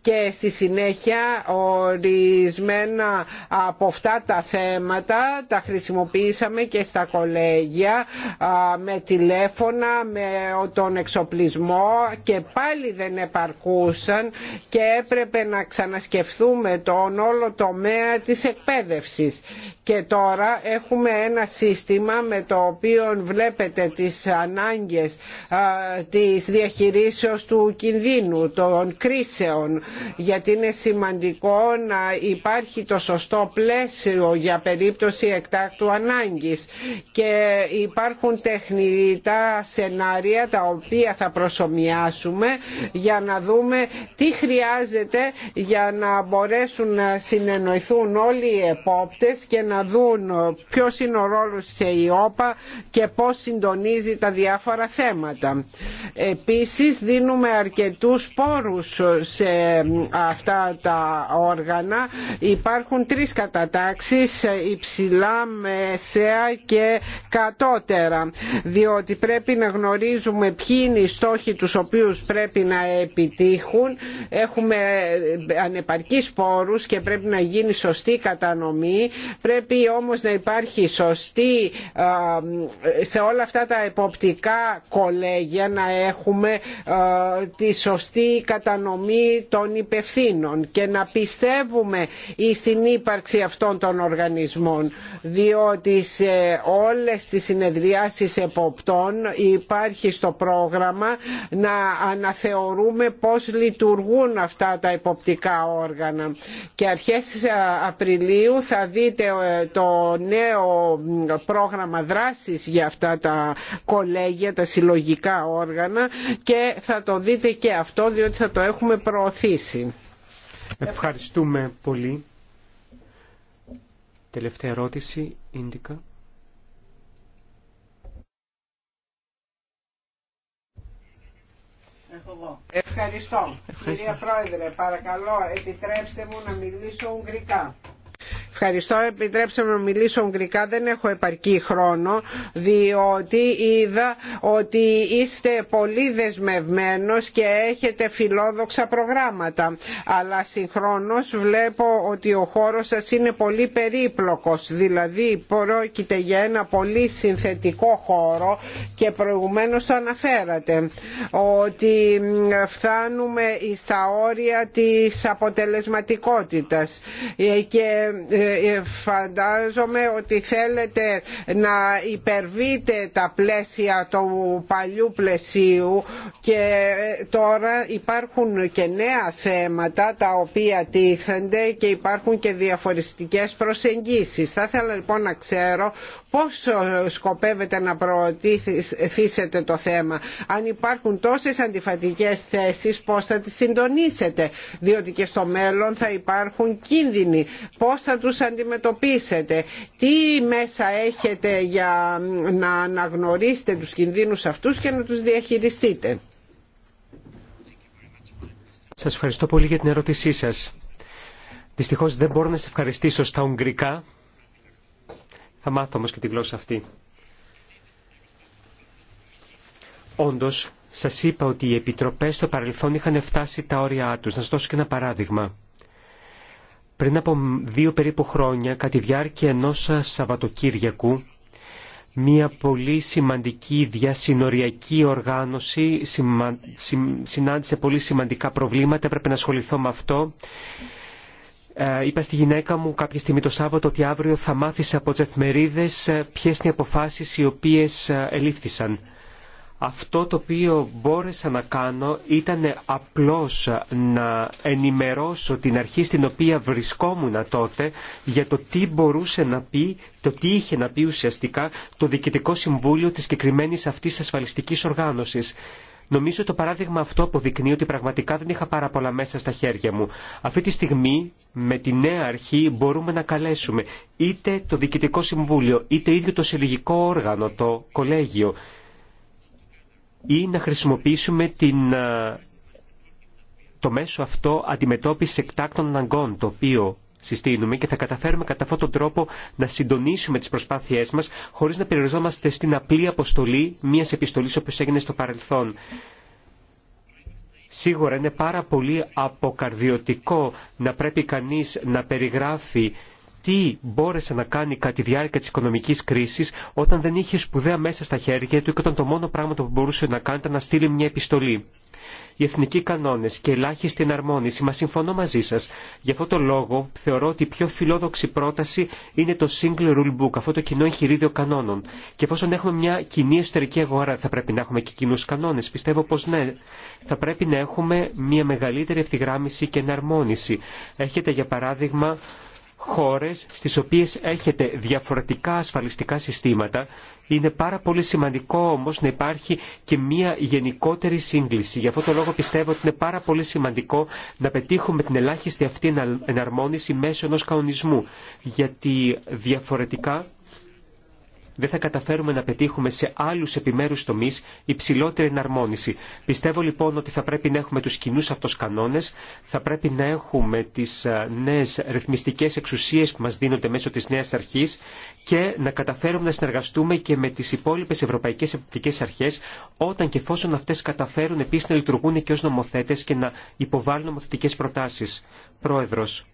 Και στη συνέχεια ορισμένα από αυτά τα θέματα τα χρησιμοποιήσαμε και στα κολέγια με τηλέφωνα, με τον εξοπλισμό και πάλι δεν επαρκούσαν και έπρεπε να ξανασκεφτούμε τον όλο τομέα της εκπαίδευσης. Και τώρα έχουμε ένα σύστημα με το οποίο βλέπετε τις ανάγκες της διαχειρίσεως του κινδύνου, των κρίσεων γιατί είναι σημαντικό να υπάρχει το σωστό πλαίσιο για περίπτωση εκτάκτου ανάγκης και υπάρχουν τεχνητά σενάρια τα οποία θα προσωμιάσουμε για να δούμε τι χρειάζεται για να μπορέσουν να συνεννοηθούν όλοι οι επόπτες και να δουν Ποιο είναι ο ρόλος της και πώς συντονίζει τα διάφορα θέματα. Επίσης δίνουμε αρκετούς πόρους σε αυτά τα όργανα. Υπάρχουν τρεις κατατάξεις, υψηλά, μεσαία και κατώτερα, διότι πρέπει να γνωρίζουμε ποιοι είναι οι στόχοι τους οποίους πρέπει να επιτύχουν. Έχουμε ανεπαρκείς πόρους και πρέπει να γίνει σωστή κατανομή. Πρέπει όμως να υπάρχει σωστή σε όλα αυτά τα εποπτικά κολέγια να έχουμε τη σωστή κατανομή των υπευθύνων και να πιστεύουμε στην ύπαρξη αυτών των οργανισμών διότι σε όλες τις συνεδριάσεις εποπτών υπάρχει στο πρόγραμμα να αναθεωρούμε πώς λειτουργούν αυτά τα εποπτικά όργανα και αρχές Απριλίου θα δείτε ε, το νέο πρόγραμμα δράσης για αυτά τα κολέγια, τα συλλογικά όργανα και θα το δείτε και αυτό διότι θα το έχουμε προωθήσει. Ευχαριστούμε πολύ. Τελευταία ερώτηση, Ίντικα. Ευχαριστώ. Ευχαριστώ. Κυρία Πρόεδρε, παρακαλώ επιτρέψτε μου να μιλήσω ουγγρικά. Ευχαριστώ. Επιτρέψτε να μιλήσω ουγγρικά. Δεν έχω επαρκή χρόνο, διότι είδα ότι είστε πολύ δεσμευμένος και έχετε φιλόδοξα προγράμματα. Αλλά συγχρόνως βλέπω ότι ο χώρος σας είναι πολύ περίπλοκος. Δηλαδή πρόκειται για ένα πολύ συνθετικό χώρο και προηγουμένως το αναφέρατε ότι φτάνουμε στα όρια της αποτελεσματικότητας ε, και ε, ε, φαντάζομαι ότι θέλετε να υπερβείτε τα πλαίσια του παλιού πλαισίου και ε, τώρα υπάρχουν και νέα θέματα τα οποία τίθενται και υπάρχουν και διαφορετικές προσεγγίσεις. Θα ήθελα λοιπόν να ξέρω πώς σκοπεύετε να προωθήσετε το θέμα. Αν υπάρχουν τόσες αντιφατικές θέσεις πώς θα τις συντονίσετε διότι και στο μέλλον θα υπάρχουν κίνδυνοι. Πώς θα τους αντιμετωπίσετε. Τι μέσα έχετε για να αναγνωρίσετε τους κινδύνους αυτούς και να τους διαχειριστείτε. Σας ευχαριστώ πολύ για την ερώτησή σας. Δυστυχώς δεν μπορώ να σε ευχαριστήσω στα Ουγγρικά θα μάθω όμως και τη γλώσσα αυτή. Όντως, σας είπα ότι οι επιτροπές στο παρελθόν είχαν φτάσει τα όρια τους. Να σας δώσω και ένα παράδειγμα. Πριν από δύο περίπου χρόνια, κατά τη διάρκεια ενός Σαββατοκύριακου, μια πολύ σημαντική διασυνοριακή οργάνωση συνάντησε πολύ σημαντικά προβλήματα, έπρεπε να ασχοληθώ με αυτό ε, είπα στη γυναίκα μου κάποια στιγμή το Σάββατο ότι αύριο θα μάθεις από τι εφημερίδε ε, ποιε είναι οι αποφάσει οι οποίε ε, ελήφθησαν. Αυτό το οποίο μπόρεσα να κάνω ήταν απλώς να ενημερώσω την αρχή στην οποία βρισκόμουν τότε για το τι μπορούσε να πει, το τι είχε να πει ουσιαστικά το Διοικητικό Συμβούλιο της συγκεκριμένη αυτής ασφαλιστικής οργάνωσης. Νομίζω το παράδειγμα αυτό αποδεικνύει ότι πραγματικά δεν είχα πάρα πολλά μέσα στα χέρια μου. Αυτή τη στιγμή με τη νέα αρχή μπορούμε να καλέσουμε είτε το Διοικητικό Συμβούλιο είτε ίδιο το συλλογικό όργανο, το κολέγιο ή να χρησιμοποιήσουμε την, το μέσο αυτό αντιμετώπιση εκτάκτων αναγκών, το οποίο συστήνουμε και θα καταφέρουμε κατά αυτόν τον τρόπο να συντονίσουμε τις προσπάθειές μας χωρίς να περιοριζόμαστε στην απλή αποστολή μια επιστολή όπω έγινε στο παρελθόν. Σίγουρα είναι πάρα πολύ αποκαρδιωτικό να πρέπει κανείς να περιγράφει τι μπόρεσε να κάνει κατά τη διάρκεια της οικονομικής κρίσης όταν δεν είχε σπουδαία μέσα στα χέρια του και όταν το μόνο πράγμα που μπορούσε να κάνει ήταν να στείλει μια επιστολή οι εθνικοί κανόνε και ελάχιστη εναρμόνιση. Μα συμφωνώ μαζί σα. Γι' αυτό το λόγο θεωρώ ότι η πιο φιλόδοξη πρόταση είναι το single rule book, αυτό το κοινό εγχειρίδιο κανόνων. Και εφόσον έχουμε μια κοινή εσωτερική αγορά, θα πρέπει να έχουμε και κοινού κανόνε. Πιστεύω πω ναι. Θα πρέπει να έχουμε μια μεγαλύτερη ευθυγράμμιση και εναρμόνιση. Έχετε για παράδειγμα χώρες στις οποίες έχετε διαφορετικά ασφαλιστικά συστήματα είναι πάρα πολύ σημαντικό όμως να υπάρχει και μια γενικότερη σύγκληση. Γι' αυτό το λόγο πιστεύω ότι είναι πάρα πολύ σημαντικό να πετύχουμε την ελάχιστη αυτή εναρμόνιση μέσω ενός κανονισμού. Γιατί διαφορετικά δεν θα καταφέρουμε να πετύχουμε σε άλλου επιμέρου τομεί υψηλότερη εναρμόνιση. Πιστεύω λοιπόν ότι θα πρέπει να έχουμε του κοινού αυτού κανόνε, θα πρέπει να έχουμε τι ε, νέε ρυθμιστικέ εξουσίε που μα δίνονται μέσω τη νέα αρχή και να καταφέρουμε να συνεργαστούμε και με τι υπόλοιπε ευρωπαϊκέ επιπτικέ αρχέ όταν και εφόσον αυτέ καταφέρουν επίση να λειτουργούν και ω νομοθέτε και να υποβάλουν νομοθετικέ προτάσει. Πρόεδρος,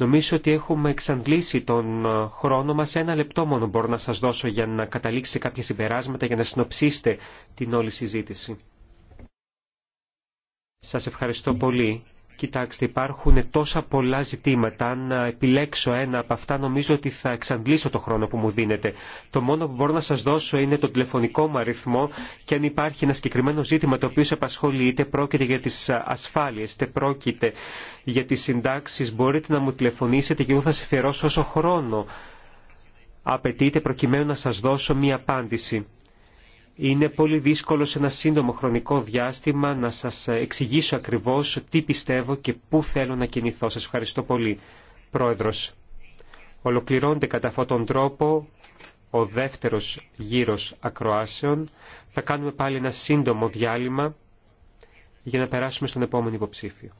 Νομίζω ότι έχουμε εξαντλήσει τον ε, χρόνο μας. Ένα λεπτό μόνο μπορώ να σας δώσω για να καταλήξετε κάποια συμπεράσματα, για να συνοψίσετε την όλη συζήτηση. Σας ευχαριστώ ναι. πολύ Κοιτάξτε, υπάρχουν τόσα πολλά ζητήματα. Αν επιλέξω ένα από αυτά, νομίζω ότι θα εξαντλήσω το χρόνο που μου δίνετε. Το μόνο που μπορώ να σα δώσω είναι το τηλεφωνικό μου αριθμό και αν υπάρχει ένα συγκεκριμένο ζήτημα το οποίο σε απασχολεί, είτε πρόκειται για τι ασφάλειε, είτε πρόκειται για τι συντάξει, μπορείτε να μου τηλεφωνήσετε και εγώ θα σε όσο χρόνο απαιτείται προκειμένου να σα δώσω μία απάντηση. Είναι πολύ δύσκολο σε ένα σύντομο χρονικό διάστημα να σας εξηγήσω ακριβώς τι πιστεύω και πού θέλω να κινηθώ. Σας ευχαριστώ πολύ, Πρόεδρος. Ολοκληρώνεται κατά αυτόν τον τρόπο ο δεύτερος γύρος ακροάσεων. Θα κάνουμε πάλι ένα σύντομο διάλειμμα για να περάσουμε στον επόμενο υποψήφιο.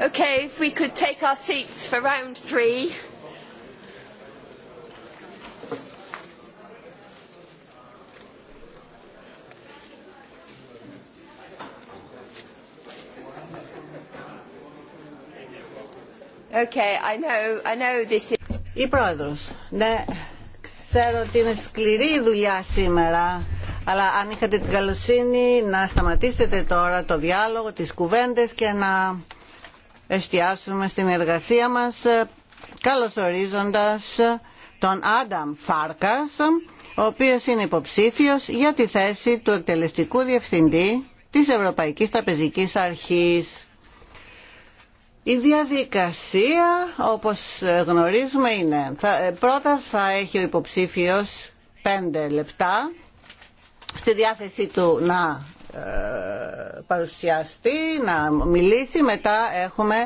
Okay, if we could take our seats for round three. Okay, I know, I Η πρόεδρος. Ναι, ξέρω ότι είναι σκληρή η δουλειά σήμερα. Αλλά αν είχατε την καλοσύνη να σταματήσετε τώρα το διάλογο, τις κουβέντες και να εστιάσουμε στην εργασία μας ε, καλωσορίζοντας ε, τον Άνταμ Φάρκας, ο οποίος είναι υποψήφιος για τη θέση του εκτελεστικού διευθυντή της Ευρωπαϊκής Ταπεζικής Αρχής. Η διαδικασία, όπως ε, γνωρίζουμε, είναι θα, πρώτα θα έχει ο υποψήφιος πέντε λεπτά στη διάθεσή του να ε, παρουσιαστεί, να μιλήσει. Μετά έχουμε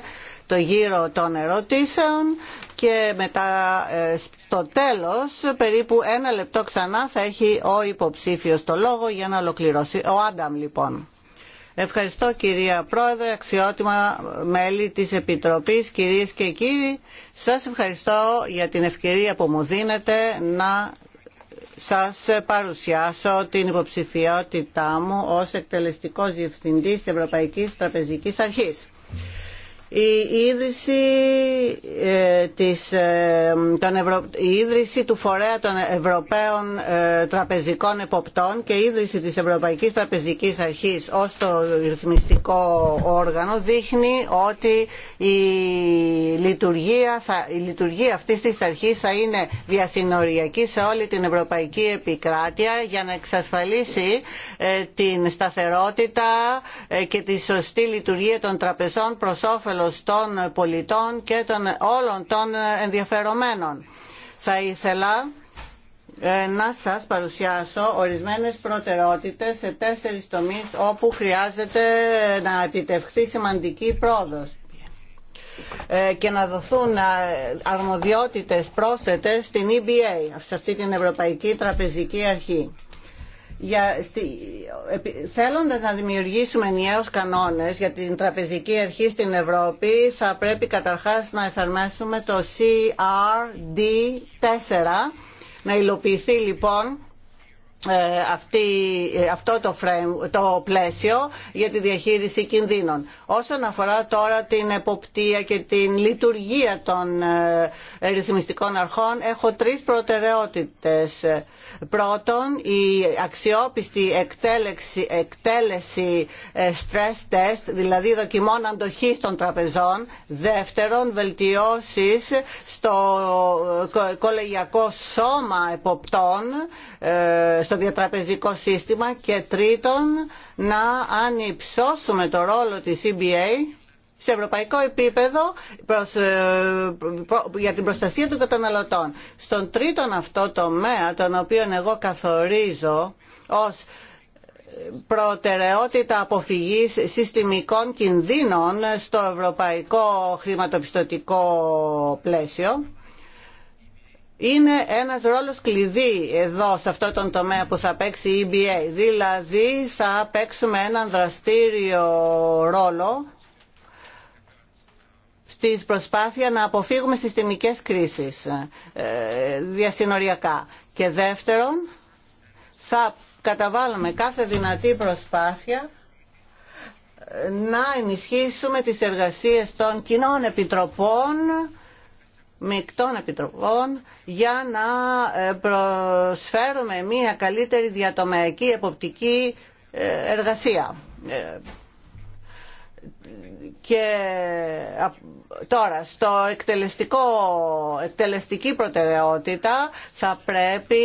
το γύρο των ερωτήσεων και μετά ε, στο τέλος, περίπου ένα λεπτό ξανά, θα έχει ο υποψήφιος το λόγο για να ολοκληρώσει. Ο Άνταμ λοιπόν. Ευχαριστώ κυρία Πρόεδρε, αξιότιμα μέλη της Επιτροπής, κυρίες και κύριοι. Σας ευχαριστώ για την ευκαιρία που μου δίνετε να σας παρουσιάσω την υποψηφιότητά μου ως εκτελεστικός διευθυντής της Ευρωπαϊκής Τραπεζικής Αρχής η ίδρυση, ε, της, ε, Ευρω... του φορέα των Ευρωπαίων ε, Τραπεζικών Εποπτών και η ίδρυση της Ευρωπαϊκής Τραπεζικής Αρχής ως το ρυθμιστικό όργανο δείχνει ότι η λειτουργία, θα... η λειτουργία αυτής της αρχής θα είναι διασυνοριακή σε όλη την Ευρωπαϊκή Επικράτεια για να εξασφαλίσει την σταθερότητα και τη σωστή λειτουργία των τραπεζών προς όφελο των πολιτών και των, όλων των ενδιαφερομένων. Θα ήθελα ε, να σας παρουσιάσω ορισμένες προτεραιότητες σε τέσσερις τομείς όπου χρειάζεται να επιτευχθεί σημαντική πρόοδος ε, και να δοθούν ε, αρμοδιότητες πρόσθετες στην EBA, σε αυτή την Ευρωπαϊκή Τραπεζική Αρχή για, θέλοντας να δημιουργήσουμε νέους κανόνες για την τραπεζική αρχή στην Ευρώπη θα πρέπει καταρχάς να εφαρμόσουμε το CRD4 να υλοποιηθεί λοιπόν ε, ε, αυτό το, το πλαίσιο για τη διαχείριση κινδύνων. Όσον αφορά τώρα την εποπτεία και την λειτουργία των ε, ρυθμιστικών αρχών, έχω τρεις προτεραιότητες. Πρώτον, η αξιόπιστη εκτέλεξη, εκτέλεση stress test, δηλαδή δοκιμών αντοχής των τραπεζών. Δεύτερον, βελτιώσεις στο κολεγιακό σώμα εποπτών, στο διατραπεζικό σύστημα και τρίτον να ανυψώσουμε το ρόλο της EBA σε ευρωπαϊκό επίπεδο ε, για την προστασία των καταναλωτών. Στον τρίτον αυτό τομέα, τον οποίο εγώ καθορίζω ως προτεραιότητα αποφυγής συστημικών κινδύνων στο ευρωπαϊκό χρηματοπιστωτικό πλαίσιο, είναι ένας ρόλος κλειδί εδώ σε αυτό τον τομέα που θα παίξει η EBA. Δηλαδή θα παίξουμε έναν δραστήριο ρόλο στη προσπάθεια να αποφύγουμε συστημικές κρίσεις ε, διασυνοριακά. Και δεύτερον, θα καταβάλουμε κάθε δυνατή προσπάθεια ε, να ενισχύσουμε τις εργασίες των κοινών επιτροπών μεικτών επιτροπών για να ε, προσφέρουμε μια καλύτερη διατομεακή εποπτική ε, εργασία. Ε, και Τώρα, στο εκτελεστικό, εκτελεστική προτεραιότητα θα πρέπει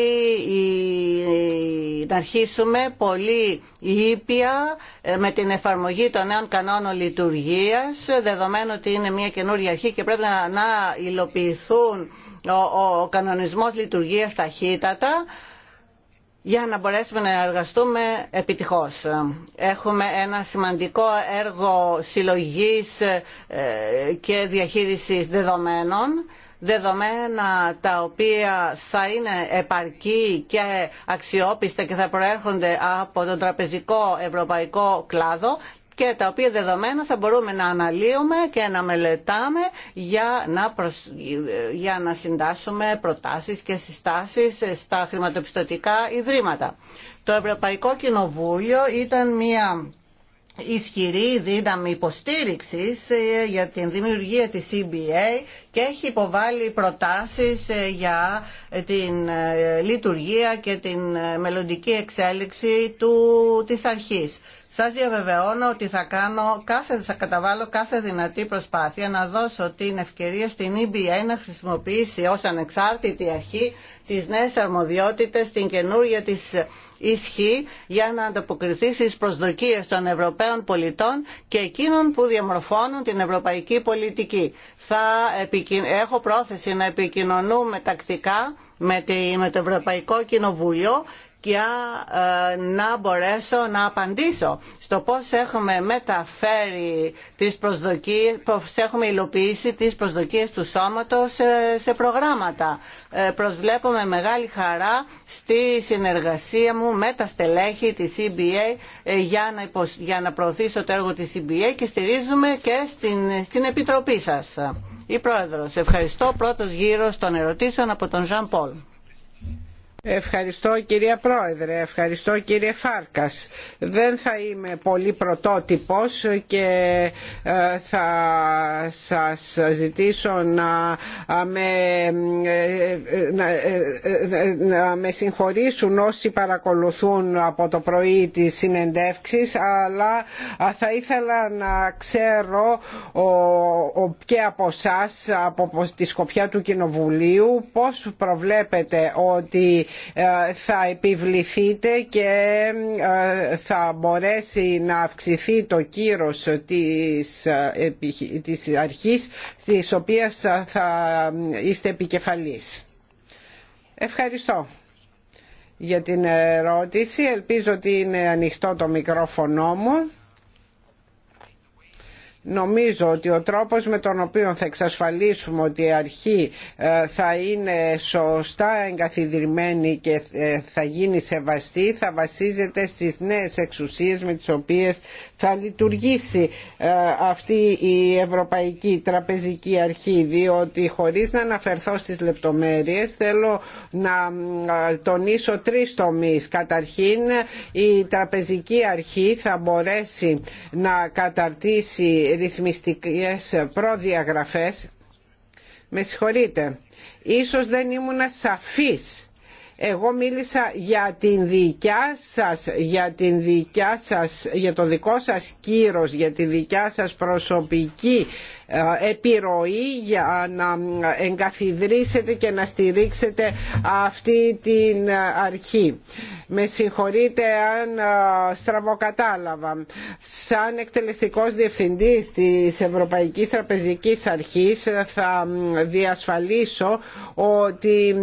να αρχίσουμε πολύ ήπια ε, με την εφαρμογή των νέων κανόνων λειτουργίας, δεδομένου ότι είναι μια καινούργια αρχή και πρέπει να, να υλοποιηθούν ο, ο, ο κανονισμός λειτουργίας ταχύτατα για να μπορέσουμε να εργαστούμε επιτυχώς. Έχουμε ένα σημαντικό έργο συλλογής ε, και διαχείρισης δεδομένων δεδομένα τα οποία θα είναι επαρκή και αξιόπιστα και θα προέρχονται από τον τραπεζικό ευρωπαϊκό κλάδο και τα οποία δεδομένα θα μπορούμε να αναλύουμε και να μελετάμε για να, προσ... για να συντάσσουμε προτάσεις και συστάσεις στα χρηματοπιστωτικά ιδρύματα. Το Ευρωπαϊκό Κοινοβούλιο ήταν μια ισχυρή δύναμη υποστήριξης ε, για την δημιουργία της CBA και έχει υποβάλει προτάσεις ε, για ε, την λειτουργία και την μελλοντική εξέλιξη του, της αρχής. Σας διαβεβαιώνω ότι θα, κάνω κάθε, θα καταβάλω κάθε δυνατή προσπάθεια να δώσω την ευκαιρία στην EBA να χρησιμοποιήσει ως ανεξάρτητη αρχή τις νέες αρμοδιότητες, την καινούργια της ισχύ για να ανταποκριθεί στις προσδοκίες των Ευρωπαίων πολιτών και εκείνων που διαμορφώνουν την ευρωπαϊκή πολιτική. Θα Έχω πρόθεση να επικοινωνούμε τακτικά με το Ευρωπαϊκό Κοινοβούλιο για ε, να μπορέσω να απαντήσω στο πώς έχουμε μεταφέρει τις προσδοκίες, πώς έχουμε υλοποιήσει τις προσδοκίες του σώματος ε, σε προγράμματα. Ε, προσβλέπουμε μεγάλη χαρά στη συνεργασία μου με τα στελέχη της EBA για να, για να προωθήσω το έργο της CBA και στηρίζουμε και στην, στην Επιτροπή σας. Η Πρόεδρος, ευχαριστώ. Πρώτος γύρος των ερωτήσεων από τον Ζαν Πολ. Ευχαριστώ κυρία Πρόεδρε, ευχαριστώ κύριε Φάρκας. Δεν θα είμαι πολύ πρωτότυπος και ε, θα σας ζητήσω να με, ε, να, ε, να με συγχωρήσουν όσοι παρακολουθούν από το πρωί τις συνεντεύξεις αλλά θα ήθελα να ξέρω και από εσά από τη σκοπιά του Κοινοβουλίου πώς προβλέπετε ότι ε, θα επιβληθείτε και ε, θα μπορέσει να αυξηθεί το κύρος της, ε, της αρχής της οποίας θα είστε επικεφαλής. Ευχαριστώ για την ερώτηση. Ελπίζω ότι είναι ανοιχτό το μικρόφωνο μου. Νομίζω ότι ο τρόπος με τον οποίο θα εξασφαλίσουμε ότι η αρχή ε, θα είναι σωστά εγκαθιδρυμένη και ε, θα γίνει σεβαστή θα βασίζεται στις νέες εξουσίες με τις οποίες θα λειτουργήσει ε, αυτή η Ευρωπαϊκή Τραπεζική Αρχή διότι χωρίς να αναφερθώ στις λεπτομέρειες θέλω να τονίσω τρεις τομείς. Καταρχήν η Τραπεζική Αρχή θα μπορέσει να καταρτήσει ρυθμιστικές προδιαγραφές. Με συγχωρείτε, ίσως δεν ήμουνα σαφής. Εγώ μίλησα για την δικιά σας, για, την δικιά σας, για το δικό σας κύρος, για τη δικιά σας προσωπική επιρροή για να εγκαθιδρύσετε και να στηρίξετε αυτή την αρχή. Με συγχωρείτε αν στραβοκατάλαβα. Σαν εκτελεστικός διευθυντής της Ευρωπαϊκής Τραπεζικής Αρχής ε, θα διασφαλίσω ότι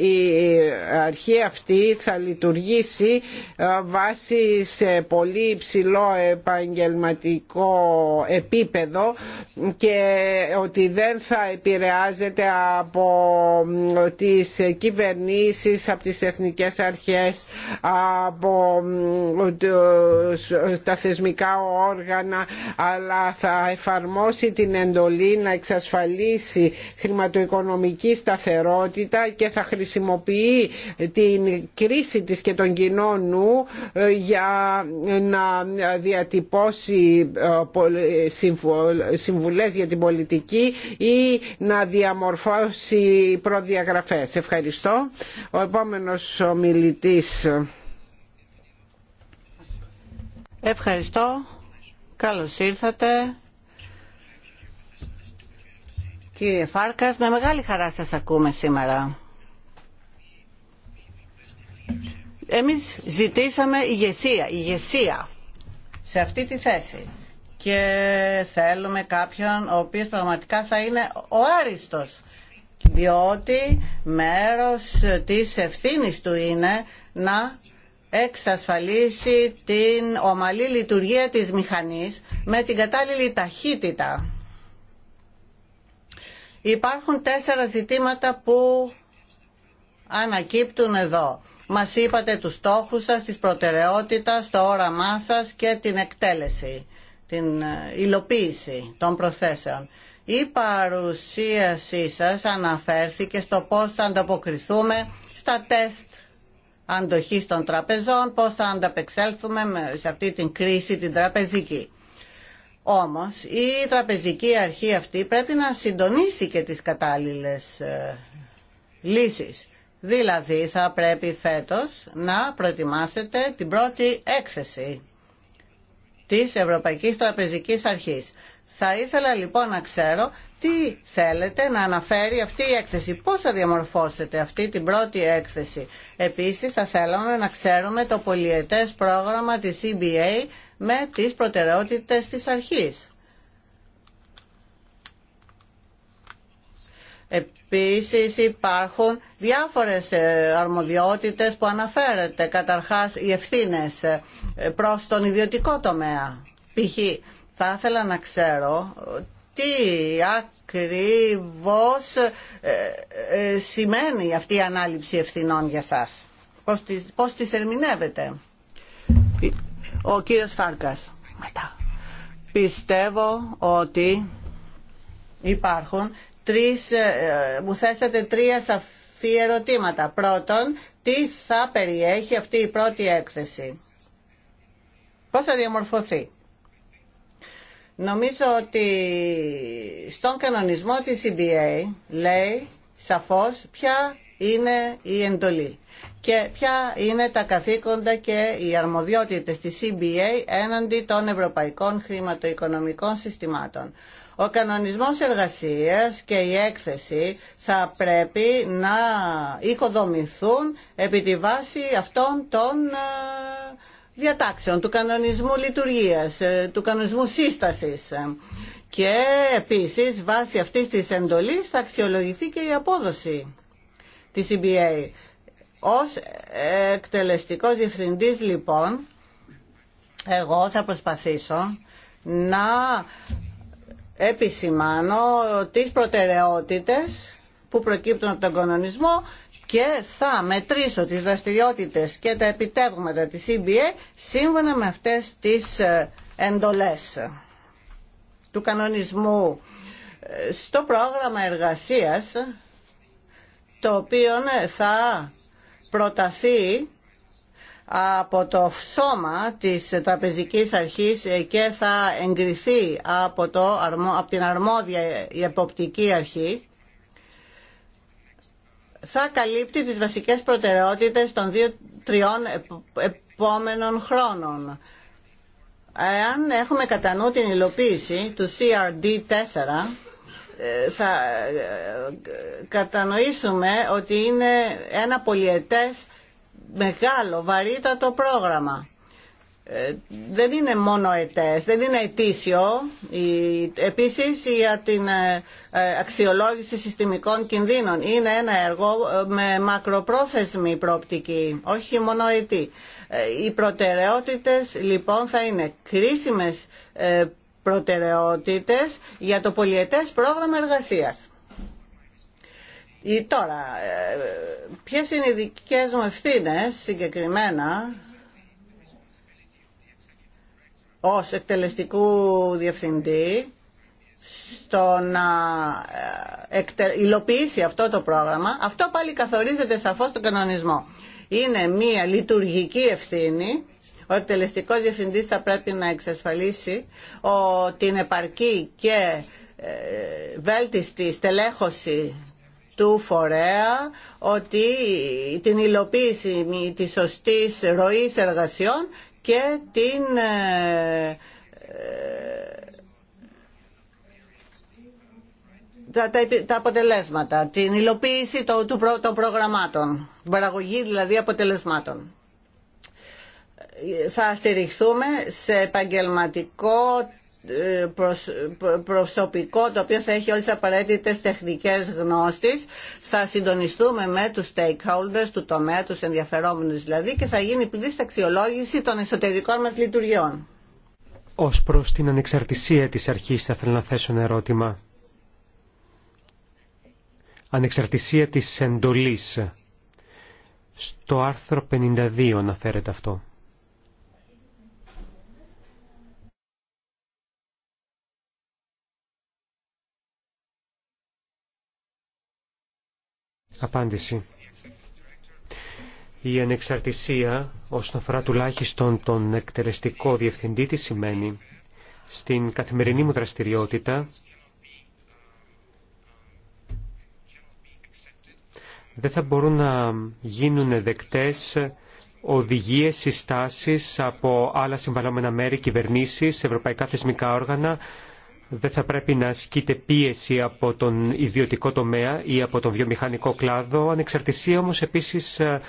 η αρχή αυτή θα λειτουργήσει ε, βάσει σε πολύ υψηλό επαγγελματικό επίπεδο και ότι δεν θα επηρεάζεται από τις κυβερνήσεις, από τις εθνικές αρχές, από τα θεσμικά όργανα, αλλά θα εφαρμόσει την εντολή να εξασφαλίσει χρηματοοικονομική σταθερότητα και θα χρησιμοποιεί την κρίση της και τον κοινών ε, για να διατυπώσει ε, ε, συμβουλέ για την πολιτική ή να διαμορφώσει προδιαγραφές. Ευχαριστώ. Ο επόμενος ομιλητής. Ευχαριστώ. Καλώς ήρθατε. Κύριε Φάρκας, με μεγάλη χαρά σας ακούμε σήμερα. Εμείς ζητήσαμε ηγεσία, ηγεσία σε αυτή τη θέση και θέλουμε κάποιον ο οποίος πραγματικά θα είναι ο άριστος διότι μέρος της ευθύνης του είναι να εξασφαλίσει την ομαλή λειτουργία της μηχανής με την κατάλληλη ταχύτητα. Υπάρχουν τέσσερα ζητήματα που ανακύπτουν εδώ. Μας είπατε τους στόχους σας, τις προτεραιότητες, το όραμά σας και την εκτέλεση την ε, υλοποίηση των προθέσεων. Η παρουσίασή σας αναφέρθηκε στο πώς θα ανταποκριθούμε στα τεστ αντοχής των τραπεζών, πώς θα ανταπεξέλθουμε σε αυτή την κρίση την τραπεζική. Όμως η τραπεζική αρχή αυτή πρέπει να συντονίσει και τις κατάλληλες ε, λύσεις. Δηλαδή θα πρέπει φέτος να προετοιμάσετε την πρώτη έκθεση της Ευρωπαϊκής Τραπεζικής Αρχής. Θα ήθελα λοιπόν να ξέρω τι θέλετε να αναφέρει αυτή η έκθεση, πώς θα διαμορφώσετε αυτή την πρώτη έκθεση. Επίσης θα θέλαμε να ξέρουμε το πολιετές πρόγραμμα της CBA με τις προτεραιότητες της αρχής. Επίσης υπάρχουν διάφορες ε, αρμοδιότητες που αναφέρεται, καταρχάς οι ευθύνες ε, προς τον ιδιωτικό τομέα. Π.χ. θα ήθελα να ξέρω ε, τι ακριβώς σημαίνει αυτή η ανάληψη ευθυνών για σας. Πώς τις, πώς ερμηνεύετε. Ο κύριος Φάρκας. Πιστεύω ότι υπάρχουν ε, ε, μου θέσατε τρία σαφή ερωτήματα. Πρώτον, τι θα περιέχει αυτή η πρώτη έκθεση. Πώς θα διαμορφωθεί. Νομίζω ότι στον κανονισμό της CBA λέει σαφώς ποια είναι η εντολή και ποια είναι τα καθήκοντα και οι αρμοδιότητες της CBA έναντι των ευρωπαϊκών χρηματοοικονομικών συστημάτων. Ο κανονισμός εργασίας και η έκθεση θα πρέπει να οικοδομηθούν επί τη βάση αυτών των ε, διατάξεων, του κανονισμού λειτουργίας, ε, του κανονισμού σύστασης. Και επίσης βάσει αυτής της εντολής θα αξιολογηθεί και η απόδοση της EBA. Ως εκτελεστικός διευθυντής λοιπόν, εγώ θα προσπαθήσω να επισημάνω τις προτεραιότητες που προκύπτουν από τον κανονισμό και θα μετρήσω τις δραστηριότητες και τα επιτεύγματα της CBA σύμφωνα με αυτές τις ε, εντολές του κανονισμού στο πρόγραμμα εργασίας το οποίο ναι, θα προταθεί από το σώμα της τραπεζικής αρχής και θα εγκριθεί από, το, από την αρμόδια η εποπτική αρχή θα καλύπτει τις βασικές προτεραιότητες των δύο-τριών επόμενων χρόνων. Αν έχουμε κατά νου την υλοποίηση του CRD4, ε, θα ε, κατανοήσουμε ότι είναι ένα πολιετές μεγάλο, βαρύτατο πρόγραμμα. Ε, δεν είναι μόνο ετές, δεν είναι ετήσιο. επίσης για ε, την ε, αξιολόγηση συστημικών κινδύνων. Είναι ένα έργο με μακροπρόθεσμη πρόπτικη, όχι μόνο ετή. οι προτεραιότητες λοιπόν θα είναι κρίσιμες προτεραιότητες για το πολιετές πρόγραμμα εργασίας. Τώρα, ε, ποιες είναι οι δικές μου ευθύνε συγκεκριμένα ως εκτελεστικού διευθυντή στο να ε, υλοποιήσει αυτό το πρόγραμμα, αυτό πάλι καθορίζεται σαφώς το κανονισμό. Είναι μία λειτουργική ευθύνη. Ο εκτελεστικός διευθυντής θα πρέπει να εξασφαλίσει την επαρκή και ε, βέλτιστη στελέχωση του φορέα ότι την υλοποίηση της σωστής ροής εργασιών και την ε, ε, τα, αποτελέσματα, την υλοποίηση των, των προγραμμάτων, την παραγωγή δηλαδή αποτελεσμάτων. Ε, θα στηριχθούμε σε επαγγελματικό προσωπικό το οποίο θα έχει όλες τις απαραίτητες τεχνικές γνώσεις θα συντονιστούμε με τους stakeholders του τομέα, τους ενδιαφερόμενους δηλαδή και θα γίνει πλήρης αξιολόγηση των εσωτερικών μας λειτουργιών. Ως προς την ανεξαρτησία της αρχής θα ήθελα να θέσω ένα ερώτημα. Ανεξαρτησία της εντολής. Στο άρθρο 52 αναφέρεται αυτό. Απάντηση. Η ανεξαρτησία όσον αφορά τουλάχιστον τον εκτελεστικό διευθυντή τι σημαίνει στην καθημερινή μου δραστηριότητα δεν θα μπορούν να γίνουν δεκτές οδηγίες συστάσεις από άλλα συμβαλόμενα μέρη, κυβερνήσεις, ευρωπαϊκά θεσμικά όργανα, δεν θα πρέπει να ασκείται πίεση από τον ιδιωτικό τομέα ή από τον βιομηχανικό κλάδο. Ανεξαρτησία όμως επίσης ε,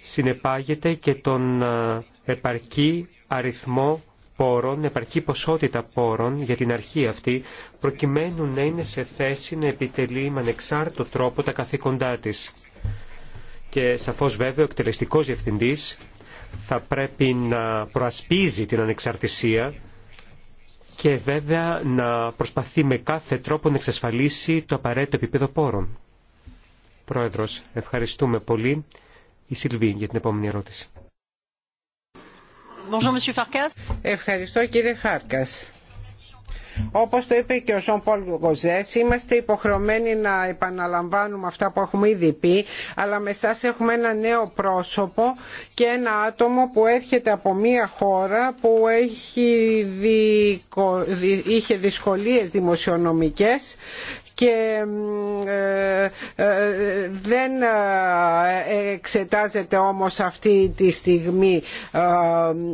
συνεπάγεται και τον ε, επαρκή αριθμό πόρων, επαρκή ποσότητα πόρων για την αρχή αυτή, προκειμένου να είναι σε θέση να επιτελεί με ανεξάρτητο τρόπο τα καθήκοντά της. Και σαφώς βέβαια ο εκτελεστικός διευθυντής θα πρέπει να προασπίζει την ανεξαρτησία και βέβαια να προσπαθεί με κάθε τρόπο να εξασφαλίσει το απαραίτητο επίπεδο πόρων. Πρόεδρος, ευχαριστούμε πολύ. Η Σιλβή για την επόμενη ερώτηση. Ευχαριστώ κύριε Φάρκας. Όπως το είπε και ο Ζων Πολ Γοζές, είμαστε υποχρεωμένοι να επαναλαμβάνουμε αυτά που έχουμε ήδη πει, αλλά με εσάς έχουμε ένα νέο πρόσωπο και ένα άτομο που έρχεται από μία χώρα που έχει είχε δυσκολίες δημοσιονομικές και ε, ε, δεν ε, εξετάζεται όμως αυτή τη στιγμή,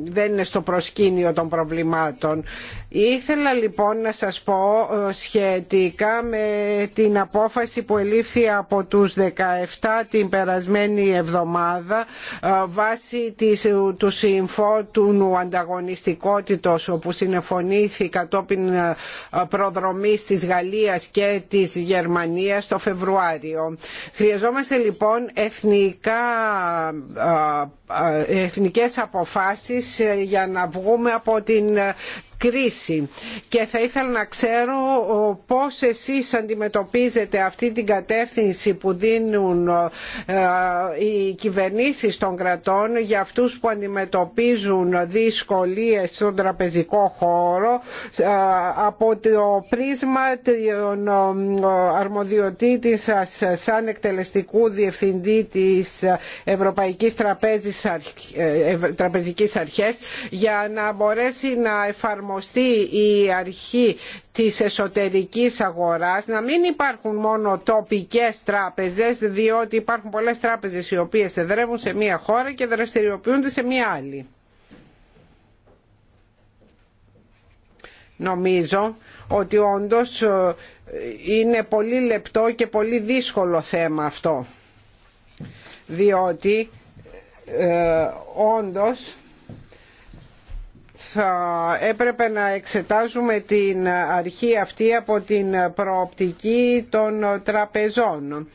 δεν είναι στο προσκήνιο των προβλημάτων. Ήθελα λοιπόν να σας πω σχετικά με την απόφαση που ελήφθη από τους 17 την περασμένη εβδομάδα βάσει της, του του ανταγωνιστικότητος όπου συνεφωνήθη κατόπιν προδρομής της Γαλλίας και της Γερμανίας το Φεβρουάριο. Χρειαζόμαστε λοιπόν εθνικά, εθνικές αποφάσεις ε, για να βγούμε από την ε, κρίση και θα ήθελα να ξέρω πώς εσείς αντιμετωπίζετε αυτή την κατεύθυνση που δίνουν ε, οι κυβερνήσεις των κρατών για αυτούς που αντιμετωπίζουν δυσκολίες στον τραπεζικό χώρο ε, από το πρίσμα των ε, αρμοδιοτήτων σας σαν εκτελεστικού διευθυντή της Ευρωπαϊκής Τραπεζικής Αρχές για να μπορέσει να εφαρμοστεί εφαρμοστεί η αρχή της εσωτερικής αγοράς να μην υπάρχουν μόνο τοπικές τράπεζες διότι υπάρχουν πολλές τράπεζες οι οποίες εδρεύουν σε μία χώρα και δραστηριοποιούνται σε μία άλλη. Νομίζω ότι όντως ε, είναι πολύ λεπτό και πολύ δύσκολο θέμα αυτό διότι ε, όντως θα έπρεπε να εξετάζουμε την αρχή αυτή από την προοπτική των τραπεζών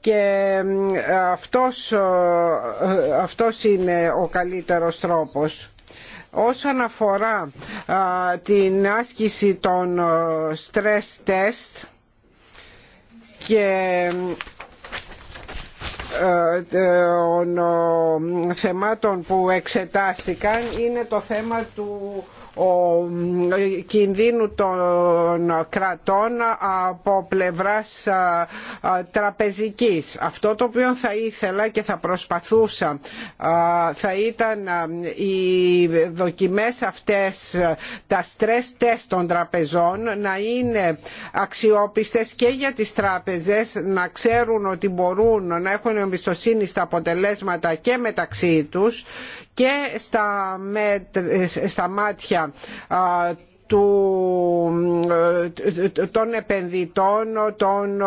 και αυτός, ε, αυτός είναι ο καλύτερος τρόπος. Όσον αφορά την άσκηση των ε, stress test και των θεμάτων που εξετάστηκαν είναι το θέμα του ο κινδύνου των κρατών από πλευράς τραπεζικής. Αυτό το οποίο θα ήθελα και θα προσπαθούσα θα ήταν οι δοκιμές αυτές, τα stress test των τραπεζών να είναι αξιόπιστες και για τις τράπεζες να ξέρουν ότι μπορούν να έχουν εμπιστοσύνη στα αποτελέσματα και μεταξύ τους και στα, στα μάτια ε, των επενδυτών, των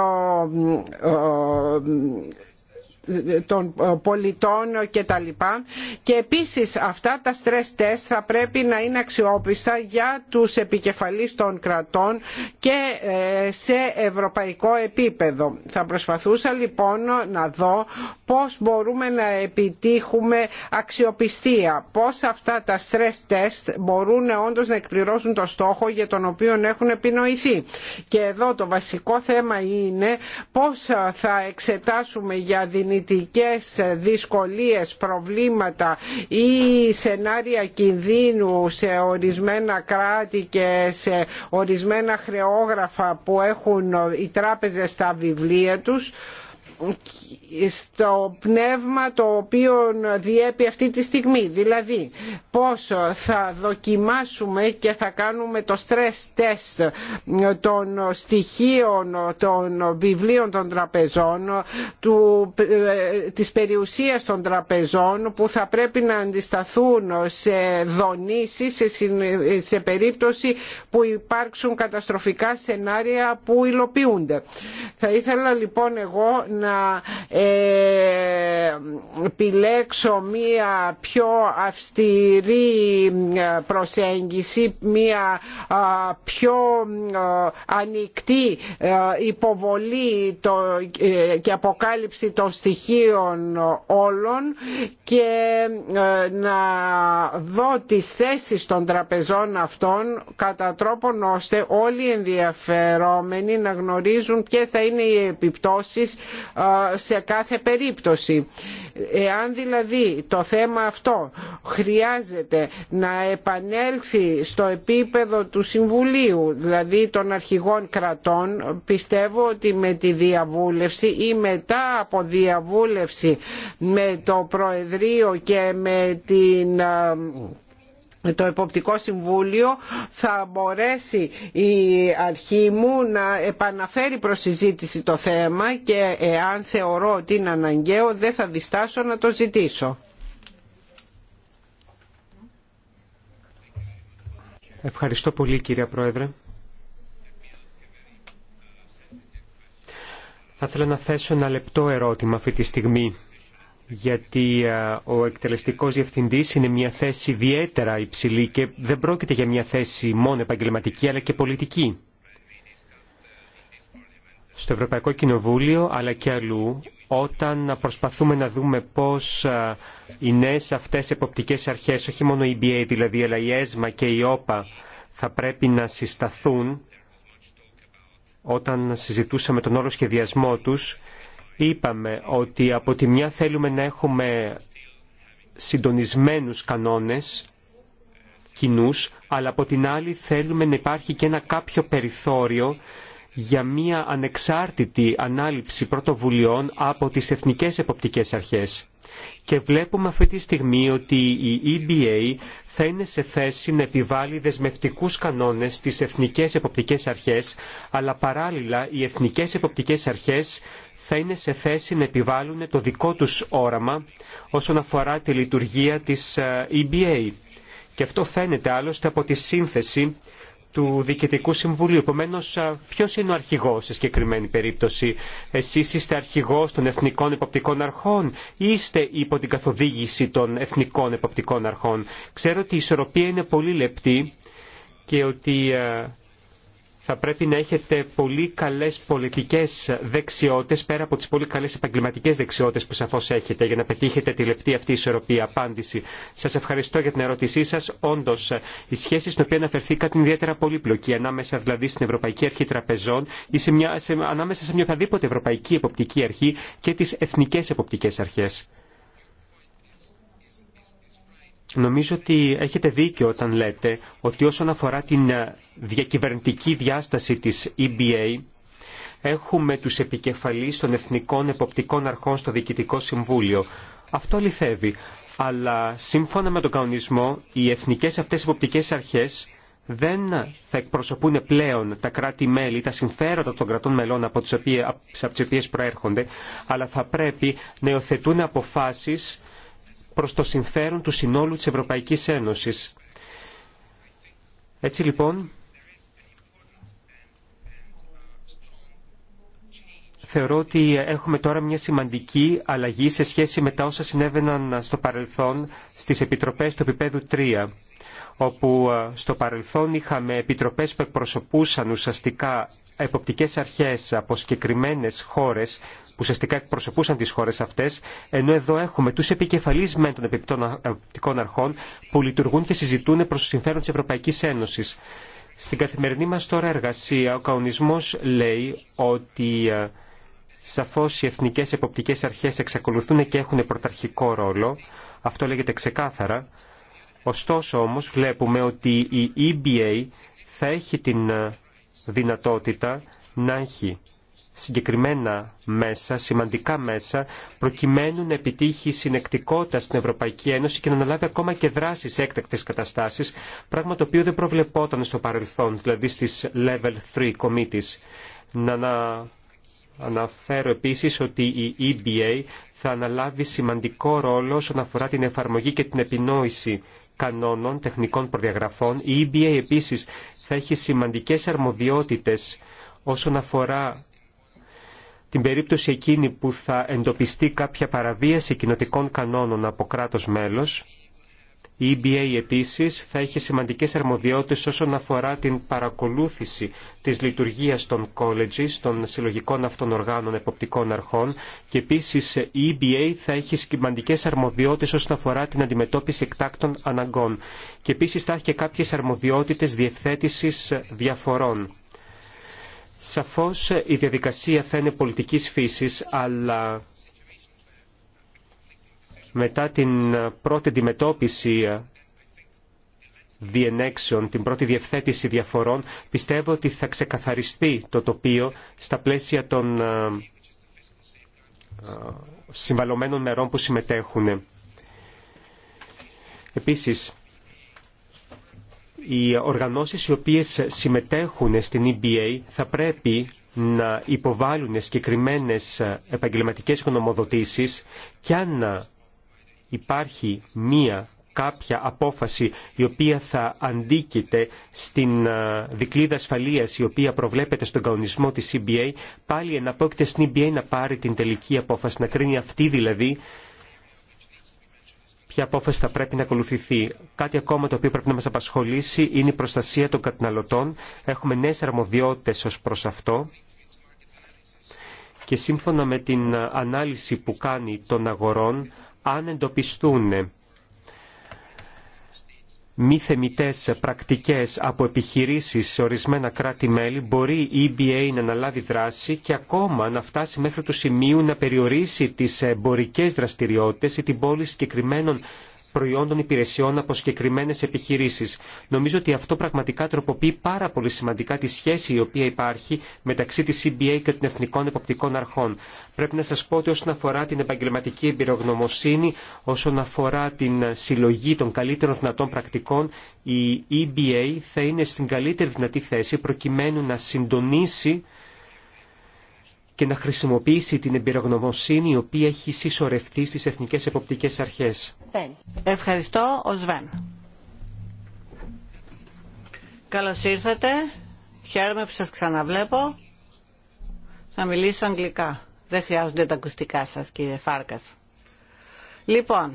των πολιτών και τα λοιπά. και επίσης αυτά τα stress test θα πρέπει να είναι αξιόπιστα για τους επικεφαλής των κρατών και ε, σε ευρωπαϊκό επίπεδο. Θα προσπαθούσα λοιπόν να δω πώς μπορούμε να επιτύχουμε αξιοπιστία, πώς αυτά τα stress test μπορούν όντως να εκπληρώσουν το στόχο για τον οποίο έχουν επινοηθεί. Και εδώ το βασικό θέμα είναι πώς θα εξετάσουμε για αρνητικές δυσκολίες, προβλήματα ή σενάρια κινδύνου σε ορισμένα κράτη και σε ορισμένα χρεόγραφα που έχουν οι τράπεζες στα βιβλία τους στο πνεύμα το οποίο διέπει αυτή τη στιγμή. Δηλαδή πώς θα δοκιμάσουμε και θα κάνουμε το stress test των στοιχείων των βιβλίων των τραπεζών, του, της περιουσίας των τραπεζών που θα πρέπει να αντισταθούν σε δονήσεις σε, σε περίπτωση που υπάρξουν καταστροφικά σενάρια που υλοποιούνται. Θα ήθελα λοιπόν εγώ να να ε, επιλέξω μία πιο αυστηρή ε, προσέγγιση, μία πιο ε, ανοιχτή υποβολή και αποκάλυψη των στοιχείων όλων και να δω τις θέσεις των τραπεζών αυτών κατά τρόπον ώστε όλοι οι ενδιαφερόμενοι να γνωρίζουν ποιες θα είναι οι επιπτώσεις σε κάθε περίπτωση. Εάν δηλαδή το θέμα αυτό χρειάζεται να επανέλθει στο επίπεδο του Συμβουλίου, δηλαδή των αρχηγών κρατών, πιστεύω ότι με τη διαβούλευση ή μετά από διαβούλευση με το Προεδρείο και με την το Εποπτικό Συμβούλιο θα μπορέσει η αρχή μου να επαναφέρει προς συζήτηση το θέμα και εάν θεωρώ ότι είναι αναγκαίο δεν θα διστάσω να το ζητήσω. Ευχαριστώ πολύ κύριε Πρόεδρε. Θα ήθελα να θέσω ένα λεπτό ερώτημα αυτή τη στιγμή γιατί ε, ο εκτελεστικός διευθυντής είναι μια θέση ιδιαίτερα υψηλή και δεν πρόκειται για μια θέση μόνο επαγγελματική αλλά και πολιτική. Στο Ευρωπαϊκό Κοινοβούλιο αλλά και αλλού όταν προσπαθούμε να δούμε πώς ε, οι νέες αυτές εποπτικές αρχές, όχι μόνο η EBA δηλαδή, αλλά η και η ΟΠΑ θα πρέπει να συσταθούν όταν συζητούσαμε τον όλο σχεδιασμό τους, Είπαμε ότι από τη μια θέλουμε να έχουμε συντονισμένους κανόνες κοινούς, αλλά από την άλλη θέλουμε να υπάρχει και ένα κάποιο περιθώριο για μια ανεξάρτητη ανάληψη πρωτοβουλειών από τις εθνικές εποπτικές αρχές. Και βλέπουμε αυτή τη στιγμή ότι η EBA θα είναι σε θέση να επιβάλλει δεσμευτικούς κανόνες στις εθνικές εποπτικές αρχές, αλλά παράλληλα οι εθνικές εποπτικές αρχές θα είναι σε θέση να επιβάλλουν το δικό τους όραμα όσον αφορά τη λειτουργία της ε, EBA. Και αυτό φαίνεται άλλωστε από τη σύνθεση του Διοικητικού Συμβουλίου. Επομένω, ε, ποιο είναι ο αρχηγό σε συγκεκριμένη περίπτωση, εσεί είστε αρχηγό των Εθνικών Εποπτικών Αρχών ή είστε υπό την καθοδήγηση των Εθνικών Εποπτικών Αρχών. Ξέρω ότι η ισορροπία είναι πολύ λεπτή και ότι ε, θα πρέπει να έχετε πολύ καλές πολιτικές δεξιότητες πέρα από τις πολύ καλές επαγγελματικές δεξιότητες που σαφώς έχετε για να πετύχετε τη λεπτή αυτή ισορροπία απάντηση. Σας ευχαριστώ για την ερώτησή σας. Όντως, οι σχέση στην οποία αναφερθήκατε είναι ιδιαίτερα πολύπλοκη ανάμεσα δηλαδή στην Ευρωπαϊκή Αρχή Τραπεζών ή σε μια, ανάμεσα σε μια οποιαδήποτε Ευρωπαϊκή Εποπτική Αρχή και τις Εθνικές Εποπτικές Αρχές. Νομίζω ότι έχετε δίκιο όταν λέτε ότι όσον αφορά την ε, διακυβερνητική διάσταση της EBA, έχουμε τους επικεφαλείς των Εθνικών Εποπτικών Αρχών στο Διοικητικό Συμβούλιο. Αυτό αληθεύει. Αλλά σύμφωνα με τον κανονισμό, οι εθνικές αυτές εποπτικές αρχές δεν θα εκπροσωπούν πλέον τα κράτη-μέλη, τα συμφέροντα των κρατών μελών από τις οποίες προέρχονται, αλλά θα πρέπει να υιοθετούν αποφάσεις προς το συμφέρον του συνόλου της Ευρωπαϊκής Ένωσης. Έτσι λοιπόν, θεωρώ ότι έχουμε τώρα μια σημαντική αλλαγή σε σχέση με τα όσα συνέβαιναν στο παρελθόν στις επιτροπές του επίπεδου 3 όπου ε, στο παρελθόν είχαμε επιτροπές που εκπροσωπούσαν ουσιαστικά εποπτικές αρχές από συγκεκριμένε χώρες που ουσιαστικά εκπροσωπούσαν τι χώρε αυτέ, ενώ εδώ έχουμε του επικεφαλεί μεν των επιπτωτικών αρχών που λειτουργούν και συζητούν προ το συμφέρον τη Ευρωπαϊκή Ένωση. Στην καθημερινή μα τώρα εργασία, ο καονισμό λέει ότι ε, σαφώ οι εθνικέ εποπτικέ αρχέ εξακολουθούν και έχουν πρωταρχικό ρόλο. Αυτό λέγεται ξεκάθαρα. Ωστόσο όμως βλέπουμε ότι η EBA θα έχει την ε, δυνατότητα να έχει συγκεκριμένα μέσα, σημαντικά μέσα, προκειμένου να επιτύχει συνεκτικότητα στην Ευρωπαϊκή Ένωση και να αναλάβει ακόμα και δράσει σε έκτακτε καταστάσει, πράγμα το οποίο δεν προβλεπόταν στο παρελθόν, δηλαδή στι level 3 committees. Να, αναφέρω επίση ότι η EBA θα αναλάβει σημαντικό ρόλο όσον αφορά την εφαρμογή και την επινόηση κανόνων, τεχνικών προδιαγραφών. Η EBA επίσης θα έχει σημαντικές αρμοδιότητες όσον αφορά την περίπτωση εκείνη που θα εντοπιστεί κάποια παραβίαση κοινοτικών κανόνων από κράτος μέλος, η EBA επίσης θα έχει σημαντικές αρμοδιότητες όσον αφορά την παρακολούθηση της λειτουργίας των colleges, των συλλογικών αυτών οργάνων εποπτικών αρχών και επίσης η EBA θα έχει σημαντικές αρμοδιότητες όσον αφορά την αντιμετώπιση εκτάκτων αναγκών και επίσης θα έχει και κάποιες αρμοδιότητες διευθέτησης διαφορών. Σαφώς ε, η διαδικασία θα είναι πολιτικής φύσης, αλλά μετά την ε, πρώτη αντιμετώπιση ε, διενέξεων, την πρώτη διευθέτηση διαφορών, πιστεύω ότι θα ξεκαθαριστεί το τοπίο στα πλαίσια των συμβαλωμένων μερών που συμμετέχουν. Επίσης, οι οργανώσεις οι οποίες συμμετέχουν στην EBA θα πρέπει να υποβάλουν συγκεκριμένε επαγγελματικές γνωμοδοτήσεις και αν υπάρχει μία κάποια απόφαση η οποία θα αντίκειται στην ε, δικλίδα ασφαλείας η οποία προβλέπεται στον κανονισμό της EBA, πάλι εναπόκειται στην EBA να πάρει την τελική απόφαση, να κρίνει αυτή δηλαδή ποια απόφαση θα πρέπει να ακολουθηθεί. Κάτι ακόμα το οποίο πρέπει να μας απασχολήσει είναι η προστασία των καταναλωτών. Έχουμε νέες αρμοδιότητες ως προς αυτό και σύμφωνα με την ανάλυση που κάνει των αγορών, αν εντοπιστούν μη θεμητές πρακτικές από επιχειρήσεις σε ορισμένα κράτη-μέλη μπορεί η EBA να αναλάβει δράση και ακόμα να φτάσει μέχρι το σημείο να περιορίσει τις εμπορικές δραστηριότητες ή την πόλη συγκεκριμένων προϊόντων υπηρεσιών από συγκεκριμένε επιχειρήσει. Νομίζω ότι αυτό πραγματικά τροποποιεί πάρα πολύ σημαντικά τη σχέση η οποία υπάρχει μεταξύ τη CBA και των εθνικών εποπτικών αρχών. Πρέπει να σα πω ότι όσον αφορά την επαγγελματική εμπειρογνωμοσύνη, όσον αφορά την συλλογή των καλύτερων δυνατών πρακτικών, η EBA θα είναι στην καλύτερη δυνατή θέση προκειμένου να συντονίσει και να χρησιμοποιήσει την εμπειρογνωμοσύνη η οποία έχει συσσωρευτεί στις εθνικές εποπτικές αρχές. Ευχαριστώ. Ο Σβέν. Καλώς ήρθατε. Χαίρομαι που σας ξαναβλέπω. Θα μιλήσω αγγλικά. Δεν χρειάζονται τα ακουστικά σας, κύριε Φάρκας. Λοιπόν,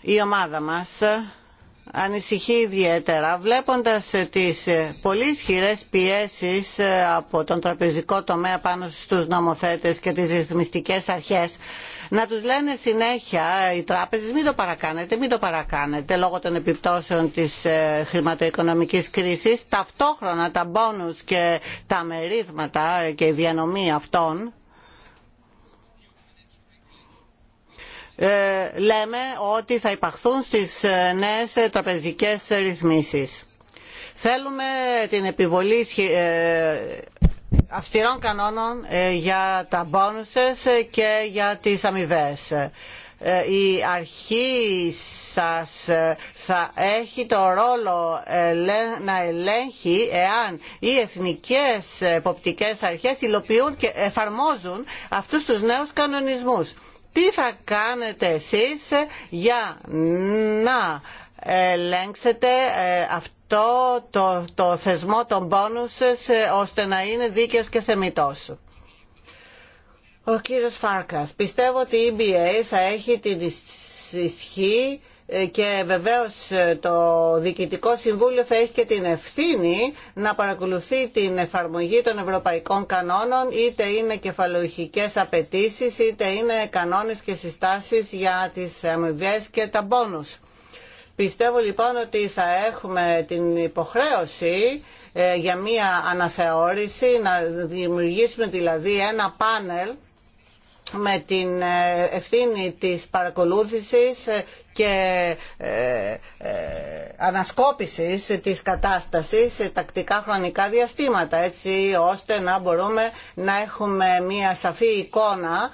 η ομάδα μας ανησυχεί ιδιαίτερα βλέποντας τις πολύ ισχυρέ πιέσεις ε, από τον τραπεζικό τομέα πάνω στους νομοθέτες και τις ρυθμιστικές αρχές να τους λένε συνέχεια ε, οι τράπεζες μην το παρακάνετε, μην το παρακάνετε λόγω των επιπτώσεων της ε, χρηματοοικονομικής κρίσης ταυτόχρονα τα μπόνους και τα μερίσματα και η διανομή αυτών Ε, λέμε ότι θα υπαχθούν στις ε, νέες ε, τραπεζικές ρυθμίσεις. Θέλουμε την επιβολή αυστηρών κανόνων για τα μπόνουσες και για τις αμοιβέ. Η αρχή σας θα έχει το ρόλο να ελέγχει εάν οι εθνικές εποπτικές αρχές υλοποιούν και εφαρμόζουν αυτούς τους νέους κανονισμούς τι θα κάνετε εσείς για να ελέγξετε ε, αυτό το, το θεσμό των πόνους ώστε να είναι δίκαιος και σε μητός. Ο κύριος Φάρκας, πιστεύω ότι η EBA θα έχει την ισχύ ε, και βεβαίως ε, το Διοικητικό Συμβούλιο θα έχει και την ευθύνη να παρακολουθεί την εφαρμογή των ευρωπαϊκών κανόνων είτε είναι κεφαλογικές απαιτήσεις είτε είναι κανόνες και συστάσεις για τις αμοιβέ και τα μπόνους. Πιστεύω λοιπόν ότι θα έχουμε την υποχρέωση ε, για μία αναθεώρηση, να δημιουργήσουμε δηλαδή ένα πάνελ με την ε, ευθύνη της παρακολούθησης και ε, ε, ανασκόπησης της κατάστασης σε τακτικά χρονικά διαστήματα έτσι ώστε να μπορούμε να έχουμε μια σαφή εικόνα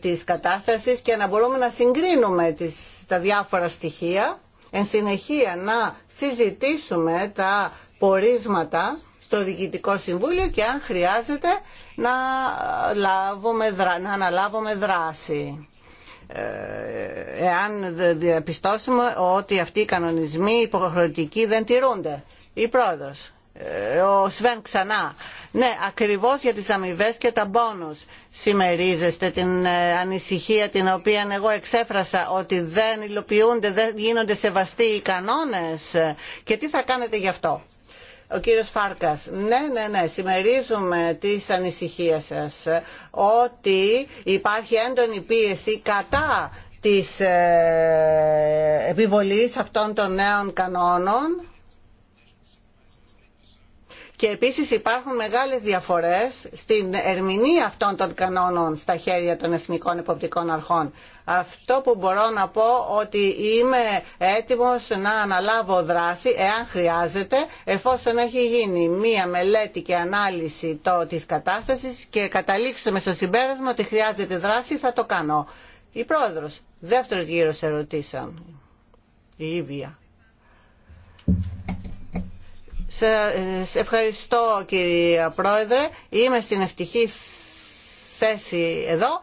της κατάστασης και να μπορούμε να συγκρίνουμε τις, τα διάφορα στοιχεία εν συνεχεία να συζητήσουμε τα πορίσματα το Διοικητικό Συμβούλιο και αν χρειάζεται να, λάβουμε, να αναλάβουμε δράση ε, εάν διαπιστώσουμε ότι αυτοί οι κανονισμοί υποχρεωτικοί δεν τηρούνται. Η πρόεδρος, ε, ο Σβέν ξανά. Ναι, ακριβώς για τις αμοιβέ και τα μπόνους Σημερίζεστε την ε, ανησυχία την οποία εγώ εξέφρασα ότι δεν υλοποιούνται, δεν γίνονται σεβαστοί οι κανόνες και τι θα κάνετε γι' αυτό. Ο κύριος Φάρκας, ναι, ναι, ναι, συμμερίζουμε τις ανησυχίες σας ότι υπάρχει έντονη πίεση κατά της ε, επιβολής αυτών των νέων κανόνων και επίσης υπάρχουν μεγάλες διαφορές στην ερμηνεία αυτών των κανόνων στα χέρια των εθνικών εποπτικών αρχών. Αυτό που μπορώ να πω ότι είμαι έτοιμος να αναλάβω δράση εάν χρειάζεται εφόσον έχει γίνει μία μελέτη και ανάλυση το, της κατάστασης και καταλήξουμε στο συμπέρασμα ότι χρειάζεται δράση θα το κάνω. Η πρόεδρος, δεύτερος γύρος ερωτήσεων. Η ε, σε ευχαριστώ κύριε Πρόεδρε. Είμαι στην ευτυχή θέση εδώ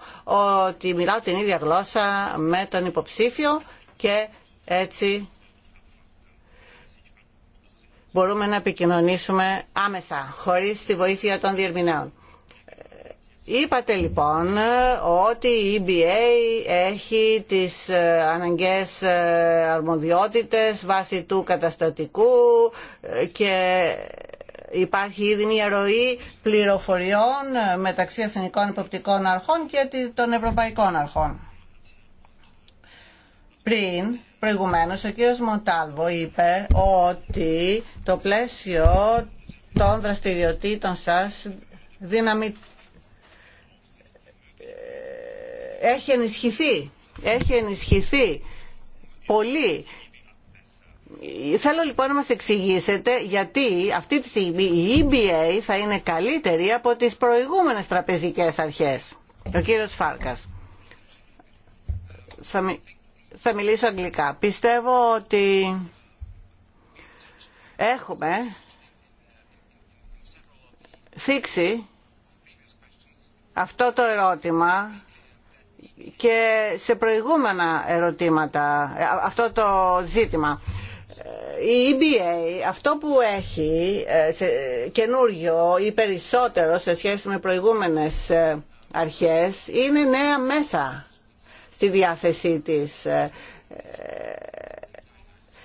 ότι μιλάω την ίδια γλώσσα με τον υποψήφιο και έτσι μπορούμε να επικοινωνήσουμε άμεσα, χωρίς τη βοήθεια των διερμηνέων. Είπατε λοιπόν ότι η EBA έχει τις ε, αναγκαίες ε, αρμοδιότητες βάσει του καταστατικού ε, και υπάρχει ήδη μια ροή πληροφοριών μεταξύ εθνικών υποπτικών αρχών και των ευρωπαϊκών αρχών. Πριν, προηγουμένως, ο κύριος Μοντάλβο είπε ότι το πλαίσιο των δραστηριοτήτων σας δυναμητικό έχει ενισχυθεί. Έχει ενισχυθεί πολύ. Θέλω λοιπόν να μας εξηγήσετε γιατί αυτή τη στιγμή η EBA θα είναι καλύτερη από τις προηγούμενες τραπεζικές αρχές. Ο κύριος Φάρκας. Θα, μι... μιλήσω αγγλικά. Πιστεύω ότι έχουμε θίξει αυτό το ερώτημα και σε προηγούμενα ερωτήματα ε, αυτό το ζήτημα. Ε, η EBA αυτό που έχει ε, σε καινούριο ή περισσότερο σε σχέση με προηγούμενες αρχές είναι νέα μέσα στη διάθεσή της.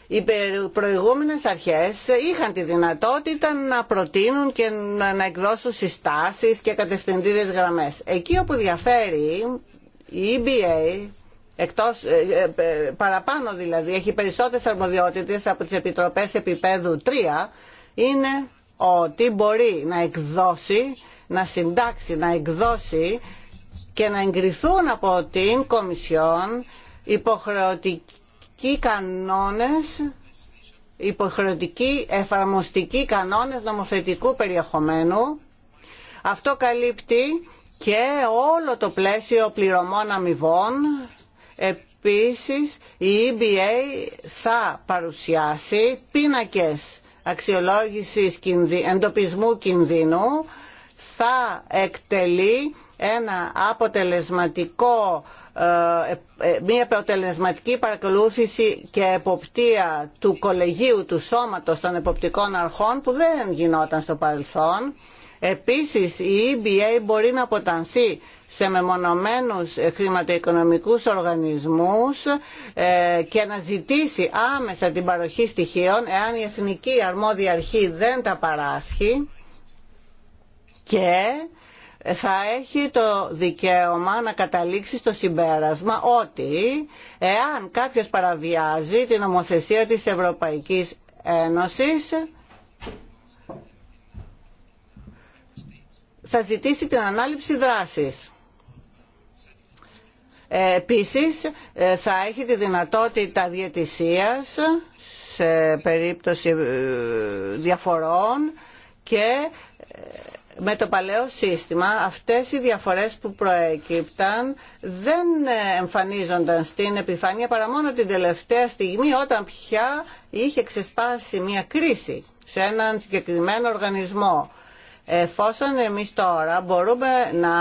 Οι προηγούμενες αρχές είχαν τη δυνατότητα να προτείνουν και να εκδώσουν συστάσεις και κατευθυντήριες γραμμές. Εκεί όπου διαφέρει η EBA εκτός, ε, ε, ε, παραπάνω δηλαδή, έχει περισσότερες αρμοδιότητες από τις επιτροπές επίπεδου 3, είναι ότι μπορεί να εκδώσει, να συντάξει, να εκδώσει και να εγκριθούν από την Κομισιόν υποχρεωτικοί κανόνες υποχρεωτικοί εφαρμοστικοί κανόνες νομοθετικού περιεχομένου. Αυτό καλύπτει και όλο το πλαίσιο πληρωμών αμοιβών. Επίσης, η EBA θα παρουσιάσει πίνακες αξιολόγησης εντοπισμού κινδύνου, θα εκτελεί ένα αποτελεσματικό ε, ε, ε, μια αποτελεσματική παρακολούθηση και εποπτεία του κολεγίου του σώματος των εποπτικών αρχών που δεν γινόταν στο παρελθόν Επίσης, η EBA μπορεί να αποτανθεί σε μεμονωμένους χρηματοοικονομικούς οργανισμούς ε, και να ζητήσει άμεσα την παροχή στοιχείων εάν η Εθνική Αρμόδια Αρχή δεν τα παράσχει και θα έχει το δικαίωμα να καταλήξει στο συμπέρασμα ότι εάν κάποιος παραβιάζει την νομοθεσία της Ευρωπαϊκής Ένωσης θα ζητήσει την ανάληψη δράσης. Ε, επίσης ε, θα έχει τη δυνατότητα διαιτησίας σε περίπτωση ε, διαφορών και με το παλαιό σύστημα αυτές οι διαφορές που προέκυπταν δεν εμφανίζονταν στην επιφάνεια παρά μόνο την τελευταία στιγμή όταν πια είχε ξεσπάσει μια κρίση σε έναν συγκεκριμένο οργανισμό Εφόσον εμείς τώρα μπορούμε να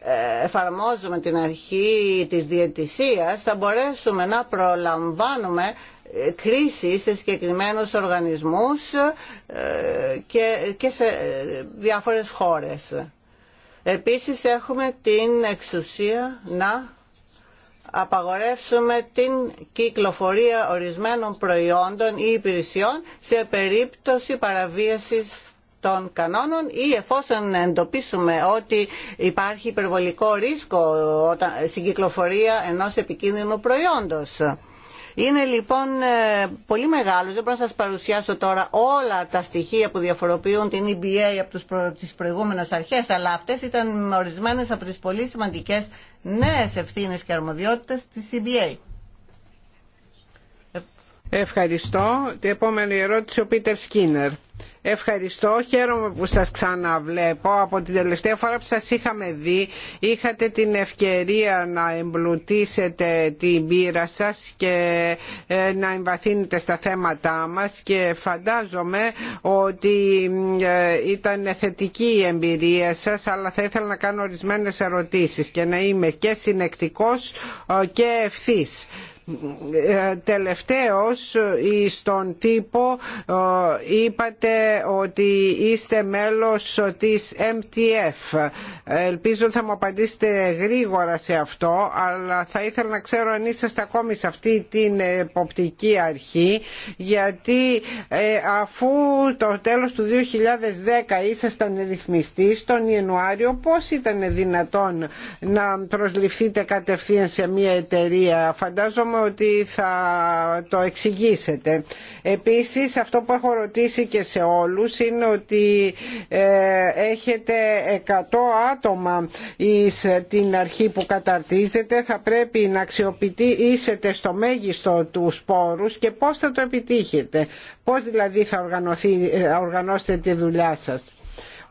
ε, εφαρμόζουμε την αρχή της διαιτησίας, θα μπορέσουμε να προλαμβάνουμε ε, κρίση σε συγκεκριμένους οργανισμούς ε, και σε διάφορες χώρες. Επίσης έχουμε την εξουσία να απαγορεύσουμε την κυκλοφορία ορισμένων προϊόντων ή υπηρεσιών σε περίπτωση παραβίασης των κανόνων ή εφόσον εντοπίσουμε ότι υπάρχει υπερβολικό ρίσκο στην κυκλοφορία ενός επικίνδυνου προϊόντος. Είναι λοιπόν ε, πολύ μεγάλο, δεν μπορώ να σας παρουσιάσω τώρα όλα τα στοιχεία που διαφοροποιούν την EBA από τους προ... τις προηγούμενες αρχές, αλλά αυτές ήταν ορισμένες από τις πολύ σημαντικές νέες ευθύνες και αρμοδιότητες της EBA. Ευχαριστώ. Την επόμενη ερώτηση ο Πίτερ Σκίνερ. Ευχαριστώ, χαίρομαι που σας ξαναβλέπω. Από την τελευταία φορά που σας είχαμε δει, είχατε την ευκαιρία να εμπλουτίσετε την πείρα σας και ε, να εμβαθύνετε στα θέματά μας και φαντάζομαι ότι ε, ήταν θετική η εμπειρία σας, αλλά θα ήθελα να κάνω ορισμένες ερωτήσεις και να είμαι και συνεκτικός ε, και ευθύς ε, τελευταίος ε, στον τύπο ε, είπατε ότι είστε μέλος της MTF. Ελπίζω θα μου απαντήσετε γρήγορα σε αυτό, αλλά θα ήθελα να ξέρω αν είσαστε ακόμη σε αυτή την εποπτική αρχή, γιατί αφού το τέλος του 2010 ήσασταν ρυθμιστής, τον Ιανουάριο πώς ήταν δυνατόν να προσληφθείτε κατευθείαν σε μια εταιρεία. Φαντάζομαι ότι θα το εξηγήσετε. Επίσης αυτό που έχω ρωτήσει και σε όλους είναι ότι ε, έχετε 100 άτομα την αρχή που καταρτίζετε θα πρέπει να αξιοποιήσετε στο μέγιστο του σπόρους και πώς θα το επιτύχετε. Πώς δηλαδή θα ε, οργανώσετε τη δουλειά σας.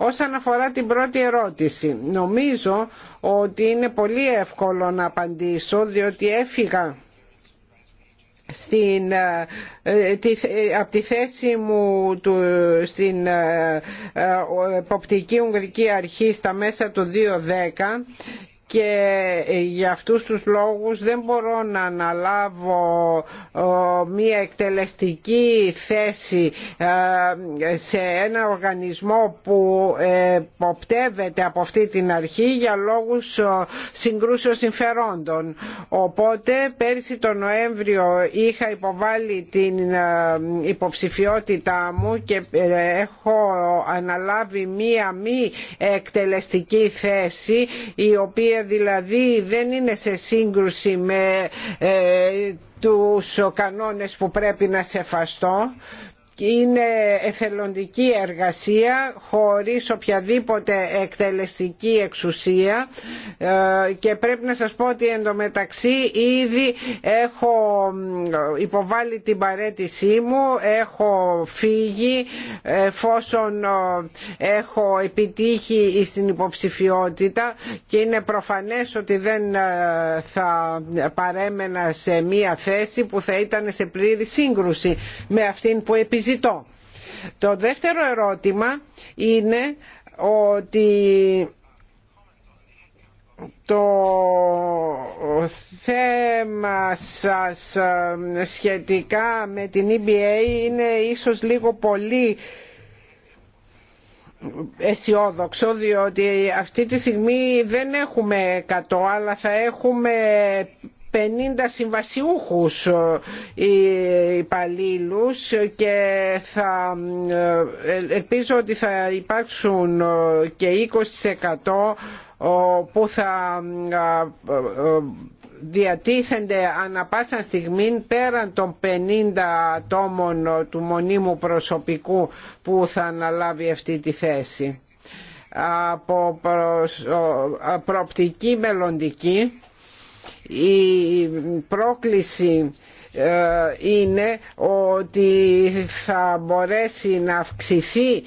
Όσον αφορά την πρώτη ερώτηση, νομίζω ότι είναι πολύ εύκολο να απαντήσω διότι έφυγα στην, ε, ε, ε, από τη θέση μου του, στην Ποπτική Ουγγρική Αρχή στα μέσα του 2010 και ε, για αυτούς τους λόγους δεν μπορώ να αναλάβω μία εκτελεστική θέση ε, σε ένα οργανισμό που ποπτεύεται από αυτή την αρχή για λόγους συγκρούσεως συμφερόντων. Οπότε πέρσι τον Νοέμβριο είχα υποβάλει την ε, υποψηφιότητά μου και έχω αναλάβει μία μη εκτελεστική θέση η οποία δηλαδή δεν είναι σε σύγκρουση με ε, τους κανόνες που πρέπει να σεφαστώ είναι εθελοντική εργασία χωρίς οποιαδήποτε εκτελεστική εξουσία ε, και πρέπει να σας πω ότι εντωμεταξύ ήδη έχω υποβάλει την παρέτησή μου, έχω φύγει εφόσον ε, έχω επιτύχει στην υποψηφιότητα και είναι προφανές ότι δεν ε, θα παρέμενα σε μία θέση που θα ήταν σε πλήρη σύγκρουση με αυτήν που επιζητώ το δεύτερο ερώτημα είναι ότι το θέμα σας σχετικά με την EBA είναι ίσως λίγο πολύ αισιόδοξο διότι αυτή τη στιγμή δεν έχουμε 100 αλλά θα έχουμε 50 συμβασιούχους ε, υπαλλήλου και θα ε, ε, ελπίζω ότι θα υπάρξουν και 20% που θα διατίθενται ανα πάσα στιγμή πέραν των 50 ατόμων του μονίμου προσωπικού που θα αναλάβει αυτή τη θέση. Από προοπτική μελλοντική η πρόκληση ε, είναι ότι θα μπορέσει να αυξηθεί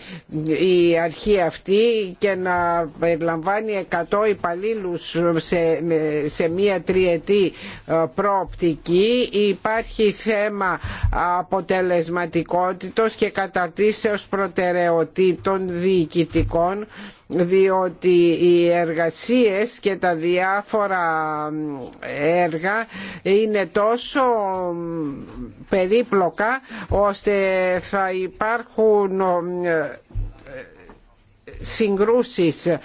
η αρχή αυτή και να περιλαμβάνει 100 υπαλλήλου σε, σε μία τριετή ε, προοπτική. Υπάρχει θέμα αποτελεσματικότητος και καταρτήσεως προτεραιοτήτων διοικητικών διότι οι εργασίες και τα διάφορα έργα είναι τόσο περίπλοκα ώστε θα υπάρχουν συγκρούσεις ε,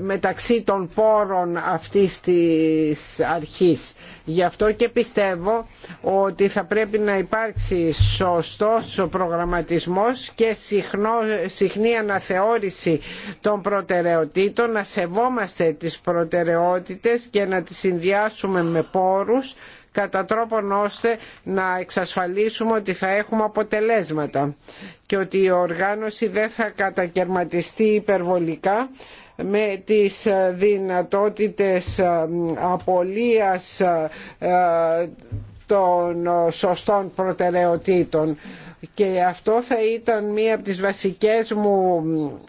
μεταξύ των πόρων αυτής της αρχής. Γι' αυτό και πιστεύω ότι θα πρέπει να υπάρξει σωστός προγραμματισμός και συχνή αναθεώρηση των προτεραιοτήτων, να σεβόμαστε τις προτεραιότητες και να τις συνδυάσουμε με πόρους κατά τρόπον ώστε να εξασφαλίσουμε ότι θα έχουμε αποτελέσματα και ότι η οργάνωση δεν θα κατακαιρματιστεί υπερβολικά με τις δυνατότητες ε, απολίας ε, των ε, σωστών προτεραιοτήτων και αυτό θα ήταν μία από τις βασικές μου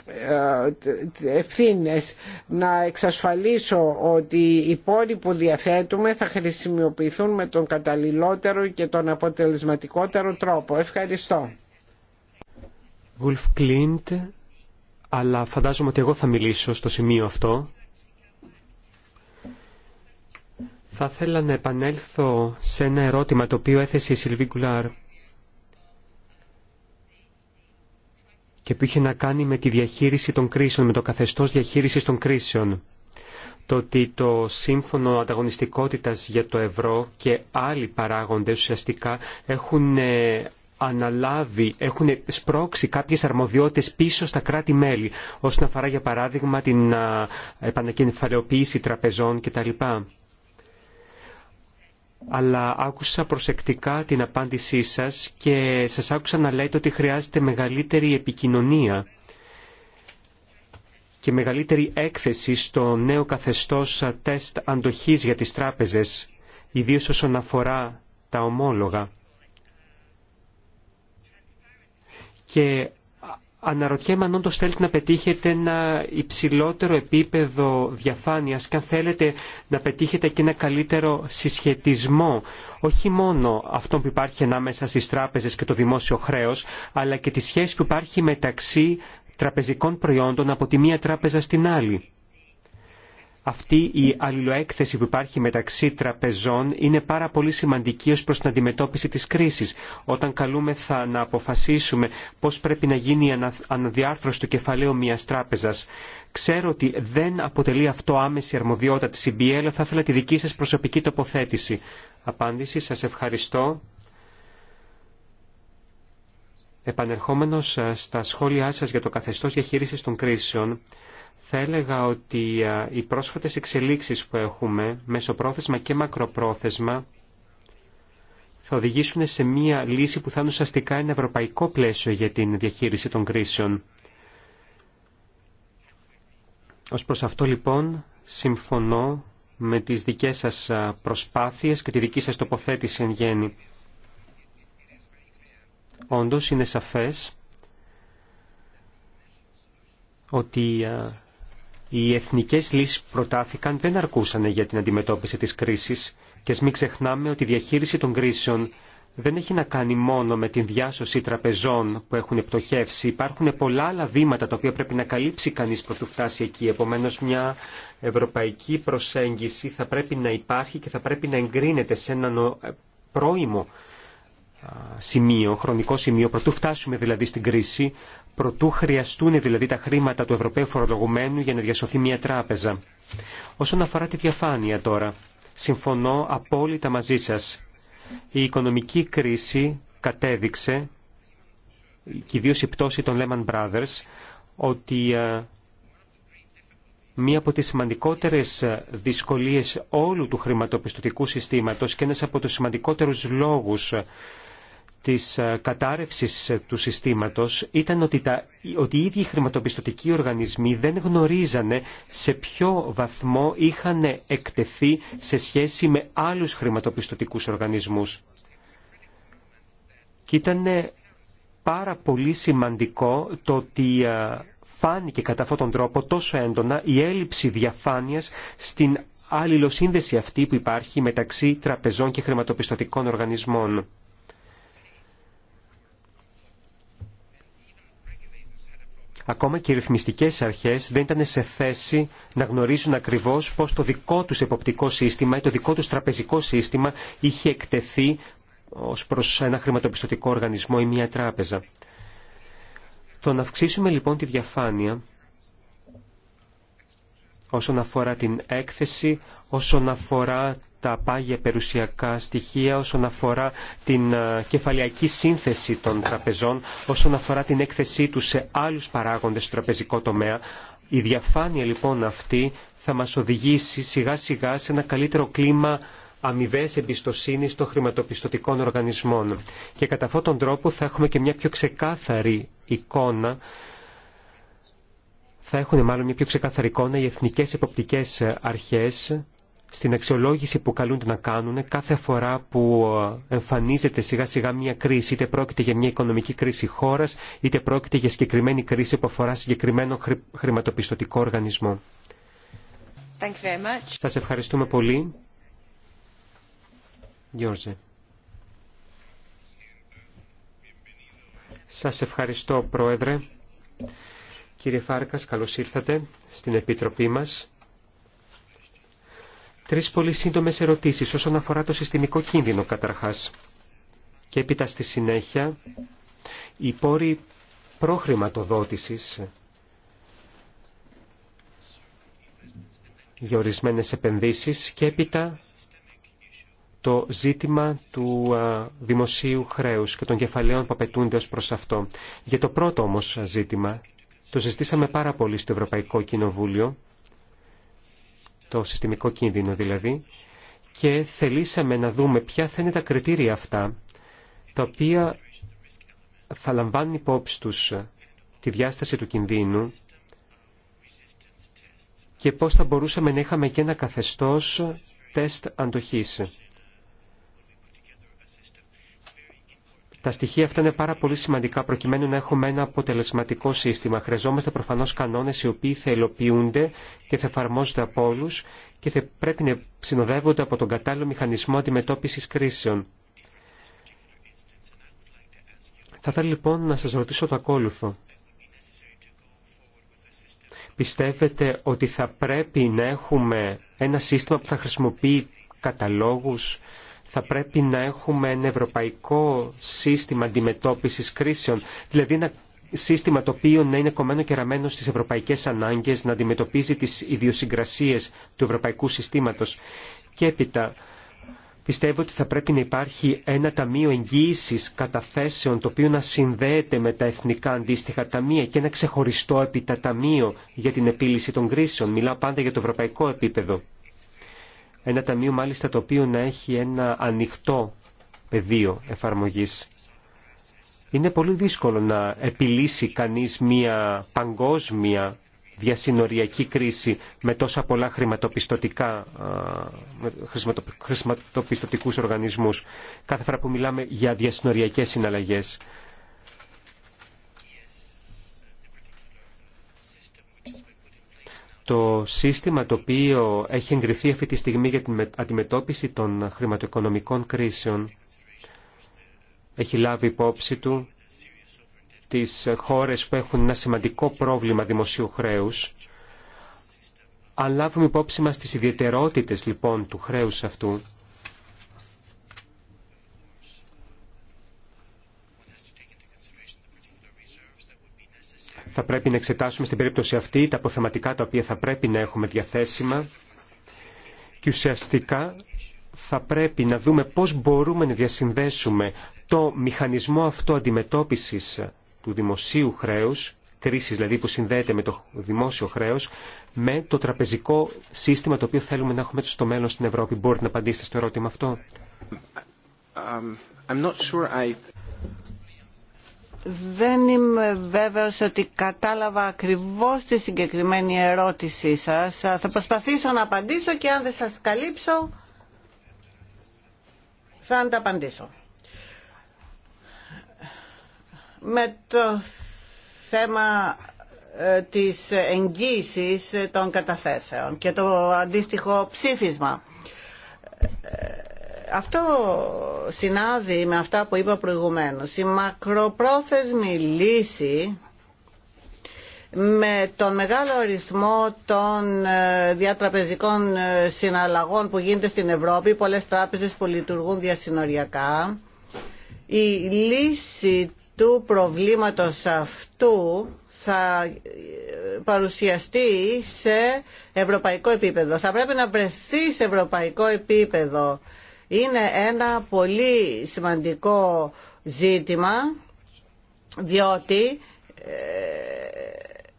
ε, ευθύνες να εξασφαλίσω ότι οι πόροι που διαθέτουμε θα χρησιμοποιηθούν με τον καταλληλότερο και τον αποτελεσματικότερο τρόπο. Ευχαριστώ. Γουλφ Κλίντ, αλλά φαντάζομαι ότι εγώ θα μιλήσω στο σημείο αυτό. Θα ήθελα να επανέλθω σε ένα ερώτημα το οποίο έθεσε η Σιλβί Γκουλάρ και που είχε να κάνει με τη διαχείριση των κρίσεων, με το καθεστώς διαχείρισης των κρίσεων. Το ότι το σύμφωνο ανταγωνιστικότητας για το ευρώ και άλλοι παράγοντες ουσιαστικά έχουν ε, αναλάβει, έχουν σπρώξει κάποιες αρμοδιότητες πίσω στα κράτη-μέλη, όσον αφορά για παράδειγμα την ε, επανακεφαλαιοποίηση τραπεζών κτλ αλλά άκουσα προσεκτικά την απάντησή σας και σας άκουσα να λέτε ότι χρειάζεται μεγαλύτερη επικοινωνία και μεγαλύτερη έκθεση στο νέο καθεστώς τεστ αντοχής για τις τράπεζες, ιδίως όσον αφορά τα ομόλογα. Και Αναρωτιέμαι αν όντως θέλετε να πετύχετε ένα υψηλότερο επίπεδο διαφάνειας και αν θέλετε να πετύχετε και ένα καλύτερο συσχετισμό όχι μόνο αυτό που υπάρχει ανάμεσα στις τράπεζες και το δημόσιο χρέος αλλά και τη σχέση που υπάρχει μεταξύ τραπεζικών προϊόντων από τη μία τράπεζα στην άλλη αυτή η αλληλοέκθεση που υπάρχει μεταξύ τραπεζών είναι πάρα πολύ σημαντική ως προς την αντιμετώπιση της κρίσης. Όταν καλούμεθα να αποφασίσουμε πώς πρέπει να γίνει η αναδιάρθρωση του κεφαλαίου μιας τράπεζας, ξέρω ότι δεν αποτελεί αυτό άμεση αρμοδιότητα της EBA, αλλά θα ήθελα τη δική σας προσωπική τοποθέτηση. Απάντηση, σας ευχαριστώ. Επανερχόμενος ε, στα σχόλιά σας για το καθεστώς διαχείρισης των κρίσεων, θα έλεγα ότι οι πρόσφατες εξελίξεις που έχουμε, μεσοπρόθεσμα και μακροπρόθεσμα, θα οδηγήσουν σε μία λύση που θα είναι ουσιαστικά ένα ευρωπαϊκό πλαίσιο για την διαχείριση των κρίσεων. Ως προς αυτό λοιπόν συμφωνώ με τις δικές σας προσπάθειες και τη δική σας τοποθέτηση εν γέννη. Όντως είναι σαφές ότι οι εθνικές λύσεις που προτάθηκαν δεν αρκούσαν για την αντιμετώπιση της κρίσης και ας μην ξεχνάμε ότι η διαχείριση των κρίσεων δεν έχει να κάνει μόνο με την διάσωση τραπεζών που έχουν πτωχεύσει. Υπάρχουν πολλά άλλα βήματα τα οποία πρέπει να καλύψει κανείς προτού φτάσει εκεί. Επομένως μια ευρωπαϊκή προσέγγιση θα πρέπει να υπάρχει και θα πρέπει να εγκρίνεται σε έναν ε, πρώιμο σημείο, χρονικό σημείο, πρωτού φτάσουμε δηλαδή στην κρίση, προτού χρειαστούν δηλαδή τα χρήματα του Ευρωπαίου Φορολογουμένου για να διασωθεί μια τράπεζα. Όσον αφορά τη διαφάνεια τώρα, συμφωνώ απόλυτα μαζί σας. Η οικονομική κρίση κατέδειξε, και ιδίως η πτώση των Lehman Brothers, ότι ε, μία από τις σημαντικότερες ε, δυσκολίες όλου του χρηματοπιστωτικού συστήματος και ένας από τους σημαντικότερους λόγους ε, της ε, κατάρρευσης ε, του συστήματος ήταν ότι, τα, ότι οι ίδιοι χρηματοπιστωτικοί οργανισμοί δεν γνωρίζανε σε ποιο βαθμό είχαν εκτεθεί σε σχέση με άλλους χρηματοπιστωτικούς οργανισμούς. Και ήταν πάρα πολύ σημαντικό το ότι ε, φάνηκε κατά αυτόν τον τρόπο τόσο έντονα η έλλειψη διαφάνειας στην αλληλοσύνδεση αυτή που υπάρχει μεταξύ τραπεζών και χρηματοπιστωτικών οργανισμών. Ακόμα και οι ρυθμιστικές αρχές δεν ήταν σε θέση να γνωρίζουν ακριβώς πώς το δικό τους εποπτικό σύστημα ή το δικό τους τραπεζικό σύστημα είχε εκτεθεί ως προς ένα χρηματοπιστωτικό οργανισμό ή μια τράπεζα. Το να αυξήσουμε λοιπόν τη διαφάνεια όσον αφορά την έκθεση, όσον αφορά τα πάγια περιουσιακά στοιχεία όσον αφορά την ε, κεφαλιακή σύνθεση των τραπεζών, όσον αφορά την έκθεσή τους σε άλλους παράγοντες στο τραπεζικό τομέα. Η διαφάνεια λοιπόν αυτή θα μας οδηγήσει σιγά σιγά σε ένα καλύτερο κλίμα αμοιβέ εμπιστοσύνη των χρηματοπιστωτικών οργανισμών. Και κατά αυτόν τον τρόπο θα έχουμε και μια πιο ξεκάθαρη εικόνα θα έχουν μάλλον μια πιο ξεκάθαρη εικόνα οι εθνικές εποπτικές αρχές στην αξιολόγηση που καλούνται να κάνουν κάθε φορά που ε, εμφανίζεται σιγά σιγά μια κρίση, είτε πρόκειται για μια οικονομική κρίση χώρας, είτε πρόκειται για συγκεκριμένη κρίση που αφορά συγκεκριμένο χρηματοπιστωτικό οργανισμό. Σα Σας ευχαριστούμε πολύ. Γιώργη. Σας ευχαριστώ, Πρόεδρε. Κύριε Φάρκας, καλώς ήρθατε στην Επιτροπή μας. Τρεις πολύ σύντομες ερωτήσεις όσον αφορά το συστημικό κίνδυνο καταρχάς. Και έπειτα στη συνέχεια, οι πόροι προχρηματοδότησης για ορισμένες επενδύσεις και έπειτα το ζήτημα του δημοσίου χρέους και των κεφαλαίων που απαιτούνται ως προς αυτό. Για το πρώτο όμως ζήτημα, το ζητήσαμε πάρα πολύ στο Ευρωπαϊκό Κοινοβούλιο το συστημικό κίνδυνο δηλαδή, και θελήσαμε να δούμε ποια θα είναι τα κριτήρια αυτά, τα οποία θα λαμβάνουν υπόψη τους τη διάσταση του κινδύνου και πώς θα μπορούσαμε να είχαμε και ένα καθεστώς τεστ αντοχής. Τα στοιχεία αυτά είναι πάρα πολύ σημαντικά προκειμένου να έχουμε ένα αποτελεσματικό σύστημα. Χρειαζόμαστε προφανώς κανόνες οι οποίοι θα υλοποιούνται και θα εφαρμόζονται από όλου και θα πρέπει να συνοδεύονται από τον κατάλληλο μηχανισμό αντιμετώπισης κρίσεων. Θα ήθελα λοιπόν να σας ρωτήσω το ακόλουθο. Πιστεύετε ότι θα πρέπει να έχουμε ένα σύστημα που θα χρησιμοποιεί καταλόγους, θα πρέπει να έχουμε ένα ευρωπαϊκό σύστημα αντιμετώπισης κρίσεων, δηλαδή ένα σύστημα το οποίο να είναι κομμένο και ραμμένο στις ευρωπαϊκές ανάγκες, να αντιμετωπίζει τις ιδιοσυγκρασίες του ευρωπαϊκού συστήματος. Και έπειτα, Πιστεύω ότι θα πρέπει να υπάρχει ένα ταμείο εγγύηση καταθέσεων το οποίο να συνδέεται με τα εθνικά αντίστοιχα ταμεία και ένα ξεχωριστό επιταταμείο για την επίλυση των κρίσεων. Μιλάω πάντα για το ευρωπαϊκό επίπεδο. Ένα ταμείο μάλιστα το οποίο να έχει ένα ανοιχτό πεδίο εφαρμογής. Είναι πολύ δύσκολο να επιλύσει κανείς μια παγκόσμια διασυνοριακή κρίση με τόσα πολλά χρηματοπιστωτικά, χρηματοπιστωτικούς οργανισμούς κάθε φορά που μιλάμε για διασυνοριακές συναλλαγές. Το σύστημα το οποίο έχει εγκριθεί αυτή τη στιγμή για την αντιμετώπιση των χρηματοοικονομικών κρίσεων έχει λάβει υπόψη του τις χώρες που έχουν ένα σημαντικό πρόβλημα δημοσίου χρέους. Αν λάβουμε υπόψη μας τις ιδιαιτερότητες λοιπόν του χρέους αυτού, Θα πρέπει να εξετάσουμε στην περίπτωση αυτή τα αποθεματικά τα οποία θα πρέπει να έχουμε διαθέσιμα και ουσιαστικά θα πρέπει να δούμε πώς μπορούμε να διασυνδέσουμε το μηχανισμό αυτό αντιμετώπισης του δημοσίου χρέους, κρίσης δηλαδή που συνδέεται με το δημόσιο χρέος, με το τραπεζικό σύστημα το οποίο θέλουμε να έχουμε στο μέλλον στην Ευρώπη. Μπορείτε να απαντήσετε στο ερώτημα αυτό. Um, I'm not sure I δεν είμαι βέβαιος ότι κατάλαβα ακριβώς τη συγκεκριμένη ερώτησή σας. Θα προσπαθήσω να απαντήσω και αν δεν σας καλύψω θα ανταπαντήσω. Με το θέμα ε, της εγγύησης των καταθέσεων και το αντίστοιχο ψήφισμα ε, αυτό συνάδει με αυτά που είπα προηγουμένως. Η μακροπρόθεσμη λύση με τον μεγάλο αριθμό των ε, διατραπεζικών ε, συναλλαγών που γίνεται στην Ευρώπη, πολλές τράπεζες που λειτουργούν διασυνοριακά, η λύση του προβλήματος αυτού θα ε, παρουσιαστεί σε ευρωπαϊκό επίπεδο. Θα πρέπει να βρεθεί σε ευρωπαϊκό επίπεδο είναι ένα πολύ σημαντικό ζήτημα διότι ε,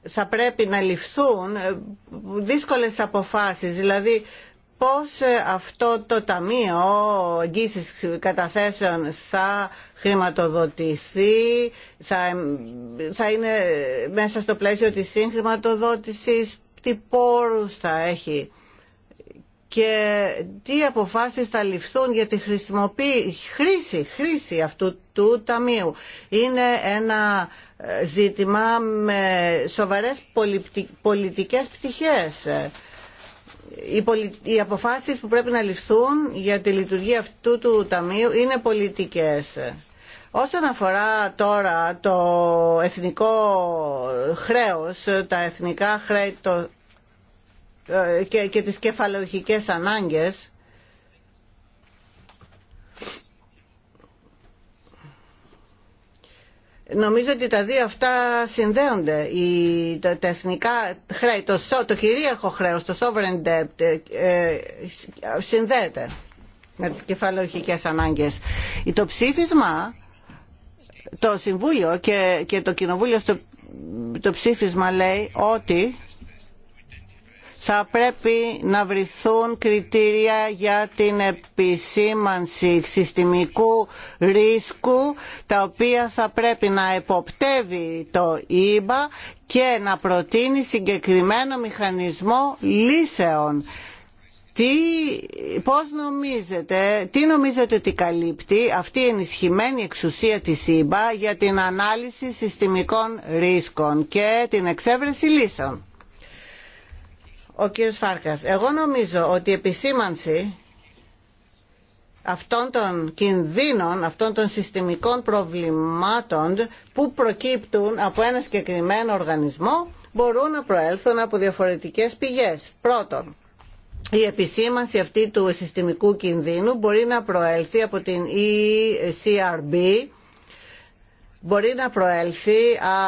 θα πρέπει να ληφθούν ε, δύσκολες αποφάσεις, δηλαδή πώς ε, αυτό το Ταμείο Εγγύησης Καταθέσεων θα χρηματοδοτηθεί, θα, θα είναι μέσα στο πλαίσιο της σύγχρηματοδότησης, τι πόρους θα έχει και τι αποφάσεις θα ληφθούν για τη χρήση, χρήση αυτού του ταμείου. Είναι ένα ε, ζήτημα με σοβαρές πολιτικές πτυχές. Οι αποφάσεις που πρέπει να ληφθούν για τη λειτουργία αυτού του ταμείου είναι πολιτικές. Όσον αφορά τώρα το εθνικό χρέος, τα εθνικά χρέη, και, και τις κεφαλογικές ανάγκες Νομίζω ότι τα δύο αυτά συνδέονται. Η, τα, εθνικά το, κυρίαρχο χρέος, το sovereign debt ε, ε, συνδέεται με τις κεφαλαιοχικές ανάγκες. Το ψήφισμα, το Συμβούλιο και, και το Κοινοβούλιο στο το ψήφισμα λέει ότι θα πρέπει να βρηθούν κριτήρια για την επισήμανση συστημικού ρίσκου τα οποία θα πρέπει να εποπτεύει το ΙΜΠΑ και να προτείνει συγκεκριμένο μηχανισμό λύσεων. Τι, πώς νομίζετε, τι νομίζετε ότι καλύπτει αυτή η ενισχυμένη εξουσία της ΙΜΠΑ για την ανάλυση συστημικών ρίσκων και την εξέβρεση λύσεων ο κύριος Φάρκας. Εγώ νομίζω ότι η επισήμανση αυτών των κινδύνων, αυτών των συστημικών προβλημάτων που προκύπτουν από ένα συγκεκριμένο οργανισμό μπορούν να προέλθουν από διαφορετικές πηγές. Πρώτον, η επισήμανση αυτή του συστημικού κινδύνου μπορεί να προέλθει από την ECRB, μπορεί να προέλθει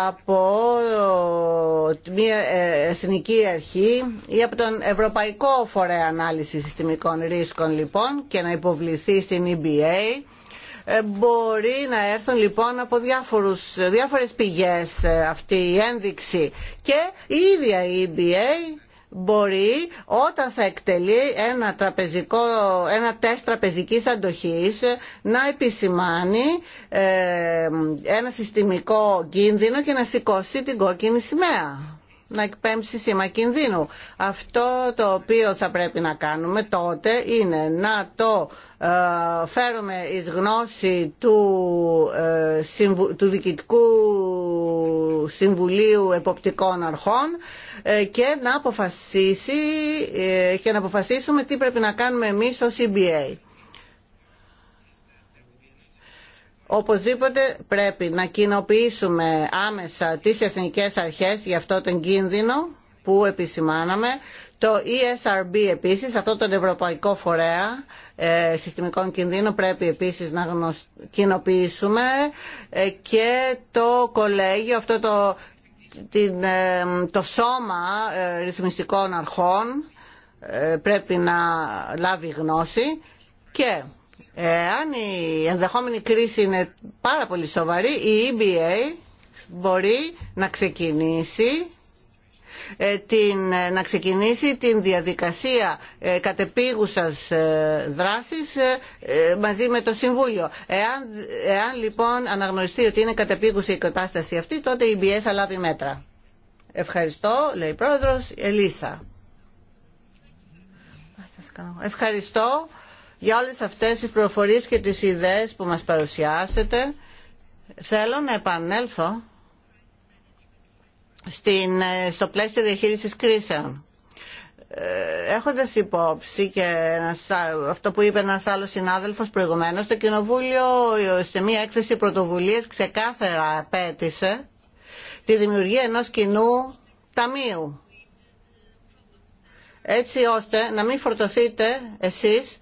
από μια εθνική αρχή ή από τον Ευρωπαϊκό Φορέα Ανάλυση Συστημικών Ρίσκων λοιπόν και να υποβληθεί στην EBA ε, μπορεί να έρθουν λοιπόν από διάφορους, διάφορες πηγές ε, αυτή η ένδειξη και η ίδια η EBA μπορεί όταν θα εκτελεί ένα, τραπεζικό, ένα τεστ τραπεζικής αντοχής να επισημάνει ε, ένα συστημικό κίνδυνο και να σηκώσει την κόκκινη σημαία να εκπέμψει σήμα κινδύνου. Αυτό το οποίο θα πρέπει να κάνουμε τότε είναι να το ε, φέρουμε εις γνώση του, ε, του Διοικητικού Συμβουλίου Εποπτικών Αρχών ε, και να αποφασίσει και να αποφασίσουμε τι πρέπει να κάνουμε εμείς ως EBA. Οπωσδήποτε πρέπει να κοινοποιήσουμε άμεσα τις εθνικές αρχές για αυτό τον κίνδυνο που επισημάναμε. Το ESRB επίσης, αυτό τον Ευρωπαϊκό Φορέα ε, Συστημικών Κινδύνων πρέπει επίσης να γνωσ... κοινοποιήσουμε ε, και το κολέγιο, αυτό το, ε, το σώμα ρυθμιστικών αρχών πρέπει να λάβει γνώση και Εάν η ενδεχόμενη κρίση είναι πάρα πολύ σοβαρή, η EBA μπορεί να ξεκινήσει ε, την, ε, να ξεκινήσει την διαδικασία ε, κατεπίγουσας ε, δράσης μαζί με το Συμβούλιο. Εάν, εάν λοιπόν αναγνωριστεί ότι είναι κατεπίγουσα η κατάσταση αυτή, τότε η EBA θα λάβει μέτρα. Ευχαριστώ, λέει η Πρόεδρος, Ελίσσα. Ευχαριστώ για όλες αυτές τις προφορίες και τις ιδέες που μας παρουσιάσετε. Θέλω να επανέλθω στην, ε, στο πλαίσιο διαχείρισης κρίσεων. Ε, έχοντας υπόψη και αυτό που είπε ένας άλλος συνάδελφος προηγουμένως, το Κοινοβούλιο σε μία έκθεση πρωτοβουλίας ξεκάθαρα απέτησε τη δημιουργία ενός κοινού ταμείου έτσι ώστε να μην φορτωθείτε εσείς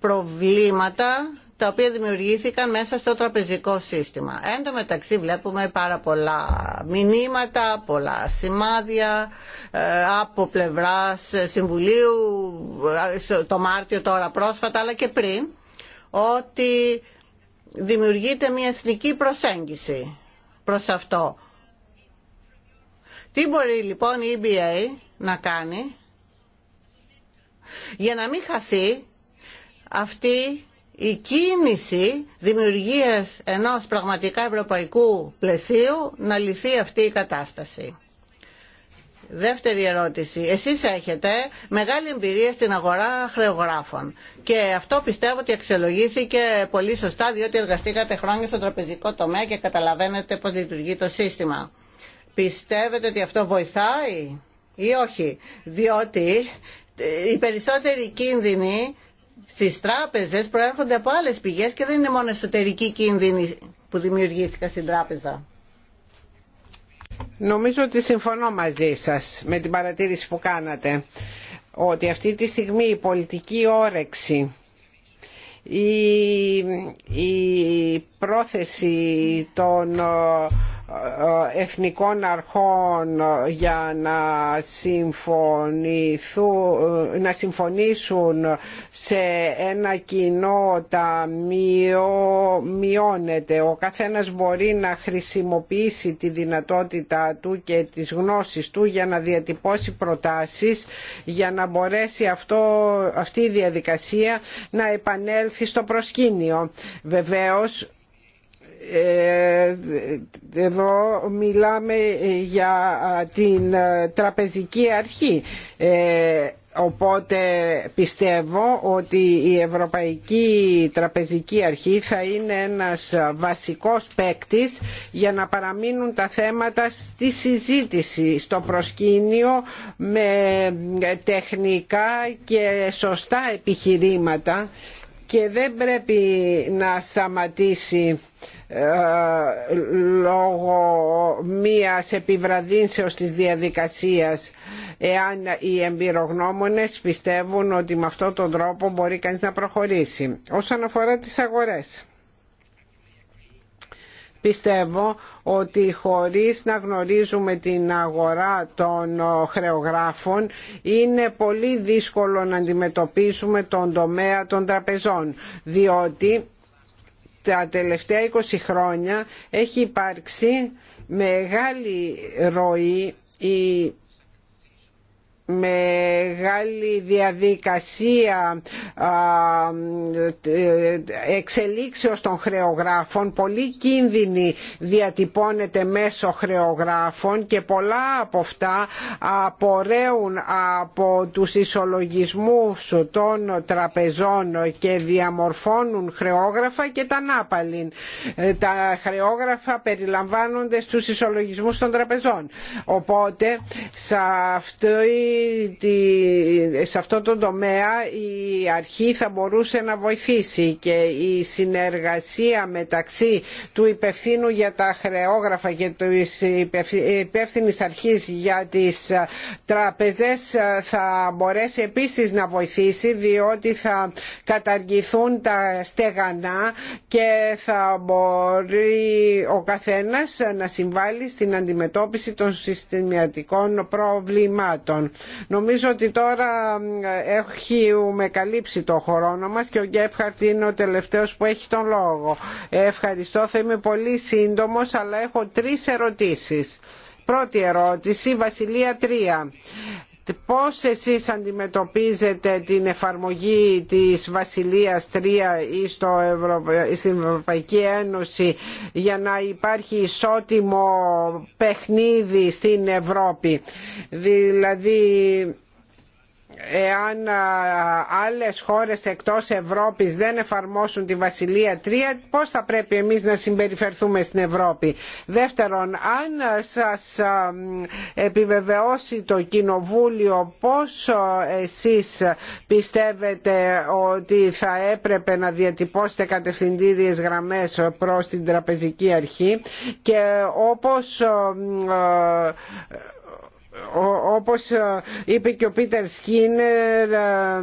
προβλήματα τα οποία δημιουργήθηκαν μέσα στο τραπεζικό σύστημα. Εν τω μεταξύ βλέπουμε πάρα πολλά μηνύματα, πολλά σημάδια ε, από πλευράς Συμβουλίου ε, το Μάρτιο τώρα πρόσφατα αλλά και πριν ότι δημιουργείται μια εθνική προσέγγιση προς αυτό. Τι μπορεί λοιπόν η EBA να κάνει για να μην χαθεί αυτή η κίνηση δημιουργίας ενός πραγματικά ευρωπαϊκού πλαισίου να λυθεί αυτή η κατάσταση. Δεύτερη ερώτηση. Εσείς έχετε μεγάλη εμπειρία στην αγορά χρεογράφων και αυτό πιστεύω ότι αξιολογήθηκε πολύ σωστά διότι εργαστήκατε χρόνια στο τραπεζικό τομέα και καταλαβαίνετε πώς λειτουργεί το σύστημα. Πιστεύετε ότι αυτό βοηθάει ή όχι, διότι ε, οι περισσότεροι κίνδυνοι Στι τράπεζε προέρχονται από άλλε πηγές και δεν είναι μόνο εσωτερική κίνδυνη που δημιουργήθηκαν στην τράπεζα. Νομίζω ότι συμφωνώ μαζί σας με την παρατήρηση που κάνατε ότι αυτή τη στιγμή η πολιτική όρεξη η, η πρόθεση των ε, εθνικών αρχών για να, να συμφωνήσουν σε ένα κοινό ταμείο μειώνεται. Ο καθένας μπορεί να χρησιμοποιήσει τη δυνατότητα του και τις γνώσεις του για να διατυπώσει προτάσεις για να μπορέσει αυτό, αυτή η διαδικασία να επανέλθει στο προσκήνιο. Βεβαίως ε, εδώ μιλάμε για την ε, τραπεζική αρχή. Ε, οπότε πιστεύω ότι η Ευρωπαϊκή Τραπεζική Αρχή θα είναι ένας βασικός παίκτης για να παραμείνουν τα θέματα στη συζήτηση, στο προσκήνιο με τεχνικά και σωστά επιχειρήματα και δεν πρέπει να σταματήσει ε, λόγω μίας επιβραδύνσεως της διαδικασίας εάν οι εμπειρογνώμονες πιστεύουν ότι με αυτόν τον τρόπο μπορεί κανείς να προχωρήσει. Όσον αφορά τις αγορές Πιστεύω ότι χωρίς να γνωρίζουμε την αγορά των ε, χρεογράφων είναι πολύ δύσκολο να αντιμετωπίσουμε τον τομέα των τραπεζών διότι τα τελευταία 20 χρόνια έχει υπάρξει μεγάλη ροή η μεγάλη διαδικασία ε, εξελίξεως των χρεογράφων πολύ κίνδυνοι διατυπώνεται μέσω χρεογράφων και πολλά από αυτά απορρέουν από τους ισολογισμούς των τραπεζών και διαμορφώνουν χρεόγραφα και τα νάπαλιν. Ε, τα χρεόγραφα περιλαμβάνονται στους ισολογισμούς των τραπεζών. Οπότε σε αυτή σε αυτό το τομέα η αρχή θα μπορούσε να βοηθήσει και η συνεργασία μεταξύ του υπευθύνου για τα χρεόγραφα και του υπεύθυνη αρχής για τις ε, τράπεζες ε, θα μπορέσει επίσης να βοηθήσει διότι θα καταργηθούν τα στεγανά και θα μπορεί ο καθένας να συμβάλλει στην αντιμετώπιση των συστημιατικών προβλημάτων. Νομίζω ότι τώρα έχουμε καλύψει το χρόνο μας και ο Γκέφχαρτ είναι ο τελευταίος που έχει τον λόγο. Ευχαριστώ, θα είμαι πολύ σύντομος, αλλά έχω τρεις ερωτήσεις. Πρώτη ερώτηση, Βασιλεία 3 πώς εσείς αντιμετωπίζετε την εφαρμογή της Βασιλείας 3 ή στο στην Ευρωπαϊκή Ένωση για να υπάρχει ισότιμο παιχνίδι στην Ευρώπη. Δηλαδή εάν άλλες χώρες εκτός Ευρώπης δεν εφαρμόσουν τη Βασιλεία 3 πώς θα πρέπει εμείς να συμπεριφερθούμε στην Ευρώπη. Δεύτερον, αν σας επιβεβαιώσει το Κοινοβούλιο πώς εσείς πιστεύετε ότι θα έπρεπε να διατυπώσετε κατευθυντήριες γραμμές προς την τραπεζική αρχή και όπως όπως ε, είπε και ο Πίτερ Σκίνερ ε,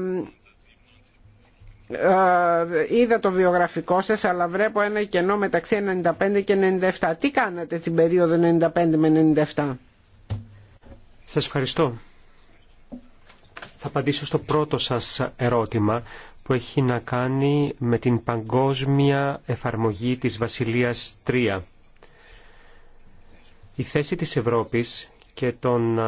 ε, είδα το βιογραφικό σας αλλά βρέπω ένα κενό μεταξύ 95 και 97 τι κάνατε την περίοδο 95 με 97 Σας ευχαριστώ θα απαντήσω στο πρώτο σας ερώτημα που έχει να κάνει με την παγκόσμια εφαρμογή της Βασιλείας 3. Η θέση της Ευρώπης και των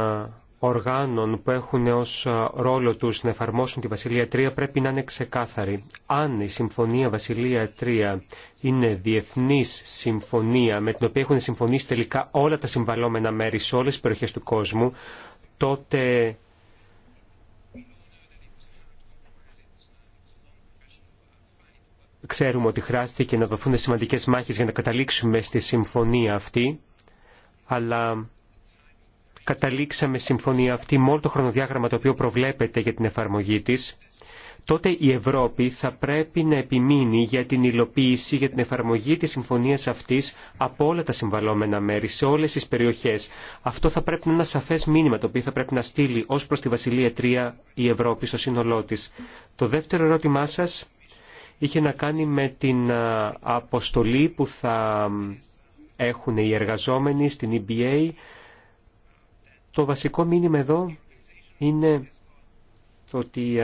οργάνων που έχουν ως ρόλο τους να εφαρμόσουν τη Βασιλεία 3 πρέπει να είναι ξεκάθαρη. Αν η Συμφωνία Βασιλεία 3 είναι διεθνής συμφωνία με την οποία έχουν συμφωνήσει τελικά όλα τα συμβαλώμενα μέρη σε όλες τις περιοχές του κόσμου, τότε ξέρουμε ότι χρειάστηκε να δοθούν σημαντικές μάχες για να καταλήξουμε στη συμφωνία αυτή, αλλά καταλήξαμε συμφωνία αυτή με όλο το χρονοδιάγραμμα το οποίο προβλέπεται για την εφαρμογή της, τότε η Ευρώπη θα πρέπει να επιμείνει για την υλοποίηση, για την εφαρμογή της συμφωνίας αυτής από όλα τα συμβαλόμενα μέρη, σε όλες τις περιοχές. Αυτό θα πρέπει να είναι ένα σαφές μήνυμα το οποίο θα πρέπει να στείλει ως προς τη Βασιλεία Τρία η Ευρώπη στο σύνολό της. Το δεύτερο ερώτημά σας είχε να κάνει με την αποστολή που θα έχουν οι εργαζόμενοι στην EBA το βασικό μήνυμα εδώ είναι ότι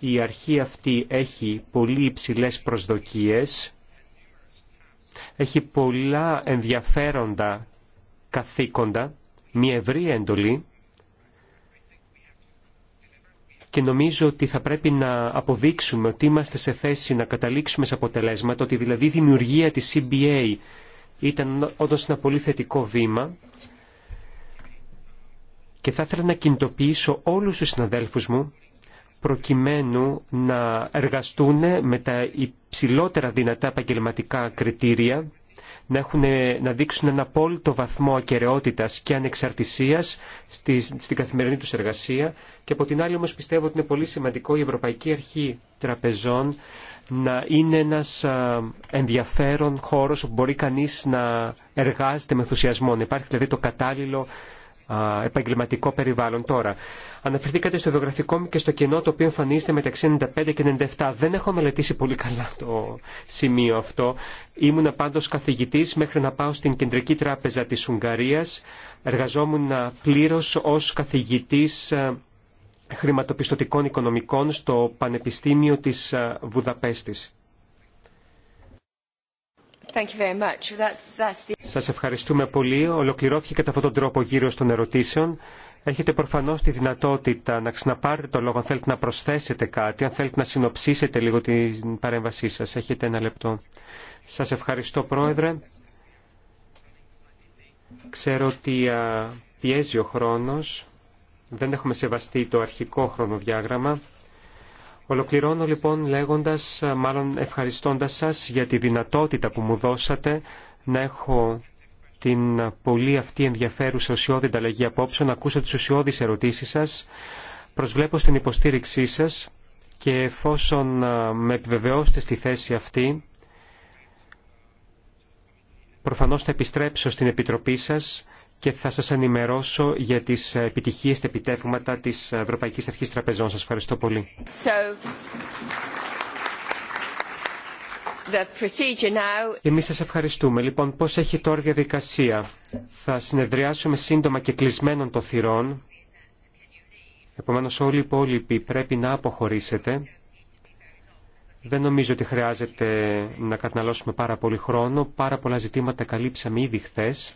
η αρχή αυτή έχει πολύ υψηλές προσδοκίες, έχει πολλά ενδιαφέροντα καθήκοντα, μια ευρή εντολή και νομίζω ότι θα πρέπει να αποδείξουμε ότι είμαστε σε θέση να καταλήξουμε σε αποτελέσματα, ότι δηλαδή η δημιουργία της CBA ήταν όντως ένα πολύ θετικό βήμα και θα ήθελα να κινητοποιήσω όλους τους συναδέλφους μου προκειμένου να εργαστούν με τα υψηλότερα δυνατά επαγγελματικά κριτήρια, να, έχουν, να δείξουν ένα απόλυτο βαθμό ακαιρεότητας και ανεξαρτησίας στην καθημερινή τους εργασία και από την άλλη όμως πιστεύω ότι είναι πολύ σημαντικό η Ευρωπαϊκή Αρχή Τραπεζών να είναι ένας ενδιαφέρον χώρος όπου μπορεί κανείς να εργάζεται με ενθουσιασμό. υπάρχει δηλαδή το κατάλληλο επαγγελματικό περιβάλλον. Τώρα, αναφερθήκατε στο βιογραφικό μου και στο κενό το οποίο εμφανίζεται μεταξύ 95 και 97. Δεν έχω μελετήσει πολύ καλά το σημείο αυτό. Ήμουν πάντω καθηγητή μέχρι να πάω στην Κεντρική Τράπεζα τη Ουγγαρία. Εργαζόμουν πλήρω ω καθηγητή ε, χρηματοπιστωτικών οικονομικών στο Πανεπιστήμιο της ε, Βουδαπέστης. Σα Σας ευχαριστούμε πολύ. Ολοκληρώθηκε κατά αυτόν τον τρόπο γύρω των ερωτήσεων. Έχετε προφανώς τη δυνατότητα να ξαναπάρετε το λόγο αν θέλετε να προσθέσετε κάτι, αν θέλετε να συνοψίσετε λίγο την παρέμβασή σας. Έχετε ένα λεπτό. Σας ευχαριστώ Πρόεδρε. Ξέρω ότι πιέζει ο χρόνος. Δεν έχουμε σεβαστεί το αρχικό χρονοδιάγραμμα. Ολοκληρώνω λοιπόν λέγοντας, ε, μάλλον ευχαριστώντας σας για τη δυνατότητα που μου δώσατε να έχω την πολύ αυτή ενδιαφέρουσα ουσιώδη ανταλλαγή απόψε, να ακούσω τις ουσιώδεις ερωτήσεις σας. Προσβλέπω στην υποστήριξή σας και εφόσον ε, με επιβεβαιώσετε στη θέση αυτή, προφανώς θα επιστρέψω στην Επιτροπή σας και θα σας ενημερώσω για τις επιτυχίες, και επιτεύγματα της Ευρωπαϊκής Αρχής Τραπεζών. Σας ευχαριστώ πολύ. So, σα ευχαριστούμε. Λοιπόν, πώς έχει τώρα η διαδικασία. Θα συνεδριάσουμε σύντομα και κλεισμένων των θυρών. Επομένως όλοι οι υπόλοιποι πρέπει να αποχωρήσετε. Δεν νομίζω ότι χρειάζεται να καταναλώσουμε πάρα πολύ χρόνο. Πάρα πολλά ζητήματα καλύψαμε ήδη χθες.